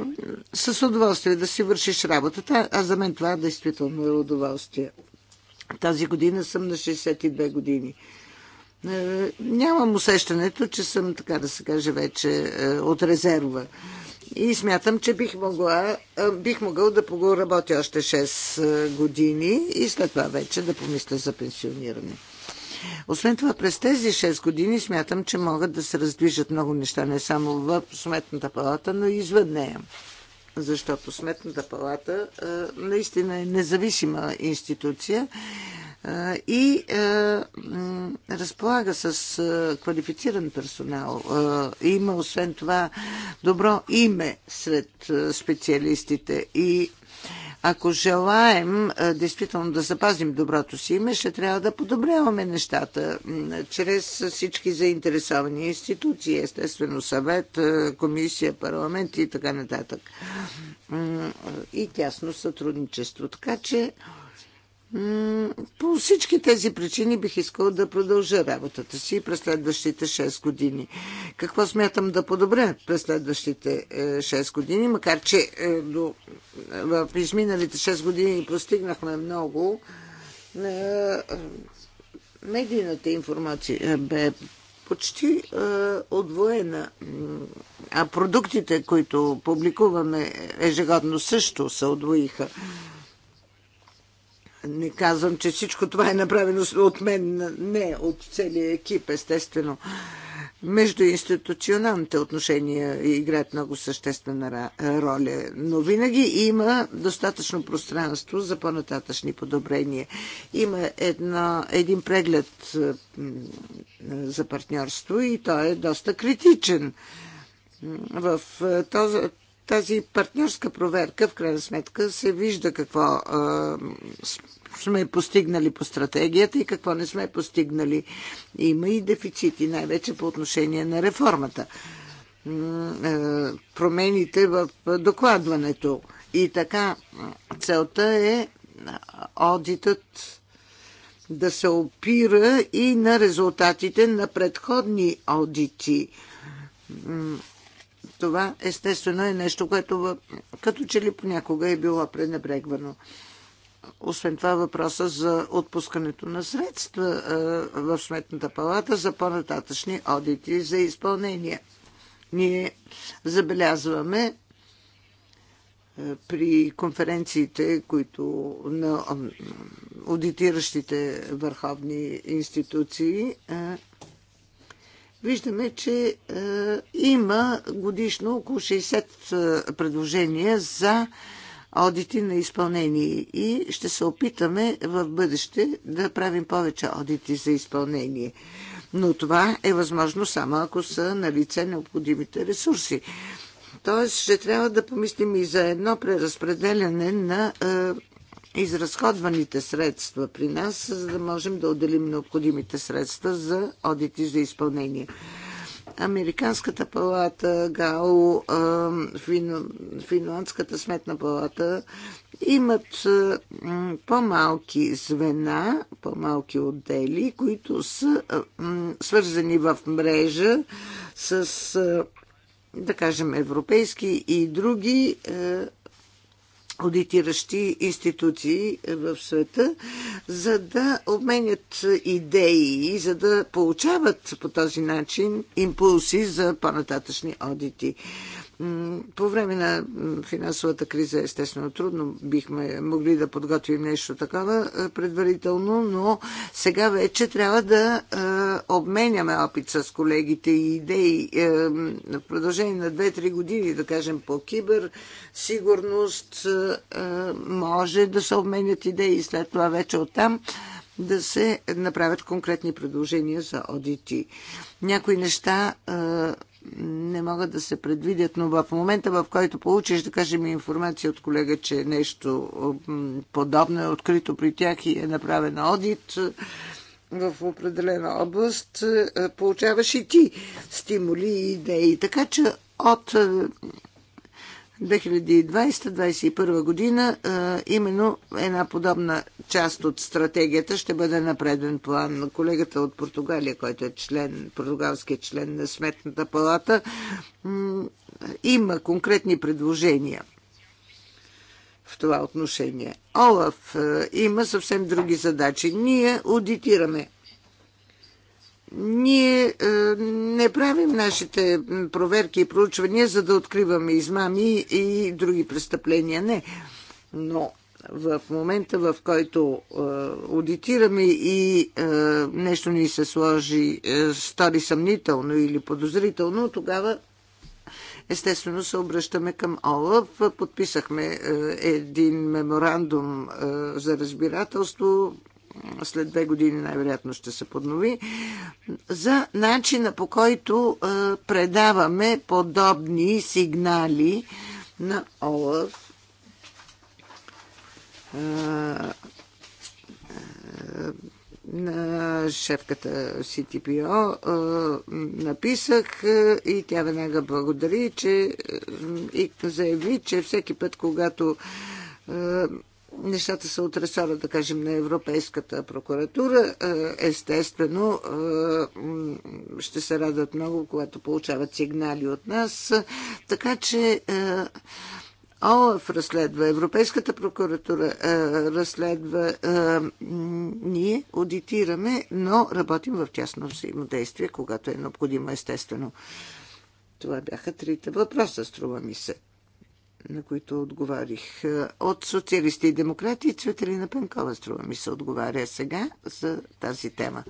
[SPEAKER 1] с удоволствие да си вършиш работата, а за мен това действително е удоволствие. Тази година съм на 62 години. Е, нямам усещането, че съм, така да се каже, вече от резерва. И смятам, че бих, могла, бих могъл да поработя още 6 години и след това вече да помисля за пенсиониране. Освен това, през тези 6 години смятам, че могат да се раздвижат много неща, не само в Сметната палата, но и извън нея защото Сметната палата наистина е независима институция и разполага с квалифициран персонал. Има освен това добро име сред специалистите и ако желаем действително да запазим доброто си име, ще трябва да подобряваме нещата чрез всички заинтересовани институции, естествено съвет, комисия, парламент и така нататък. И тясно сътрудничество. Така че по всички тези причини бих искал да продължа работата си през следващите 6 години. Какво смятам да подобря през следващите 6 е, години, макар че е, до, в изминалите 6 години постигнахме много. Е, медийната информация бе почти е, отвоена. А продуктите, които публикуваме ежегодно, също се отвоиха. Не казвам, че всичко това е направено от мен, не от целия екип, естествено. Междуинституционалните отношения играят много съществена роля, но винаги има достатъчно пространство за по-нататъчни подобрения. Има една, един преглед за партньорство и той е доста критичен. В е, този, тази партньорска проверка, в крайна сметка, се вижда какво е, сме постигнали по стратегията и какво не сме постигнали. Има и дефицити, най-вече по отношение на реформата. Е, промените в докладването. И така, целта е одитът да се опира и на резултатите на предходни аудити. Това естествено е нещо, което като че ли понякога е било пренебрегвано. Освен това въпроса за отпускането на средства в Сметната палата за по-нататъчни одити за изпълнение. Ние забелязваме при конференциите, които на аудитиращите върховни институции, виждаме, че има годишно около 60 предложения за одити на изпълнение и ще се опитаме в бъдеще да правим повече одити за изпълнение. Но това е възможно само ако са на лице необходимите ресурси. Тоест ще трябва да помислим и за едно преразпределяне на е, изразходваните средства при нас, за да можем да отделим необходимите средства за одити за изпълнение. Американската палата, ГАО, Финландската сметна палата имат по-малки звена, по-малки отдели, които са свързани в мрежа с, да кажем, европейски и други аудитиращи институции в света, за да обменят идеи, за да получават по този начин импулси за по-нататъчни одити. По време на финансовата криза, естествено, трудно бихме могли да подготвим нещо такова предварително, но сега вече трябва да обменяме опит с колегите и идеи в продължение на 2-3 години, да кажем по кибер, сигурност, може да се обменят идеи и след това вече оттам да се направят конкретни предложения за одити. Някои неща не могат да се предвидят, но в момента, в който получиш, да кажем, информация от колега, че нещо подобно е открито при тях и е направен одит е, в определена област, е, получаваш и ти стимули и идеи. Така че от е, 2020-2021 година именно една подобна част от стратегията ще бъде на преден план. Колегата от Португалия, който е член, португалски член на Сметната палата, има конкретни предложения в това отношение. Олаф има съвсем други задачи. Ние аудитираме ние е, не правим нашите проверки и проучвания, за да откриваме измами и други престъпления. Не. Но в момента, в който е, аудитираме и е, нещо ни се сложи, е, стари съмнително или подозрително, тогава естествено се обръщаме към ОЛАФ. Подписахме е, един меморандум е, за разбирателство, след две години най-вероятно ще се поднови, за начина по който предаваме подобни сигнали на ОЛАФ на шефката CTPO написах и тя веднага благодари, че и заяви, че всеки път, когато нещата са от ресора, да кажем, на Европейската прокуратура. Е, естествено, е, ще се радват много, когато получават сигнали от нас. Така че е, ОЛАФ разследва, Европейската прокуратура разследва, ние аудитираме, но работим в тясно взаимодействие, когато е необходимо, естествено. Това бяха трите въпроса, струва ми се на които отговорих. От социалисти и демократи Цветелина Пенкова струва ми се отговаря сега за тази тема.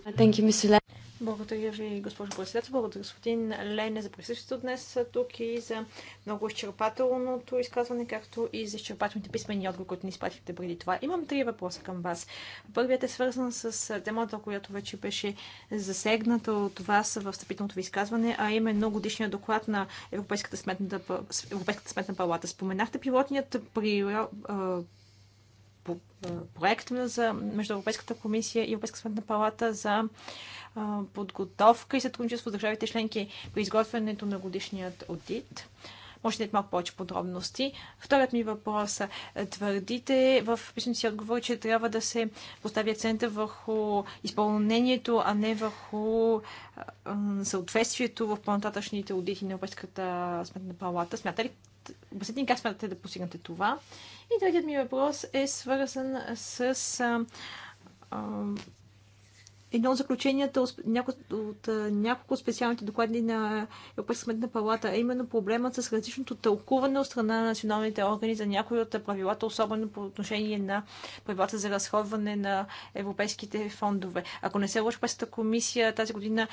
[SPEAKER 3] Благодаря ви, госпожо председател. Благодаря господин Лене за присъствието днес тук и за много изчерпателното изказване, както и за изчерпателните писмени отговори, които ни изпратихте преди това. Имам три въпроса към вас. Първият е свързан с темата, която вече беше засегната от вас в встъпителното ви изказване, а именно годишния доклад на Европейската сметна, Европейската сметна палата. Споменахте пилотният при проект за между Европейската комисия и Европейска сметна палата за подготовка и сътрудничество с държавите членки при изготвянето на годишният аудит. Може да дадете малко повече подробности. Вторият ми въпрос. Твърдите в писмените си отговори, че трябва да се постави акцента върху изпълнението, а не върху съответствието в по-нататъчните аудити на Европейската сметна палата. Смятате ли, обясните как смятате да постигнете това. И третият ми въпрос е свързан с а, а, едно от заключенията от няколко специалните доклади на Европейска сметна палата, е именно проблемът с различното тълкуване от страна на националните органи за някои от правилата, особено по отношение на правилата за разходване на европейските фондове. Ако не се лъжа, Пестата комисия тази година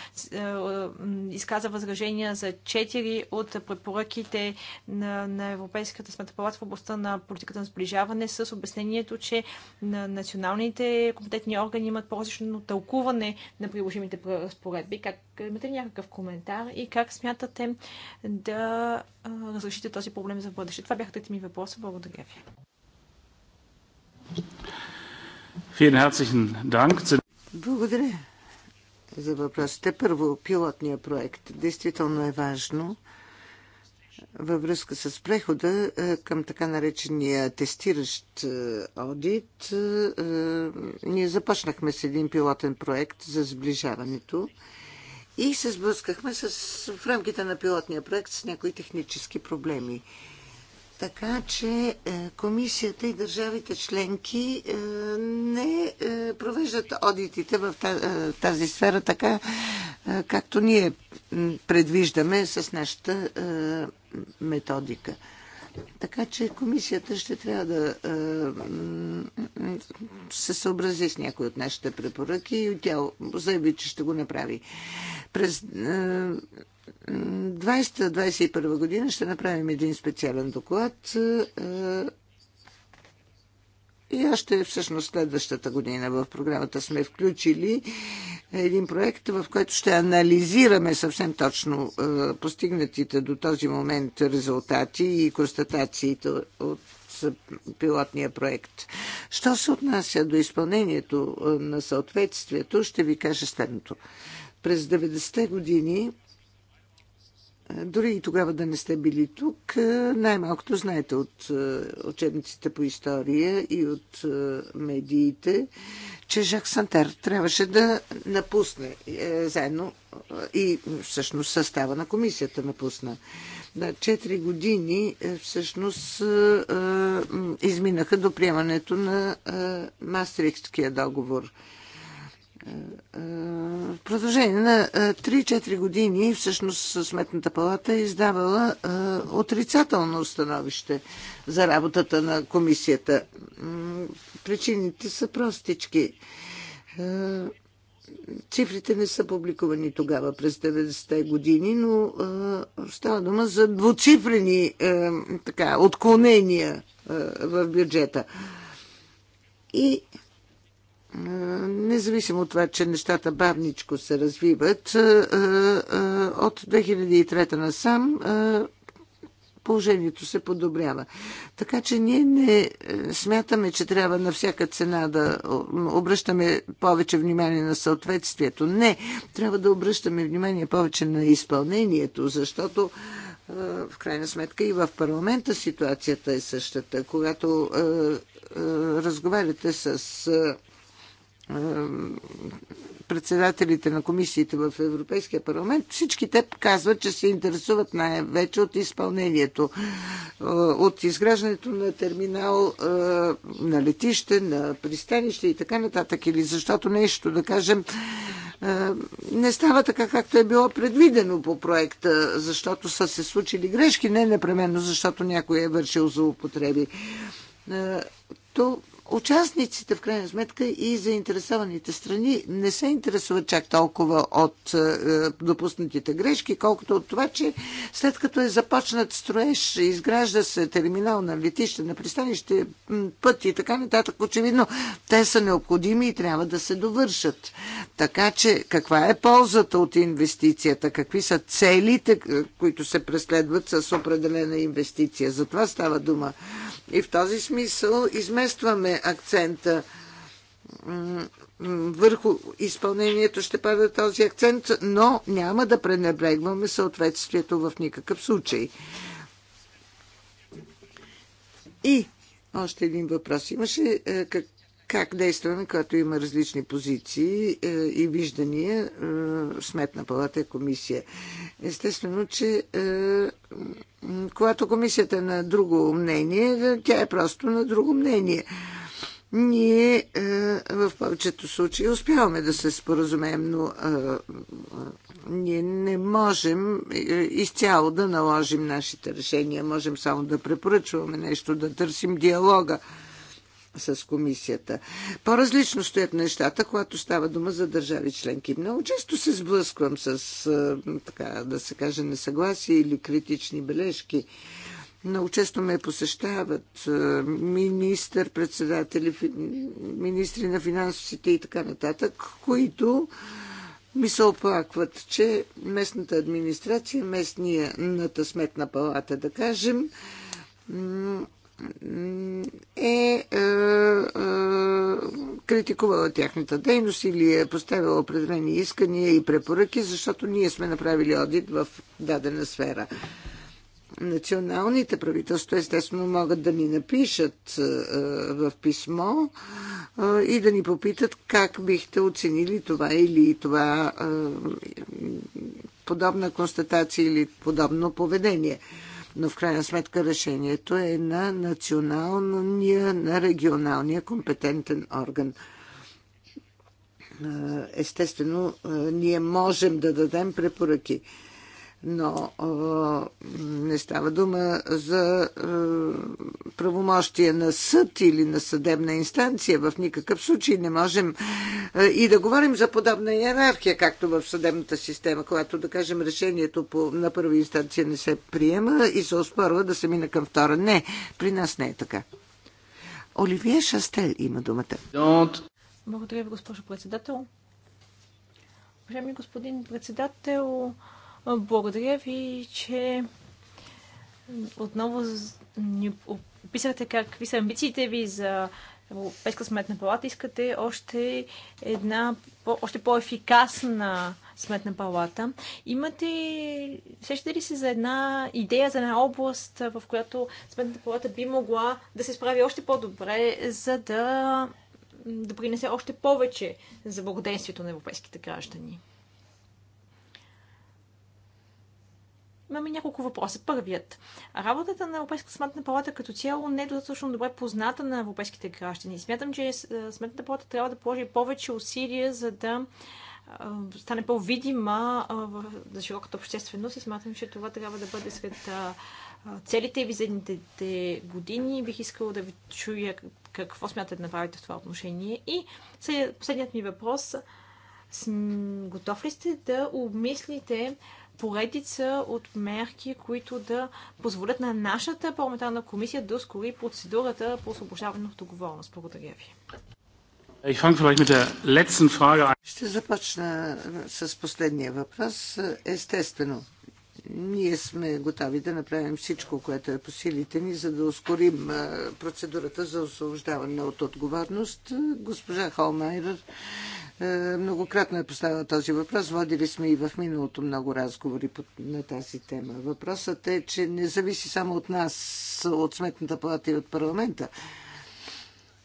[SPEAKER 3] изказа възражения за четири от препоръките на, на Европейската сметна палата в областта на политиката на сближаване с обяснението, че на националните компетентни органи имат по-различно тълкуване тълкуване на приложимите разпоредби? Как имате някакъв коментар и как смятате да разрешите този проблем за бъдеще? Това бяха трите ми въпроса. Благодаря ви. Благодаря
[SPEAKER 1] за въпросите. Първо, пилотния проект. Действително е важно във връзка с прехода е, към така наречения тестиращ е, аудит, е, ние започнахме с един пилотен проект за сближаването и се сблъскахме с, в рамките на пилотния проект с някои технически проблеми така че е, комисията и държавите членки е, не е, провеждат одитите в тази сфера така, както ние предвиждаме с нашата методика. Така че комисията ще трябва да се съобрази с някои от нашите препоръки и тя заяви, че ще го направи. През 2021 година ще направим един специален доклад е, и още всъщност следващата година в програмата сме включили един проект, в който ще анализираме съвсем точно е, постигнатите до този момент резултати и констатациите от пилотния проект. Що се отнася до изпълнението е, на съответствието, ще ви кажа следното. През 90-те години дори и тогава да не сте били тук, е, най-малкото знаете от е, учебниците по история и от е, медиите, че Жак Сантер трябваше да напусне заедно и всъщност състава на комисията напусна. На 4 години всъщност изминаха до приемането на Мастрихтския договор – в е, е, продължение на 3-4 е, години всъщност Сметната палата е издавала отрицателно становище за работата на комисията. Причините са простички. Цифрите не са публикувани тогава през 90-те години, но става дума за двуцифрени така, отклонения в бюджета. И независимо от това, че нещата бавничко се развиват, от 2003 насам положението се подобрява. Така че ние не е, смятаме, че трябва на всяка цена да обръщаме повече внимание на съответствието. Не, трябва да обръщаме внимание повече на изпълнението, защото е, в крайна сметка и в парламента ситуацията е същата. Когато е, разговаряте с председателите на комисиите в Европейския парламент, всички те казват, че се интересуват най-вече от изпълнението, от изграждането на терминал, на летище, на пристанище и така нататък. Или защото нещо, да кажем, не става така, както е било предвидено по проекта, защото са се случили грешки, не непременно защото някой е вършил злоупотреби. То участниците в крайна сметка и заинтересованите страни не се интересуват чак толкова от е, допуснатите грешки, колкото от това, че след като е започнат строеж, изгражда се терминал на летище, на пристанище, път и така нататък, очевидно, те са необходими и трябва да се довършат. Така че каква е ползата от инвестицията? Какви са целите, е, които се преследват с определена инвестиция? За това става дума. И в този смисъл изместваме акцента върху изпълнението ще пада този акцент, но няма да пренебрегваме съответствието в никакъв случай. И още един въпрос. Имаше е, как, как действаме, когато има различни позиции е, и виждания, е, сметна палата и комисия. Естествено, че е, когато комисията е на друго мнение, тя е просто на друго мнение. Ние в повечето случаи успяваме да се споразумеем, но ние не можем изцяло да наложим нашите решения. Можем само да препоръчваме нещо, да търсим диалога с комисията. По-различно стоят нещата, когато става дума за държави членки. Много често се сблъсквам с, така да се каже, несъгласие или критични бележки. Много често ме посещават министър-председатели, министри на финансите и така нататък, които ми се оплакват, че местната администрация, на сметна палата, да кажем, е, е, е критикувала тяхната дейност или е поставила определени искания и препоръки, защото ние сме направили одит в дадена сфера. Националните правителства естествено могат да ни напишат е, в писмо е, и да ни попитат как бихте оценили това или това е, подобна констатация или подобно поведение. Е, но в крайна сметка решението е на националния, на регионалния компетентен орган. Е, естествено, е, ние можем да дадем препоръки но не става дума за правомощие на съд или на съдебна инстанция. В никакъв случай не можем и да говорим за подобна иерархия, както в съдебната система, която, да кажем, решението по, на първа инстанция не се приема и се оспорва да се мина към втора. Не, при нас не е така. Оливие Шастел има думата. Don't.
[SPEAKER 3] Благодаря ви, госпожо председател. Уважаеми господин председател, благодаря ви, че отново ни описахте какви са амбициите ви за Европейска сметна палата. Искате още една, по, още по-ефикасна сметна палата. Имате, сещате ли се за една идея, за една област, в която сметната палата би могла да се справи още по-добре, за да, да принесе още повече за благоденствието на европейските граждани? имаме няколко въпроса. Първият. Работата на Европейската сметна палата като цяло не е достатъчно добре позната на европейските граждани. Смятам, че е, сметната палата трябва да положи повече усилия, за да стане по-видима за широката общественост и смятам, че това трябва да бъде сред целите ви за едните години. Бих искала да ви чуя какво смятате да направите в това отношение. И последният ми въпрос. Готов ли сте да обмислите поредица от мерки, които да позволят на нашата парламентарна комисия да ускори процедурата по освобождаване от договорност. Благодаря ви. Ще
[SPEAKER 1] започна с последния въпрос. Естествено, ние сме готови да направим всичко, което е по силите ни, за да ускорим процедурата за освобождаване от отговорност. Госпожа Холмайер е, многократно е поставила този въпрос. Водили сме и в миналото много разговори на тази тема. Въпросът е, че не зависи само от нас, от Сметната палата и от парламента.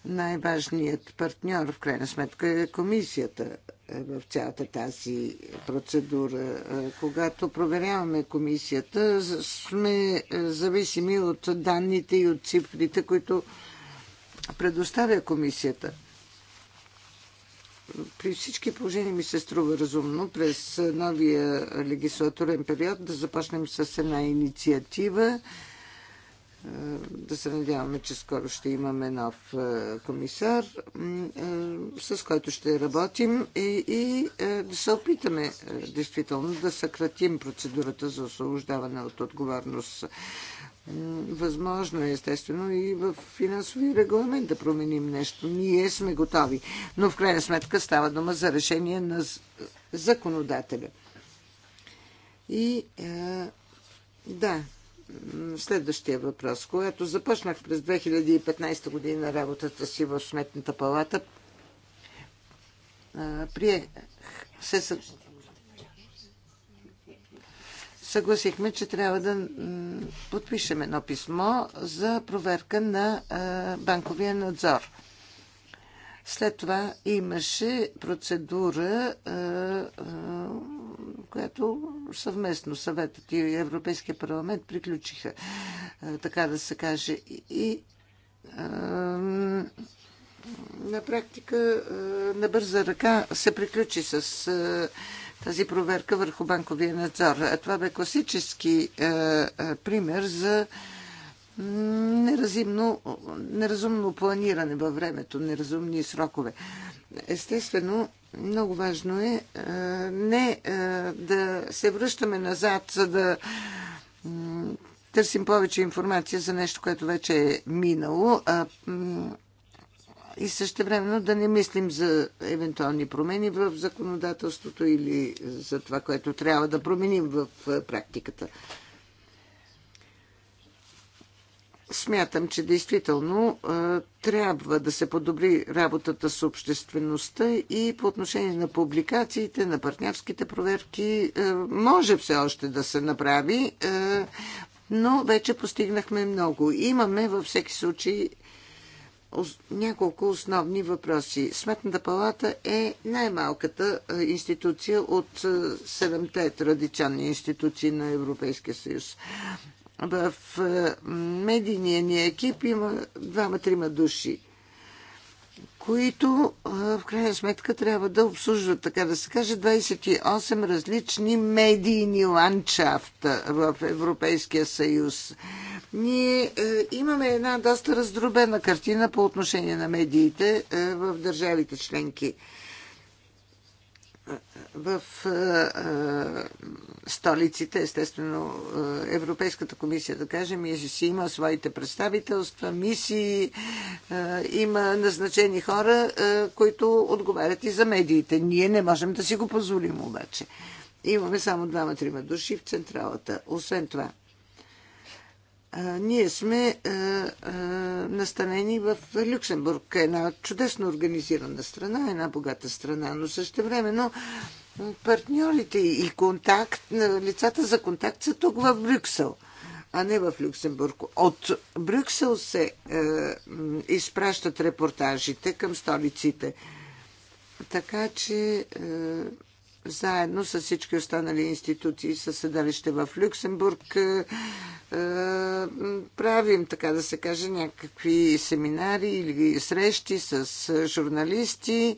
[SPEAKER 1] Най-важният партньор, в крайна сметка, е комисията е, в цялата тази процедура. Е, когато проверяваме комисията, сме зависими от данните и от цифрите, които предоставя комисията при всички положения ми се струва разумно през новия легислатурен период да започнем с една инициатива. Е, да се надяваме, че скоро ще имаме нов е, комисар, е, с който ще работим и, и да се опитаме действително да съкратим процедурата за освобождаване от отговорност. Възможно е, естествено, и в финансови регламент да променим нещо. Ние сме готови. Но в крайна сметка става дума за решение на законодателя. И е, да, следващия въпрос, когато започнах през 2015 година работата си в Сметната палата, е, приех се съгласихме, че трябва да подпишем едно писмо за проверка на банковия надзор. След това имаше процедура, която съвместно съветът и Европейския парламент приключиха, така да се каже. И на практика на бърза ръка се приключи с тази проверка върху банковия надзор. Това бе класически е, е, пример за неразумно, неразумно планиране във времето, неразумни срокове. Естествено, много важно е, е не е, да се връщаме назад, за да търсим повече информация за нещо, което вече е минало, а и също времено да не мислим за евентуални промени в законодателството или за това, което трябва да променим в практиката. Смятам, че действително трябва да се подобри работата с обществеността и по отношение на публикациите, на партньорските проверки. Може все още да се направи но вече постигнахме много. Имаме във всеки случай няколко основни въпроси. Сметната палата е най-малката институция от седемте традиционни институции на Европейския съюз. В медийния ни екип има двама-трима души които в крайна сметка трябва да обслужват, така да се каже, 28 различни медийни ландшафта в Европейския съюз. Ние е, имаме една доста раздробена картина по отношение на медиите е, в държавите членки в столиците, естествено Европейската комисия, да кажем, и си има своите представителства, мисии, има назначени хора, които отговарят и за медиите. Ние не можем да си го позволим обаче. Имаме само двама-трима души в централата. Освен това, ние сме настанени в Люксембург, една чудесно организирана страна, една богата страна, но също времено партньорите и контакт, лицата за контакт са тук в Брюксел, а не в Люксембург. От Брюксел се е, изпращат репортажите към столиците. Така че е, заедно с всички останали институции със седалище в Люксембург е, е, правим, така да се каже, някакви семинари или срещи с е, журналисти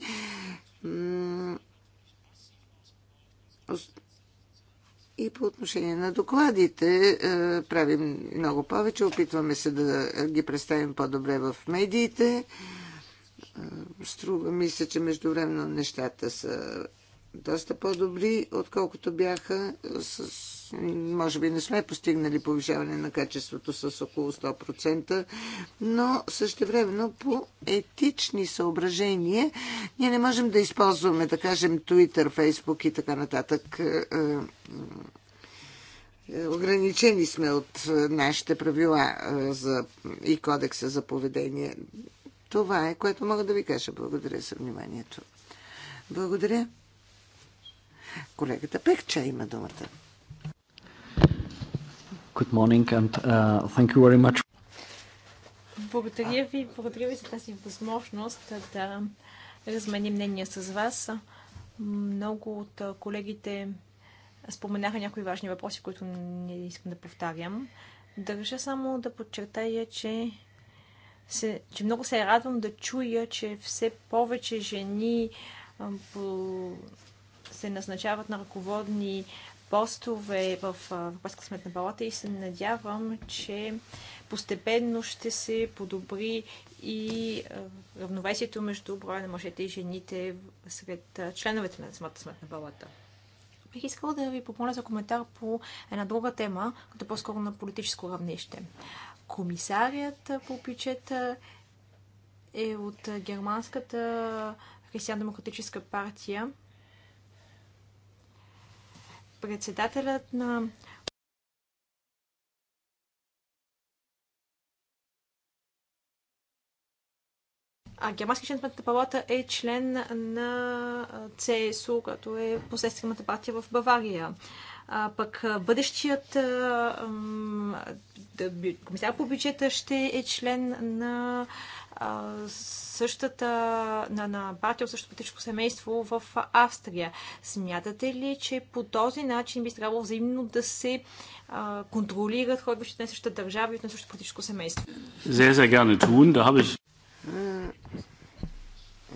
[SPEAKER 1] И по отношение на докладите е, правим много повече, опитваме се да ги представим по-добре в медиите. Е, струва ми се, че междувременно нещата са доста по-добри, отколкото бяха с... Може би не сме постигнали повишаване на качеството с около 100%, но същевременно по етични съображения ние не можем да използваме, да кажем, Twitter, Facebook и така нататък. Е, е, е, ограничени сме от нашите правила за, и кодекса за поведение. Това е, което мога да ви кажа. Благодаря за вниманието. Благодаря. Колегата Пекча има думата.
[SPEAKER 2] Good morning and uh, thank you very much.
[SPEAKER 3] Благодаря ви, благодаря ви за тази възможност да разменим мнения с вас. Много от колегите споменаха някои важни въпроси, които не искам да повтарям. Държа само да подчертая, че, се, че много се радвам да чуя, че все повече жени по се назначават на ръководни постове в Европейска сметна палата и се надявам, че постепенно ще се подобри и равновесието между броя на мъжете и жените сред членовете на самата сметна палата. Бих искала да ви помоля за коментар по една друга тема, като по-скоро на политическо равнище. Комисарият по бюджета е от германската християн-демократическа партия Председателят на А германски член на Сметната палата е член на ЦСУ, като е последствената партия в Бавария. А, пък бъдещият а, комисар по бюджета ще е член на същата на, на от същото политическо семейство в Австрия. Смятате ли, че по този начин би трябвало взаимно да се а, контролират ходващите на същата държава и на същото политическо семейство?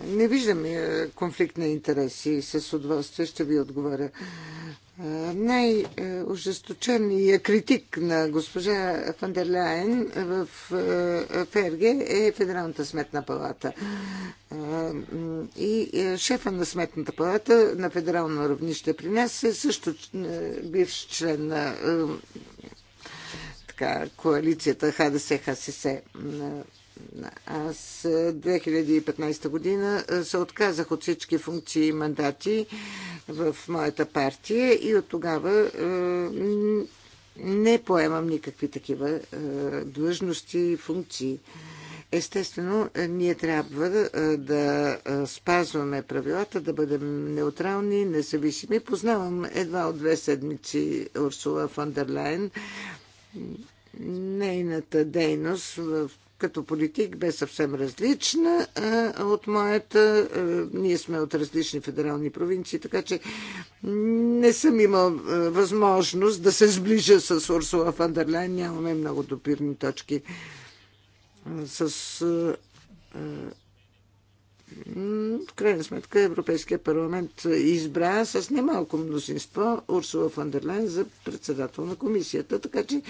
[SPEAKER 3] Не виждам е, конфликт на интереси. С удоволствие
[SPEAKER 1] ще ви отговоря най-ожесточеният критик на госпожа Фандерляен в е, ФРГ е Федералната сметна палата. Е, и е, шефа на сметната палата на федерално равнище при нас е също бивш член на така, коалицията ХДС-ХСС. Аз 2015 е, година е, се отказах от всички функции и мандати в моята партия и от тогава е, не поемам никакви такива длъжности и функции. Естествено, ние трябва да спазваме правилата, да бъдем неутрални, независими. Познавам едва от две седмици Урсула фон дер Лайн. Нейната дейност в като политик бе съвсем различна от моята. Ние сме от различни федерални провинции, така че не съм имал възможност да се сближа с Урсула Фандерлайн. Нямаме много допирни точки с в крайна сметка Европейския парламент избра с немалко мнозинство Урсула Фандерлайн за председател на комисията, така че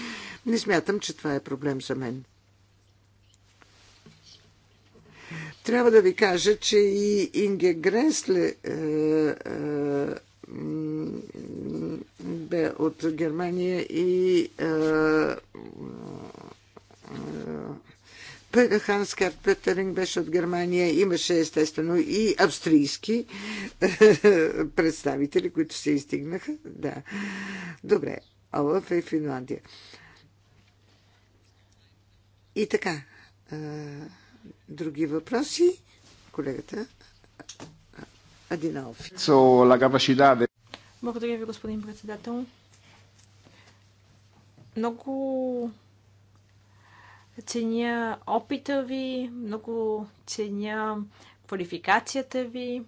[SPEAKER 1] не смятам, че това е проблем за мен. Трябва да ви кажа, че и Инге Гресле е, е, бе от Германия и е, Ханс Петеринг беше от Германия. Имаше естествено и австрийски представители, които се изтигнаха. Да. Добре. Олаф е Финландия. И така. Други въпроси? Колегата Адинов.
[SPEAKER 3] Благодаря ви, господин председател. Много ценя опита ви, много ценя квалификацията ви.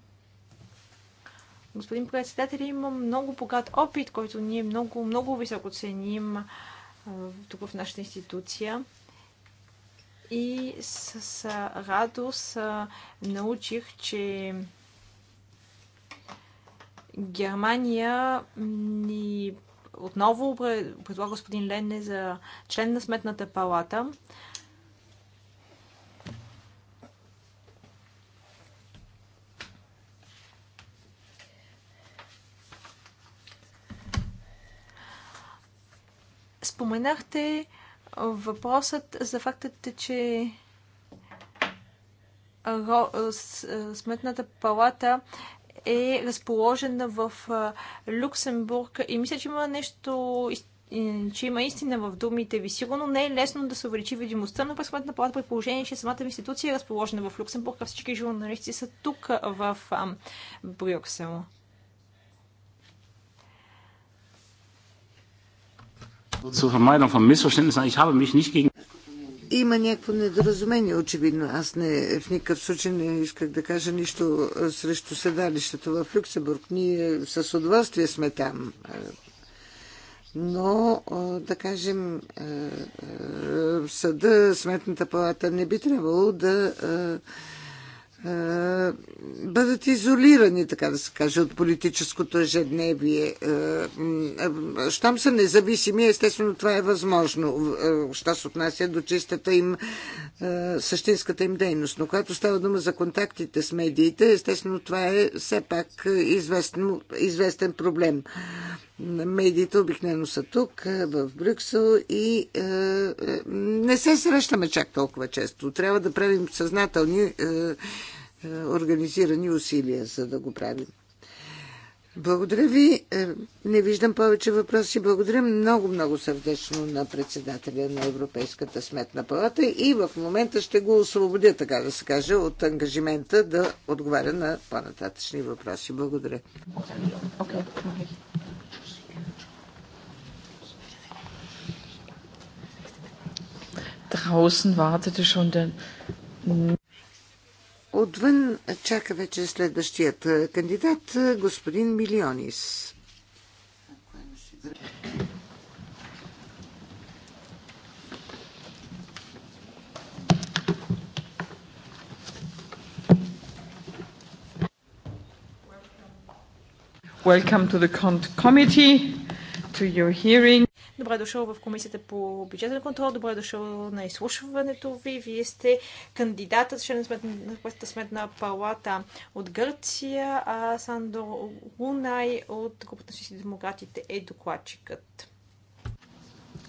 [SPEAKER 3] Господин председател, има много богат опит, който ние много, много високо ценим тук в нашата институция и с радост научих, че Германия ни отново предлага господин Ленне за член на Сметната палата. Споменахте Въпросът за фактът е, че Сметната палата е разположена в Люксембург и мисля, че има нещо че има истина в думите ви. Сигурно не е лесно да се увеличи видимостта, но през Сметната палата при положение, че самата институция е разположена в Люксембург, а всички журналисти са тук в Брюксел.
[SPEAKER 1] Има някакво недоразумение, очевидно. Аз не, в никакъв случай не исках да кажа нищо срещу седалището в Люксембург. Ние с удоволствие сме там. Но, да кажем, съда, сметната палата не би трябвало да е, бъдат изолирани, така да се каже, от политическото ежедневие. Е, е, щом са независими, естествено това е възможно, що се отнася до чистата им, същинската им дейност. Но когато става дума за контактите с медиите, естествено това е все пак известен, известен проблем. Медиите обикновено са тук, в Брюксел и е, не се срещаме чак толкова често. Трябва да правим съзнателни е, организирани усилия, за да го правим. Благодаря ви. Не виждам повече въпроси. Благодаря много, много сърдечно на председателя на Европейската сметна палата и в момента ще го освободя, така да се каже, от ангажимента да отговаря на по-нататъчни въпроси. Благодаря.
[SPEAKER 3] Okay. Okay. Draußen wartete schon der
[SPEAKER 1] Отвън чака вече следващият кандидат, господин Милионис.
[SPEAKER 3] Welcome to the committee, to your hearing. Добре дошъл в комисията по бюджетен контрол, добре дошъл на изслушването ви. Вие сте кандидатът, член на сметна палата от Гърция, а Сандор Лунай от групата на демократите е докладчикът.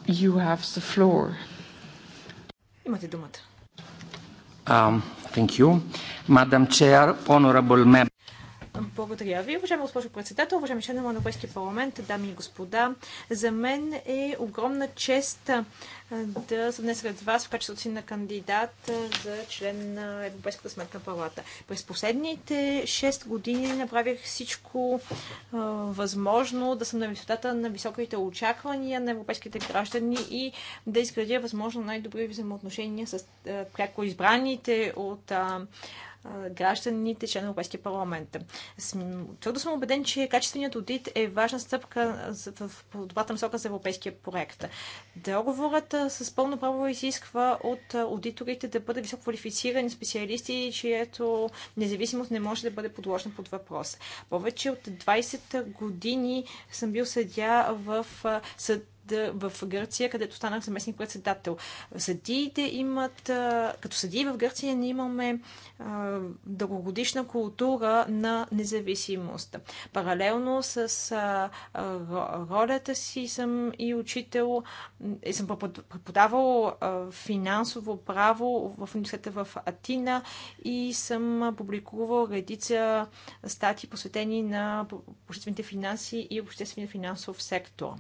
[SPEAKER 3] You have
[SPEAKER 2] the floor. Имате думата. Um, thank you. Madam Chair, honorable member.
[SPEAKER 3] Благодаря ви, уважаема госпожо председател, уважаеми членове на Европейския парламент, дами и господа. За мен е огромна чест да съм днес сред вас в качеството си на кандидат за член на Европейската сметна палата. През последните 6 години направих всичко а, възможно да съм на висотата на високите очаквания на европейските граждани и да изградя възможно най-добри взаимоотношения с а, пряко избраните от а, гражданите, член на Европейския парламент. Твърдо съм убеден, че качественият аудит е важна стъпка в добрата насока за европейския проект. Договорът с пълно право изисква от аудиторите да бъдат високо квалифицирани специалисти, чието независимост не може да бъде подложена под въпрос. Повече от 20 години съм бил съдя в съд да, в Гърция, където станах заместник председател. Съдиите имат, като съдии в Гърция, ние имаме а, дългогодишна култура на независимост. Паралелно с а, ролята си съм и учител, и съм преподавал финансово право в университета в Атина и съм публикувал редица стати, посветени на обществените финанси и обществения финансов сектор.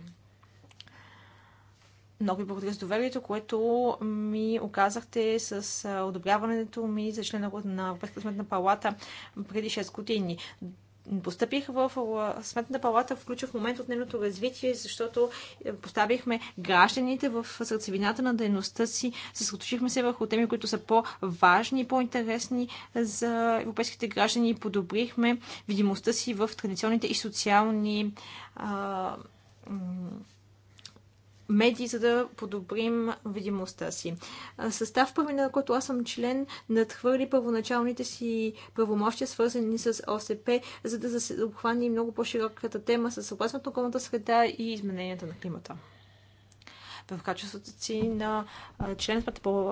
[SPEAKER 3] Много ви благодаря за доверието, което ми оказахте с одобряването ми за член на Европейската сметна палата преди 6 години постъпих в Сметната палата, включих момент от нейното развитие, защото е, поставихме гражданите в сърцевината на дейността си, съсредоточихме се върху теми, които са по-важни и по-интересни за европейските граждани и подобрихме видимостта си в традиционните и социални а, медии, за да подобрим видимостта си. Състав първи, на който аз съм член, надхвърли първоначалните си правомощия, свързани с ОСП, за да се обхване много по-широката тема с опасната околната среда и измененията на климата в качеството си на член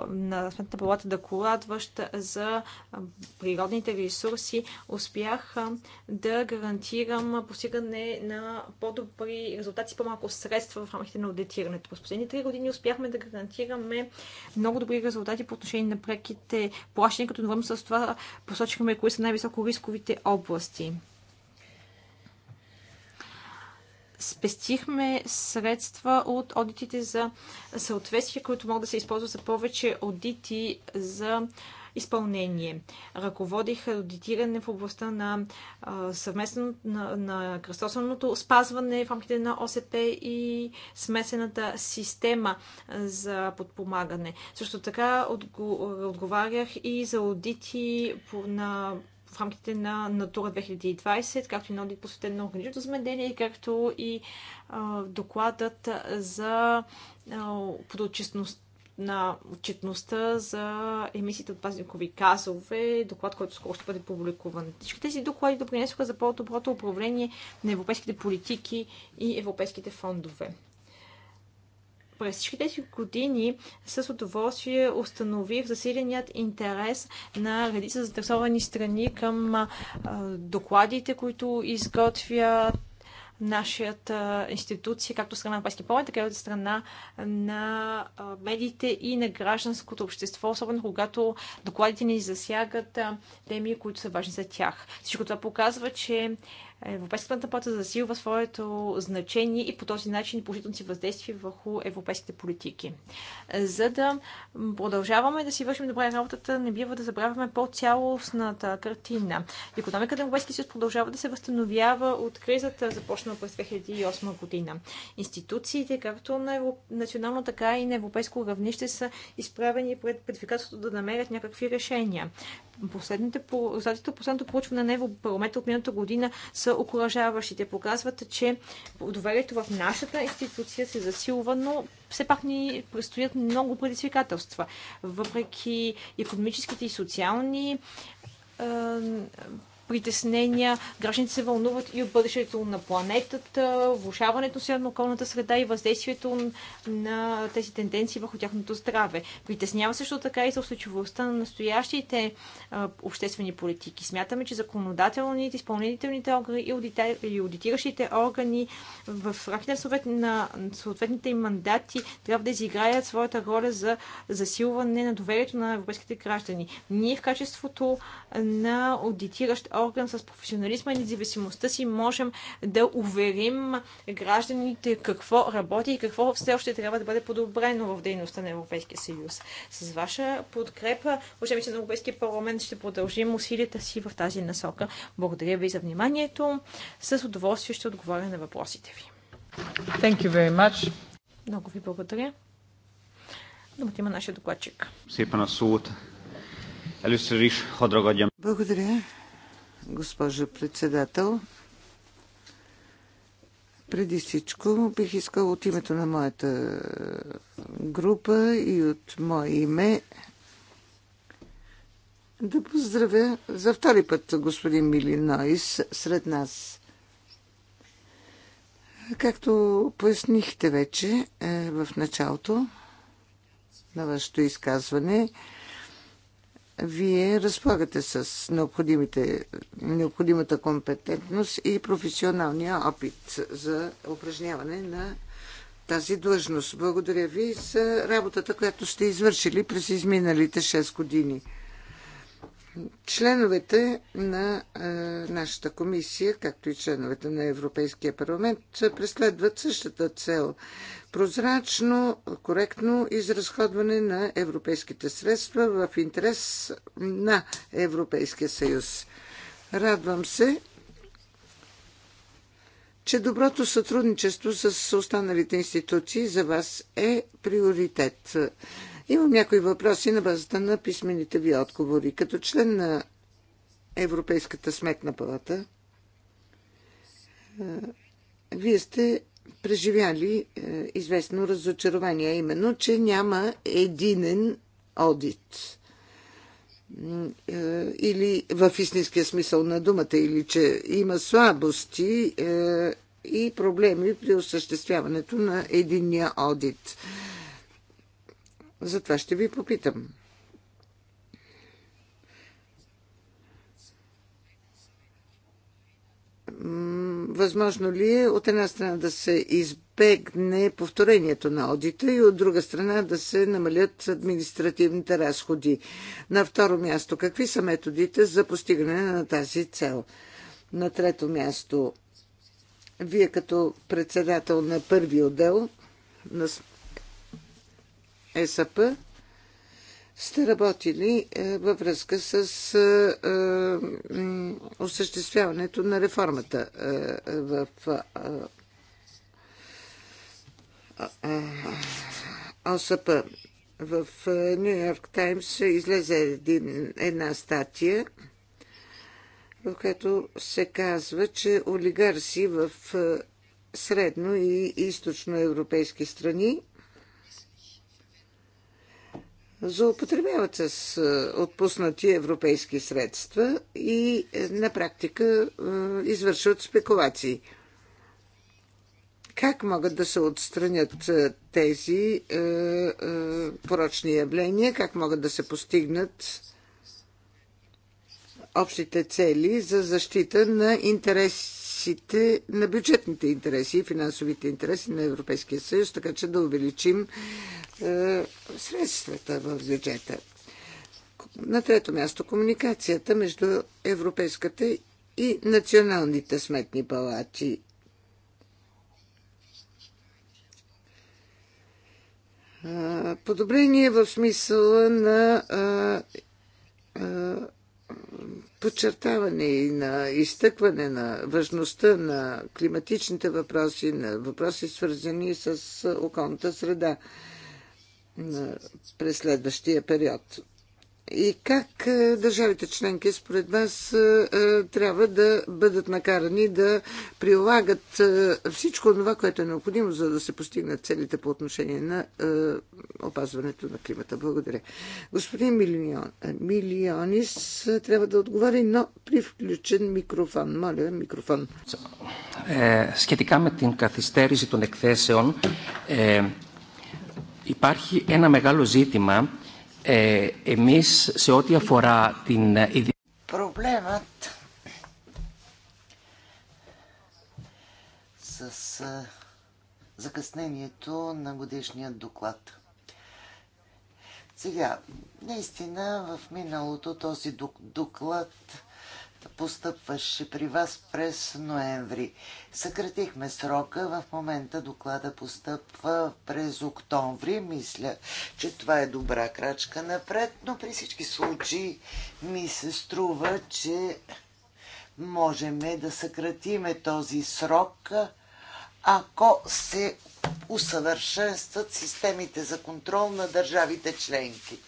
[SPEAKER 3] на Сметната палата да докладващ за природните ресурси, успях да гарантирам постигане на по-добри резултати по-малко средства в рамките на аудитирането. През последните три години успяхме да гарантираме много добри резултати по отношение на преките плащания, като навърно с това посочихме кои са най-високо рисковите области. спестихме средства от одитите за съответствие, които могат да се използват за повече одити за изпълнение. Ръководих аудитиране в областта на съвместно на, на кръстосаното спазване в рамките на ОСП и смесената система за подпомагане. Също така отговарях и за аудити на в рамките на Натура 2020, както и на одит посветен на органичното замедение, както и а, докладът за подотчетност на отчетността за емисиите от пазникови газове, доклад, който скоро ще бъде публикуван. Всички тези доклади допринесоха за по-доброто управление на европейските политики и европейските фондове. През всички тези години с удоволствие установих засиленият интерес на редица заинтересовани страни към докладите, които изготвят нашата институция, както страна на Пайски парламент, така и от страна на медиите и на гражданското общество, особено когато докладите ни засягат теми, които са важни за тях. Всичко това показва, че Европейската сметна засилва своето значение и по този начин положително си въздействие върху европейските политики. За да продължаваме да си вършим добре работата, не бива да забравяме по-цялостната картина. Економиката на Европейския съюз продължава да се възстановява от кризата, започнала през 2008 година. Институциите, както на Европ... национално, така и на европейско равнище, са изправени пред предвикателството да намерят някакви решения. Последните, резултатите от последното проучване на Европарламента от миналата година са окоръжаващите. Показват, че доверието в нашата институция се засилва, но все пак ни предстоят много предизвикателства. Въпреки економическите и социални притеснения. Гражданите се вълнуват и от бъдещето на планетата, влушаването се на околната среда и въздействието на тези тенденции върху тяхното здраве. Притеснява също така и за устойчивостта на настоящите а, обществени политики. Смятаме, че законодателните, изпълнителните органи и, аудитар, и аудитиращите органи в рамките съвет на съответните им мандати трябва да изиграят своята роля за засилване на доверието на европейските граждани. Ние в качеството на аудитиращ орган с професионализма и независимостта си можем да уверим гражданите какво работи и какво все още трябва да бъде подобрено в дейността на Европейския съюз. С ваша подкрепа, уважаеми на Европейския парламент, ще продължим усилията си в тази насока. Благодаря ви за вниманието. С удоволствие ще отговоря на въпросите ви.
[SPEAKER 1] Thank you very much.
[SPEAKER 3] Много ви благодаря. Думата има нашия докладчик. Благодаря
[SPEAKER 1] госпожо председател. Преди всичко бих искал от името на моята група и от мое име да поздравя за втори път господин Милинойс сред нас. Както пояснихте вече е, в началото на вашето изказване, вие разполагате с необходимата компетентност и професионалния опит за упражняване на тази длъжност. Благодаря ви за работата, която сте извършили през изминалите 6 години. Членовете на е, нашата комисия, както и членовете на Европейския парламент, преследват същата цел прозрачно, коректно изразходване на европейските средства в интерес на Европейския съюз. Радвам се, че доброто сътрудничество с останалите институции за вас е приоритет. Имам някои въпроси на базата на писмените ви отговори. Като член на Европейската сметна палата, е, вие сте преживяли е, известно разочарование, именно, че няма единен одит е, или в истинския смисъл на думата, или че има слабости и проблеми при осъществяването на единния одит. Затова ще ви попитам. Възможно ли е от една страна да се избегне повторението на одита и от друга страна да се намалят административните разходи? На второ място, какви са методите за постигане на тази цел? На трето място, вие като председател на първи отдел на ЕСАП сте работили е, във връзка с е, е, осъществяването на реформата в ОСП. В Нью Йорк Таймс излезе една статия, в която се казва, че олигарси в средно и източно европейски страни злоупотребяват с е, отпуснати европейски средства и е, на практика е, извършват спекулации. Как могат да се отстранят тези порочни явления? Как могат да се постигнат общите цели за защита на интереси интересите, на бюджетните интереси и финансовите интереси на Европейския съюз, така че да увеличим е, средствата в бюджета. На трето място комуникацията между Европейската и националните сметни палати. Е, подобрение в смисъла на е, е, подчертаване и на изтъкване на важността на климатичните въпроси, на въпроси свързани с околната среда през следващия период и как е, държавите членки според вас е, е, трябва да бъдат накарани да прилагат всичко това, което е необходимо, за да се постигнат целите по отношение на опазването на климата. Благодаря. Господин Милион, Милионис трябва да отговори, но при включен микрофон. Моля, микрофон.
[SPEAKER 2] Σχετικά με την καθυστέρηση των εκθέσεων, υπάρχει ένα μεγάλο ζήτημα Ε, εμείς σε ό,τι αφορά την Проблемът с е, закъснението на годишния доклад. Сега, наистина в миналото този доклад постъпваше при вас през ноември. Съкратихме срока, в момента доклада постъпва през октомври. Мисля, че това е добра крачка напред, но при всички случаи ми се струва, че можем да съкратиме този срок, ако се усъвършенстват системите за контрол на държавите членки.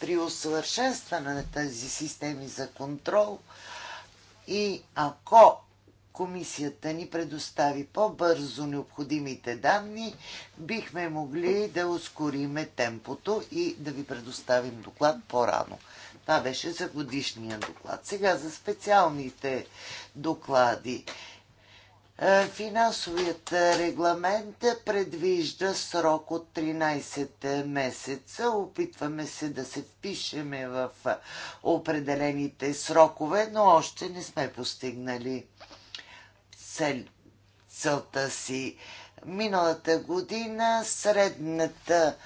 [SPEAKER 2] При усъвършенстване на тези системи за контрол и ако комисията ни предостави по-бързо необходимите данни, бихме могли да ускориме темпото и да ви предоставим доклад по-рано. Това беше за годишния доклад. Сега за специалните доклади. Е, финансовият регламент предвижда срок от 13 месеца. Опитваме се да се впишеме в определените срокове, но още не сме постигнали цел, целта си. Миналата година средната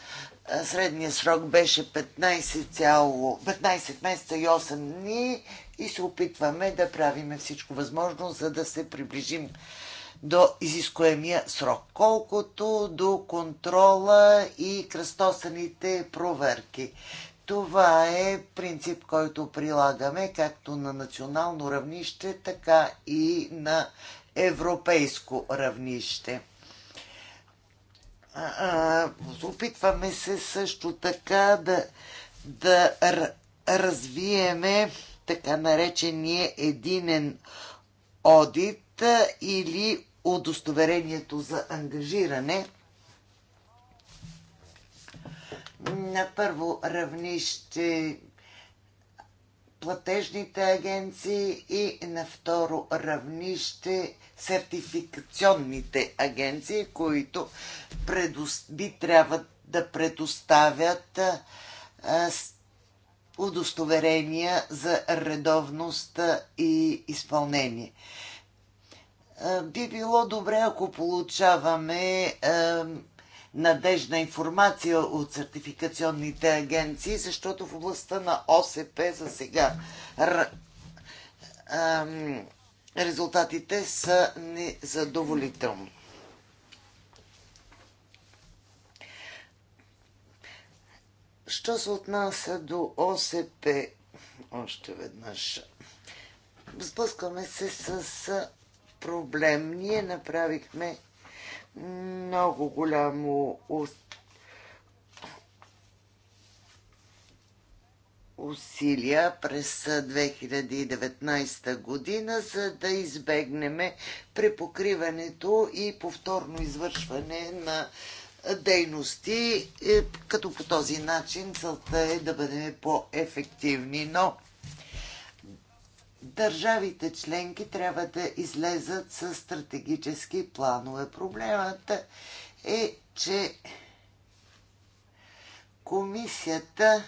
[SPEAKER 2] е, средния срок беше 15, 15 месеца и 8 дни и се опитваме да правиме всичко възможно, за да се приближим до изискуемия срок, колкото до контрола и кръстосаните проверки. Това е принцип, който прилагаме както на национално равнище, така и на европейско равнище. Опитваме се също така да, да развиеме така наречения единен одит или удостоверението за ангажиране на първо равнище платежните агенции и на второ равнище сертификационните агенции, които би трябва да предоставят удостоверения за редовност и изпълнение. Е, би било добре, ако получаваме е, надежна информация от сертификационните агенции, защото в областта на ОСП за сега резултатите са незадоволителни. Що се отнася до ОСП, още веднъж, сблъскваме се с проблем. Ние направихме много голямо усилия през 2019 година, за да избегнеме препокриването и повторно извършване на дейности, е, като по този начин целта е да бъдем по-ефективни. Но държавите членки трябва да излезат с стратегически планове. Проблемът е, че комисията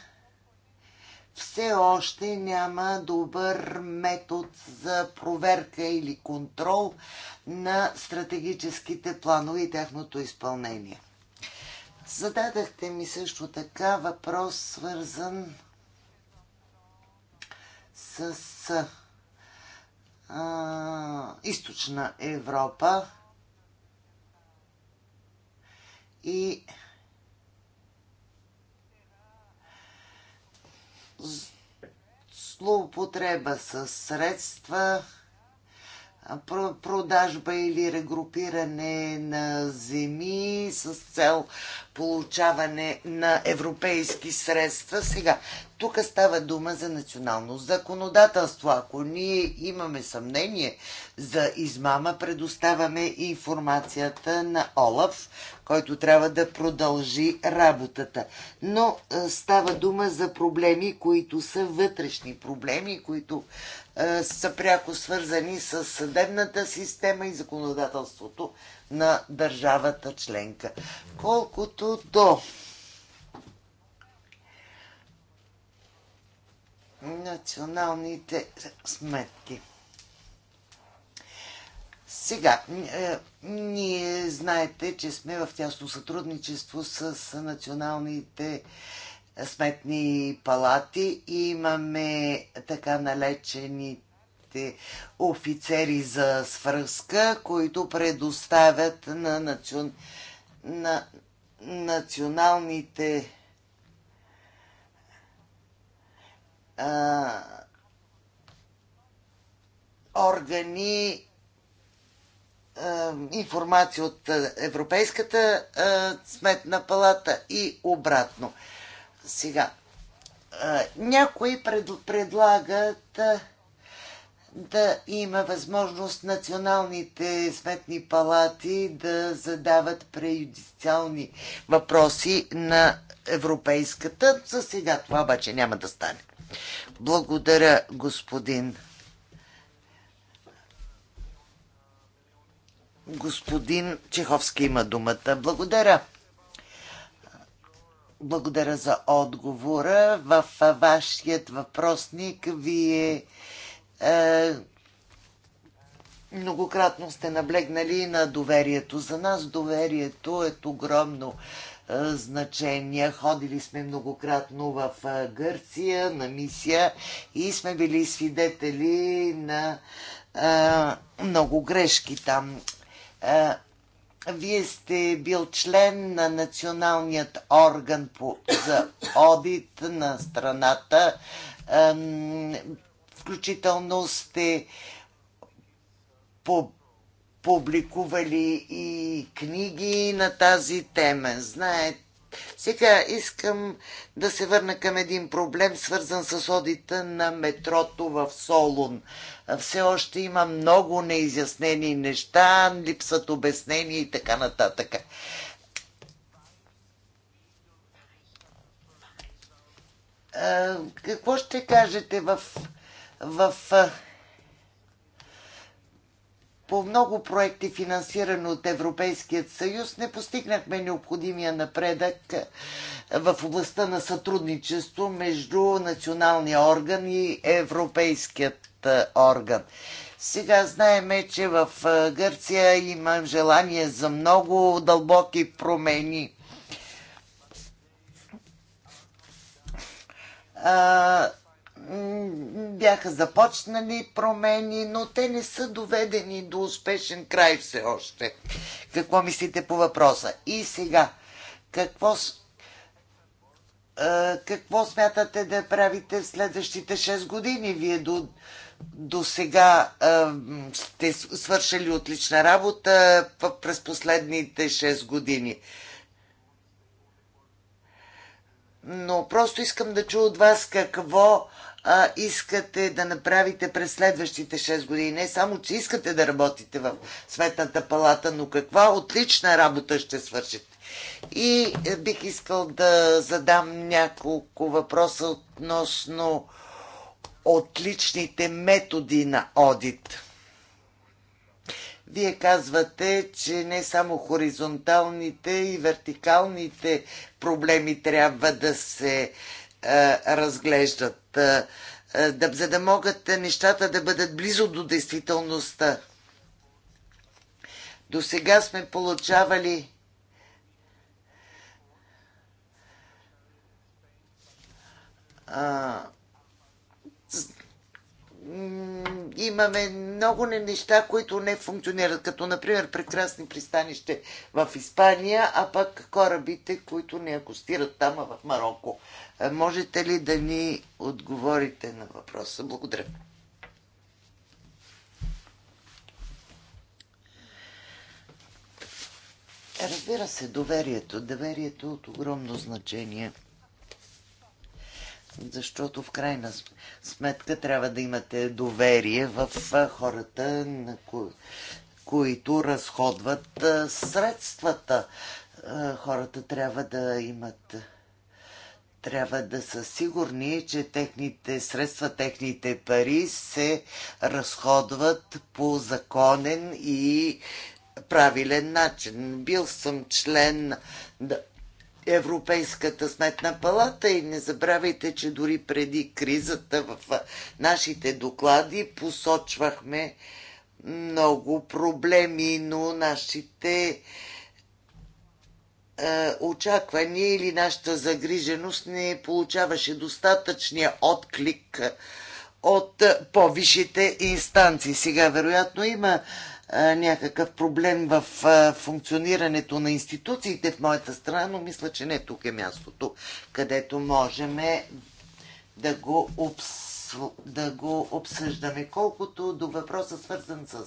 [SPEAKER 2] все още няма добър метод за проверка или контрол на стратегическите планове и тяхното изпълнение. Зададахте ми също така въпрос, свързан с източна Европа и злоупотреба с средства, продажба или регрупиране на земи с цел получаване на европейски средства. Сега, тук става дума за национално законодателство. Ако ние имаме съмнение за измама, предоставяме информацията на Олаф, който трябва да продължи работата. Но е, става дума за проблеми, които са вътрешни проблеми, които е, са пряко свързани с съдебната система и законодателството на държавата членка. Колкото до националните сметки. Сега, е, ние знаете, че сме в тясно сътрудничество с националните сметни палати и имаме така налечените офицери за свръзка, които предоставят на, национ... на националните а, органи, а, информация от Европейската а, сметна палата и обратно. Сега, а, някои пред, предлагат а, да има възможност националните сметни палати да задават преюдициални въпроси на Европейската. За сега това обаче няма да стане. Благодаря, господин. Господин Чеховски има думата. Благодаря. Благодаря за отговора. В вашият въпросник вие е, многократно сте наблегнали на доверието. За нас доверието е огромно значения. Ходили сме многократно в Гърция на мисия и сме били свидетели на много грешки там. Вие сте бил член на националният орган по, за одит на страната. Включително сте по публикували и книги на тази тема. Знаете, сега искам да се върна към един проблем, свързан с одита на метрото в Солун. Все още има много неизяснени неща, липсат обяснения и така нататък. Какво ще кажете в, в по много проекти, финансирани от Европейският съюз, не постигнахме необходимия напредък е, в областта на сътрудничество между националния орган и Европейският е, орган. Сега знаеме, че в е, Гърция има желание за много дълбоки промени. А, бяха започнали промени, но те не са доведени до успешен край все още. Какво мислите по въпроса? И сега, какво, какво смятате да правите в следващите 6 години? Вие до, до сега а, сте свършили отлична работа през последните 6 години. Но просто искам да чуя от вас какво а, искате да направите през следващите 6 години. Не само, че искате да работите в Светната палата, но каква отлична работа ще свършите. И е, бих искал да задам няколко въпроса относно отличните методи на одит. Вие казвате, че не само хоризонталните и вертикалните проблеми трябва да се е, разглеждат, е, е, да, за да могат нещата да бъдат близо до действителността. До сега сме получавали а, имаме много неща, които не функционират, като например прекрасни пристанище в Испания, а пък корабите, които не акостират там, в Марокко. Е, можете ли да ни отговорите на въпроса? Благодаря. Разбира се, доверието. Доверието е от огромно значение. Защото в крайна сметка трябва да имате доверие в хората, на ко... които разходват средствата. Хората трябва да имат трябва да са сигурни, че техните средства, техните пари се разходват по законен и правилен начин. Бил съм член на Европейската сметна палата и не забравяйте, че дори преди кризата в нашите доклади посочвахме много проблеми, но нашите е, очаквания или нашата загриженост не получаваше достатъчния отклик от по-висшите инстанции. Сега вероятно има е, някакъв проблем в е, функционирането на институциите в моята страна, но мисля, че не тук е мястото, където можем да го, обс... да го обсъждаме. Колкото до въпроса свързан с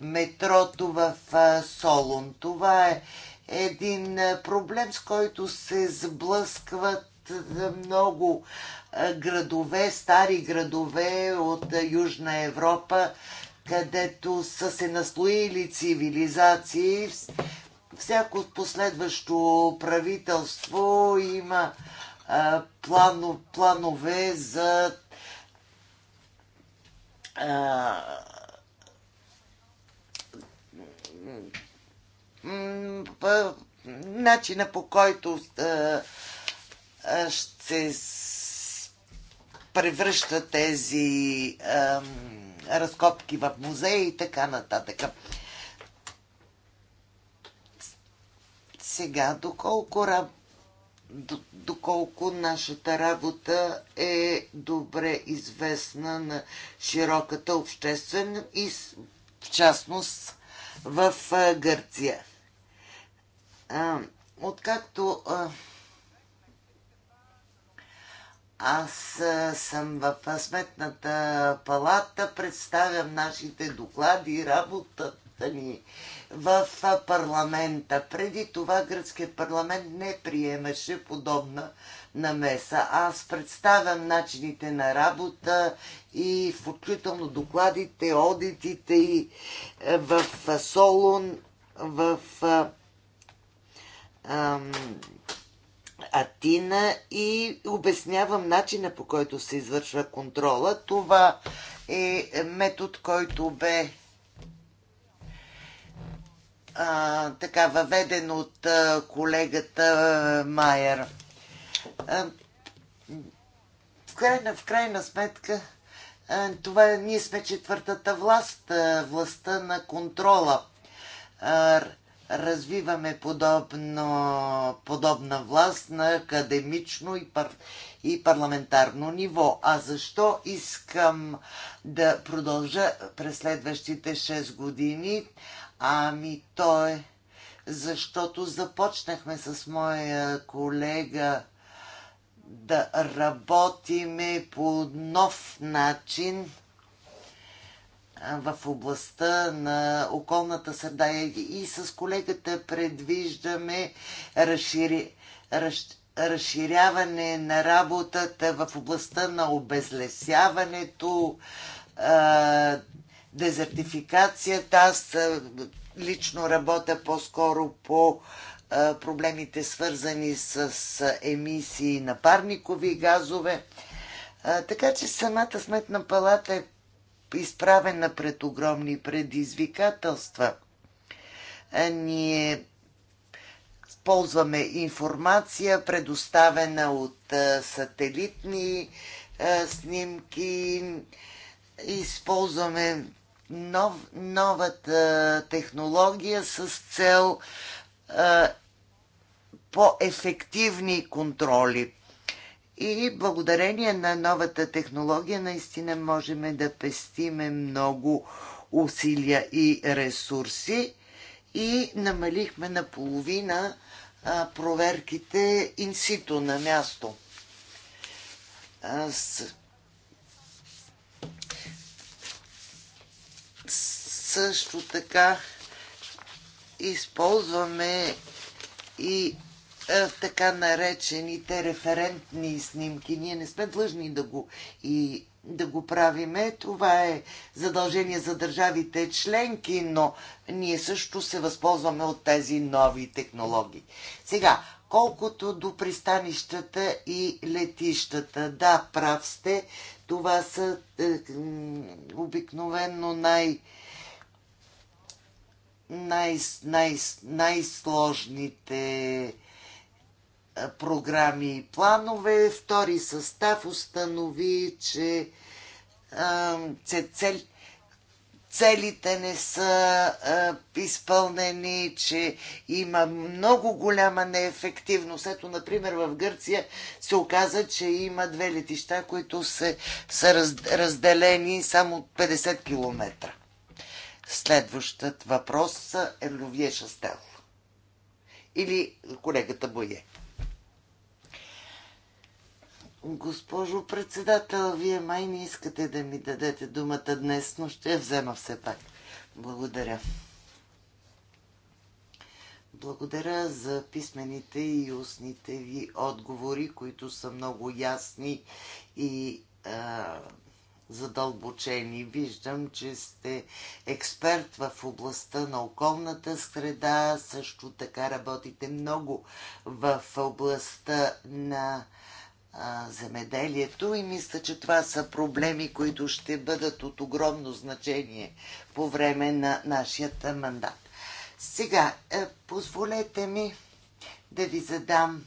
[SPEAKER 2] метрото в Солон, това е един е, проблем, с който се сблъскват е, много е, градове, стари градове от Южна Европа, където са се наслоили цивилизации. Всяко последващо правителство има планове за а, начина по който ще превръща тези разкопки в музеи и така нататък. Сега, доколко, доколко нашата работа е добре известна на широката общественост и в частност в Гърция. А, откакто а, аз съм в сметната палата, представям нашите доклади, работата ни в парламента. Преди това гръцкият парламент не приемаше подобна намеса. Аз представям начините на работа и включително докладите, одитите и е, в Солун, в ам, Атина и обяснявам начина по който се извършва контрола. Това е метод, който бе а, така въведен от а, колегата Майер. А, в, крайна, в крайна сметка, а, това ние сме четвъртата власт, а, властта на контрола. А, развиваме подобно, подобна власт на академично и, пар, и парламентарно ниво. А защо искам да продължа през следващите 6 години? Ами то е защото започнахме с моя колега да работиме по нов начин – в областта на околната среда и с колегата предвиждаме разшири, раз, разширяване на работата в областта на обезлесяването, а, дезертификацията. Аз лично работя по-скоро по а, проблемите свързани с емисии на парникови газове. А, така че самата сметна палата е изправена пред огромни предизвикателства. Ние ползваме информация, предоставена от сателитни снимки, използваме нов, новата технология с цел по-ефективни контроли. И благодарение на новата технология наистина можем да пестиме много усилия и ресурси и намалихме наполовина проверките инсито на място. С... Също така използваме и е, така наречените референтни снимки. Ние не сме длъжни да го, и, да го правиме. Това е задължение за държавите членки, но ние също се възползваме от тези нови технологии. Сега, колкото до пристанищата и летищата. Да, прав сте. Това са е, обикновено най- най- най- най-сложните програми и планове. Втори състав установи, че цел, целите не са изпълнени, че има много голяма неефективност. Ето, например, в Гърция се оказа, че има две летища, които се, са разделени само 50 км. Следващият въпрос е Ловие Шастел. Или колегата Бое. Госпожо председател, вие май не искате да ми дадете думата днес, но ще я взема все пак. Благодаря. Благодаря за писмените и устните ви отговори, които са много ясни и а, задълбочени. Виждам, че сте експерт в областта на околната среда, също така работите много в областта на земеделието и мисля, че това са проблеми, които ще бъдат от огромно значение по време на нашия мандат. Сега, е, позволете ми да ви задам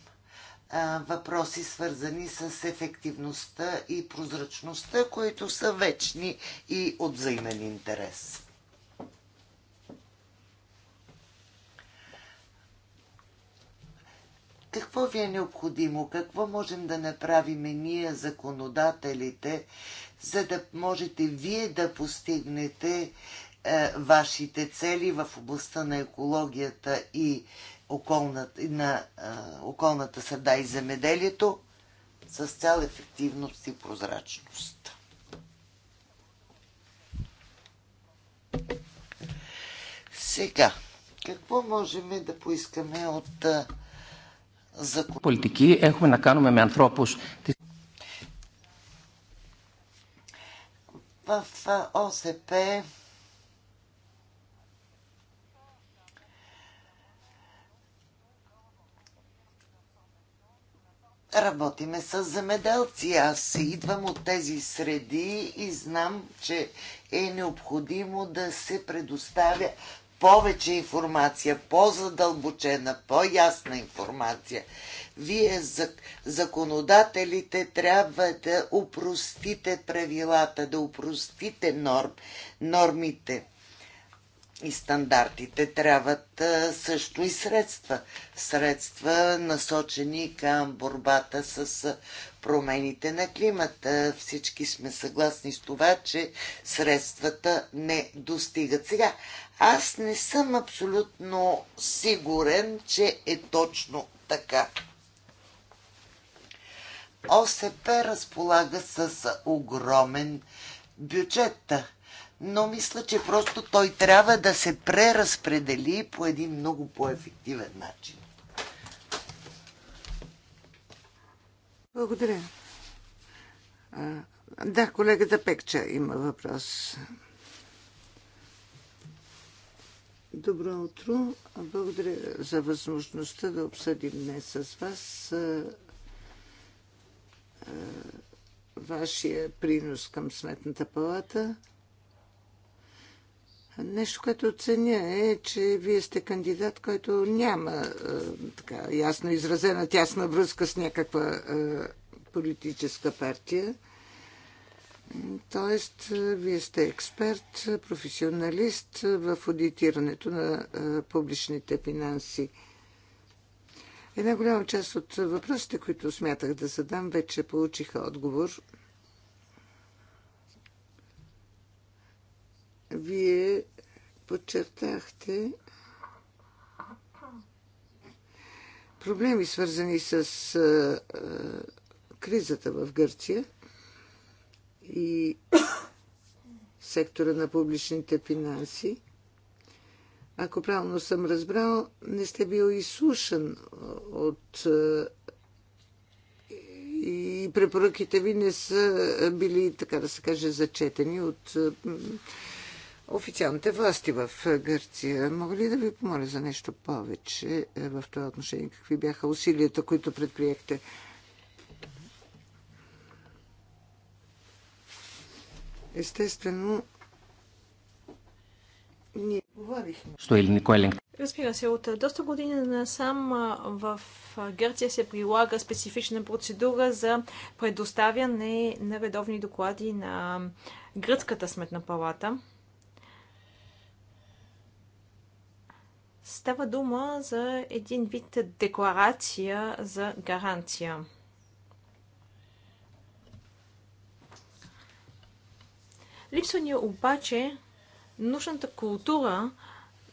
[SPEAKER 2] въпроси, свързани с ефективността и прозрачността, които са вечни и от взаимен интерес. Какво ви е необходимо? Какво можем да направим ние, законодателите, за да можете вие да постигнете е, вашите цели в областта на екологията и околната, на е, околната среда и земеделието с цял ефективност и прозрачност? Сега, какво можем да поискаме от е, за политики Ехме να κάνουμε με ανθρώπους в ОСП работиме с земеделци. Аз идвам от тези среди и знам, че е необходимо да се предоставя повече информация, по-задълбочена, по-ясна информация. Вие, законодателите, трябва да упростите правилата, да упростите норм, нормите и стандартите. Трябват също и средства. Средства насочени към борбата с промените на климата. Всички сме съгласни с това, че средствата не достигат. Сега, аз не съм абсолютно сигурен, че е точно така. ОСП разполага с огромен бюджет, но мисля, че просто той трябва да се преразпредели по един много по-ефективен начин.
[SPEAKER 1] Благодаря. Да, колегата Пекча има въпрос. Добро утро. Благодаря за възможността да обсъдим днес с вас вашия принос към Сметната палата. Нещо, което оценя е, че вие сте кандидат, който няма така ясно изразена тясна връзка с някаква политическа партия. Тоест, е, вие сте експерт, е, професионалист е, в аудитирането на публичните финанси. Една голяма част от въпросите, които смятах да задам, вече получиха отговор. Вие подчертахте проблеми, свързани с кризата в Гърция – и сектора на публичните финанси. Ако правилно съм разбрал, не сте бил изслушан от и препоръките ви не са били, така да се каже, зачетени от официалните власти в Гърция. Мога ли да ви помоля за нещо повече в това отношение? Какви бяха усилията, които предприехте? Естествено,
[SPEAKER 3] ние говорихме. Що Елинико Еленк? Разбира се, от доста години насам в Гърция се прилага специфична процедура за предоставяне на редовни доклади на Гръцката сметна палата. Става дума за един вид декларация за гаранция. Липсва ни обаче нужната култура,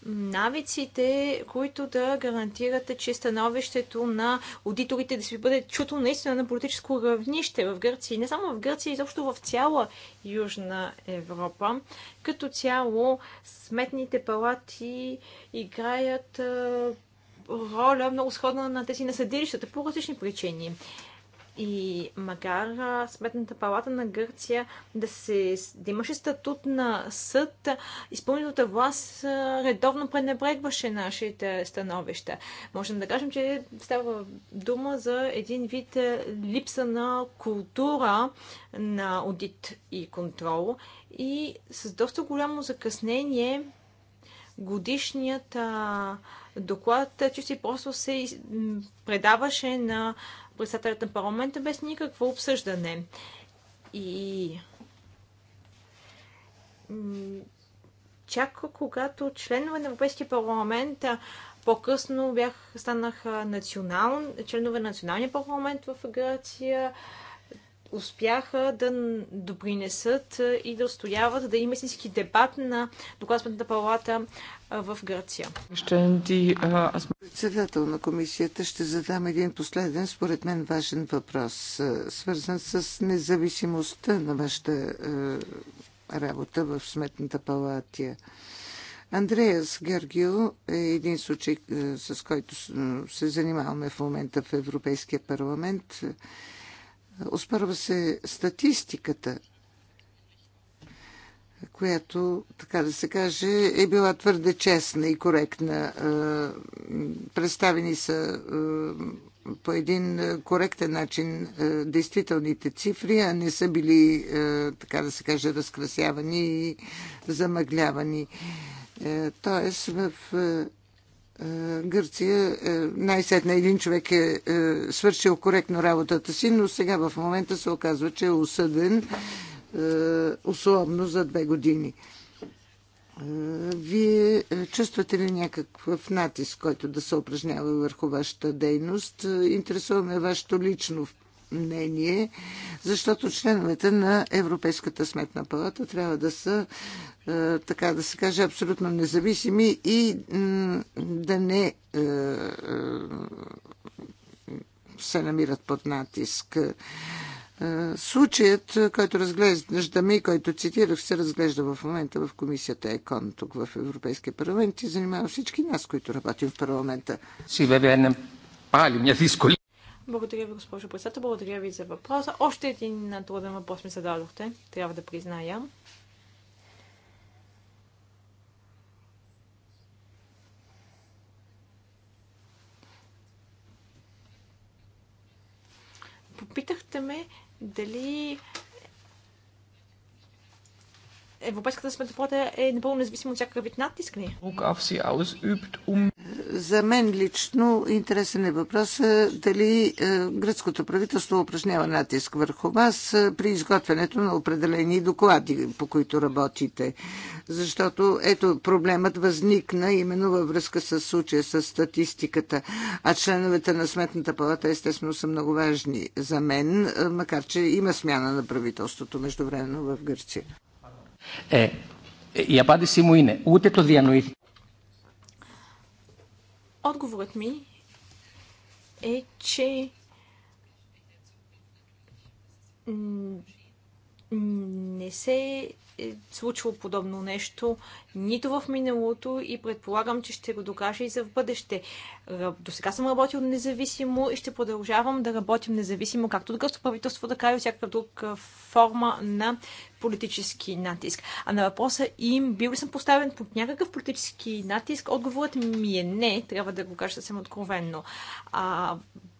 [SPEAKER 3] навиците, които да гарантират, че становището на аудиторите да си бъде чуто наистина на политическо равнище в Гърция. Не само в Гърция, изобщо в цяла Южна Европа. Като цяло сметните палати играят роля много сходна на тези на съдилищата по различни причини. И макар Сметната палата на Гърция да, се, да имаше статут на съд, изпълнителната власт редовно пренебрегваше нашите становища. Можем да кажем, че става дума за един вид липса на култура на аудит и контрол и с доста голямо закъснение годишният доклад че си просто се предаваше на председателят на парламента без никакво обсъждане. И чак когато членове на Европейския парламент по-късно бях, станаха национал, членове на националния парламент в Гърция, успяха да допринесат и да устояват да има истински дебат на докладната палата в Гърция.
[SPEAKER 1] Председател на комисията ще задам един последен, според мен важен въпрос, свързан с независимостта на вашата работа в Сметната палатия. Андреас Георгио е един случай, с който се занимаваме в момента в Европейския парламент. Оспърва се статистиката, която, така да се каже, е била твърде честна и коректна. Е, представени са е, по един коректен начин е, действителните цифри, а не са били, така да се каже, разкрасявани и замъглявани. Тоест, в е, Гърция е, най-сетна един човек е, е свършил коректно работата си, но сега в момента се оказва, че е осъден условно за две години. Вие чувствате ли някакъв натиск, който да се упражнява върху вашата дейност? Интересуваме вашето лично мнение, защото членовете на Европейската сметна палата трябва да са, е, така да се каже, абсолютно независими и да не е, е, се намират под натиск. Случаят, който разглеждаме и който цитирах, се разглежда в момента в комисията ЕКОН, тук в Европейския парламент и занимава всички нас, които работим в парламента. Си, бе, не пали, ми
[SPEAKER 3] благодаря ви, госпожо председател. Благодаря ви за въпроса. Още един труден въпрос ми зададохте, трябва да призная. Попитахте ме дали Европейската сметна плата е напълно независимо от всякакъв вид натиск ли?
[SPEAKER 1] За мен лично интересен е въпросът дали е, гръцкото правителство упражнява натиск върху вас е, при изготвянето на определени доклади, по които работите. Защото ето проблемът възникна именно във връзка с случая с статистиката. А членовете на сметната палата естествено са много важни за мен, е, макар че има смяна на правителството междувременно в Гърция. Ε, η απάντησή μου είναι ούτε το διανοήθηκε.
[SPEAKER 3] Отговорът ми е, че не се е случило подобно нещо нито в миналото и предполагам, че ще го докажа и за в бъдеще. До сега съм работил независимо и ще продължавам да работим независимо, както от гъсто правителство, така и от всяка друга е, форма на политически натиск. А на въпроса им, бил ли съм поставен под някакъв политически натиск, отговорът ми е не, трябва да го кажа съвсем откровенно. А,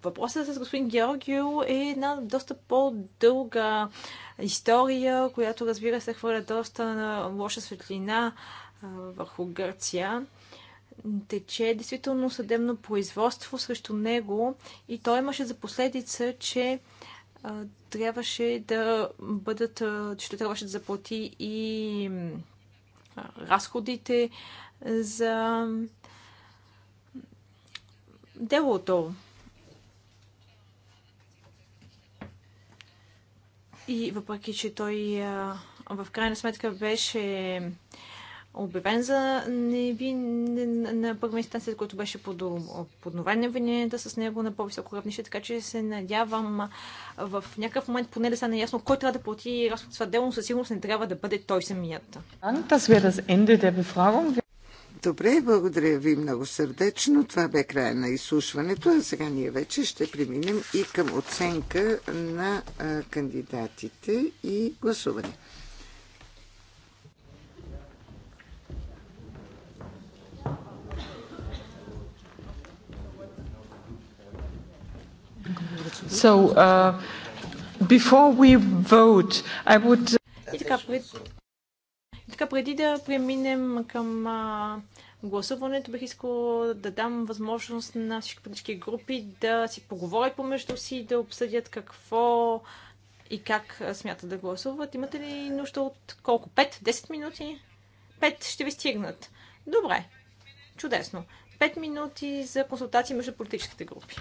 [SPEAKER 3] Въпросът с господин Георгио е една доста по-дълга история, която разбира се хвърля доста лоша светлина върху Гърция тече действително съдебно производство срещу него и той имаше за последица, че трябваше да бъдат, че трябваше да заплати и разходите за делото. И въпреки, че той в крайна сметка беше обявен за невинен на първа инстанция, който беше подновен обвиненията с него на по-високо равнище, така че се надявам в някакъв момент поне да стане ясно кой трябва да плати разход това дело, но със сигурност не трябва да бъде той самият.
[SPEAKER 1] Добре, благодаря ви много сърдечно. Това бе края на изслушването, а сега ние вече ще преминем и към оценка на кандидатите и гласуване.
[SPEAKER 3] So, uh, before we vote, I would така, преди да преминем към а, гласуването, бих искал да дам възможност на всички политически групи да си поговорят помежду си, да обсъдят какво и как смятат да гласуват. Имате ли нужда от колко? 5-10 минути? 5 ще ви стигнат. Добре. Чудесно. 5 минути за консултации между политическите групи.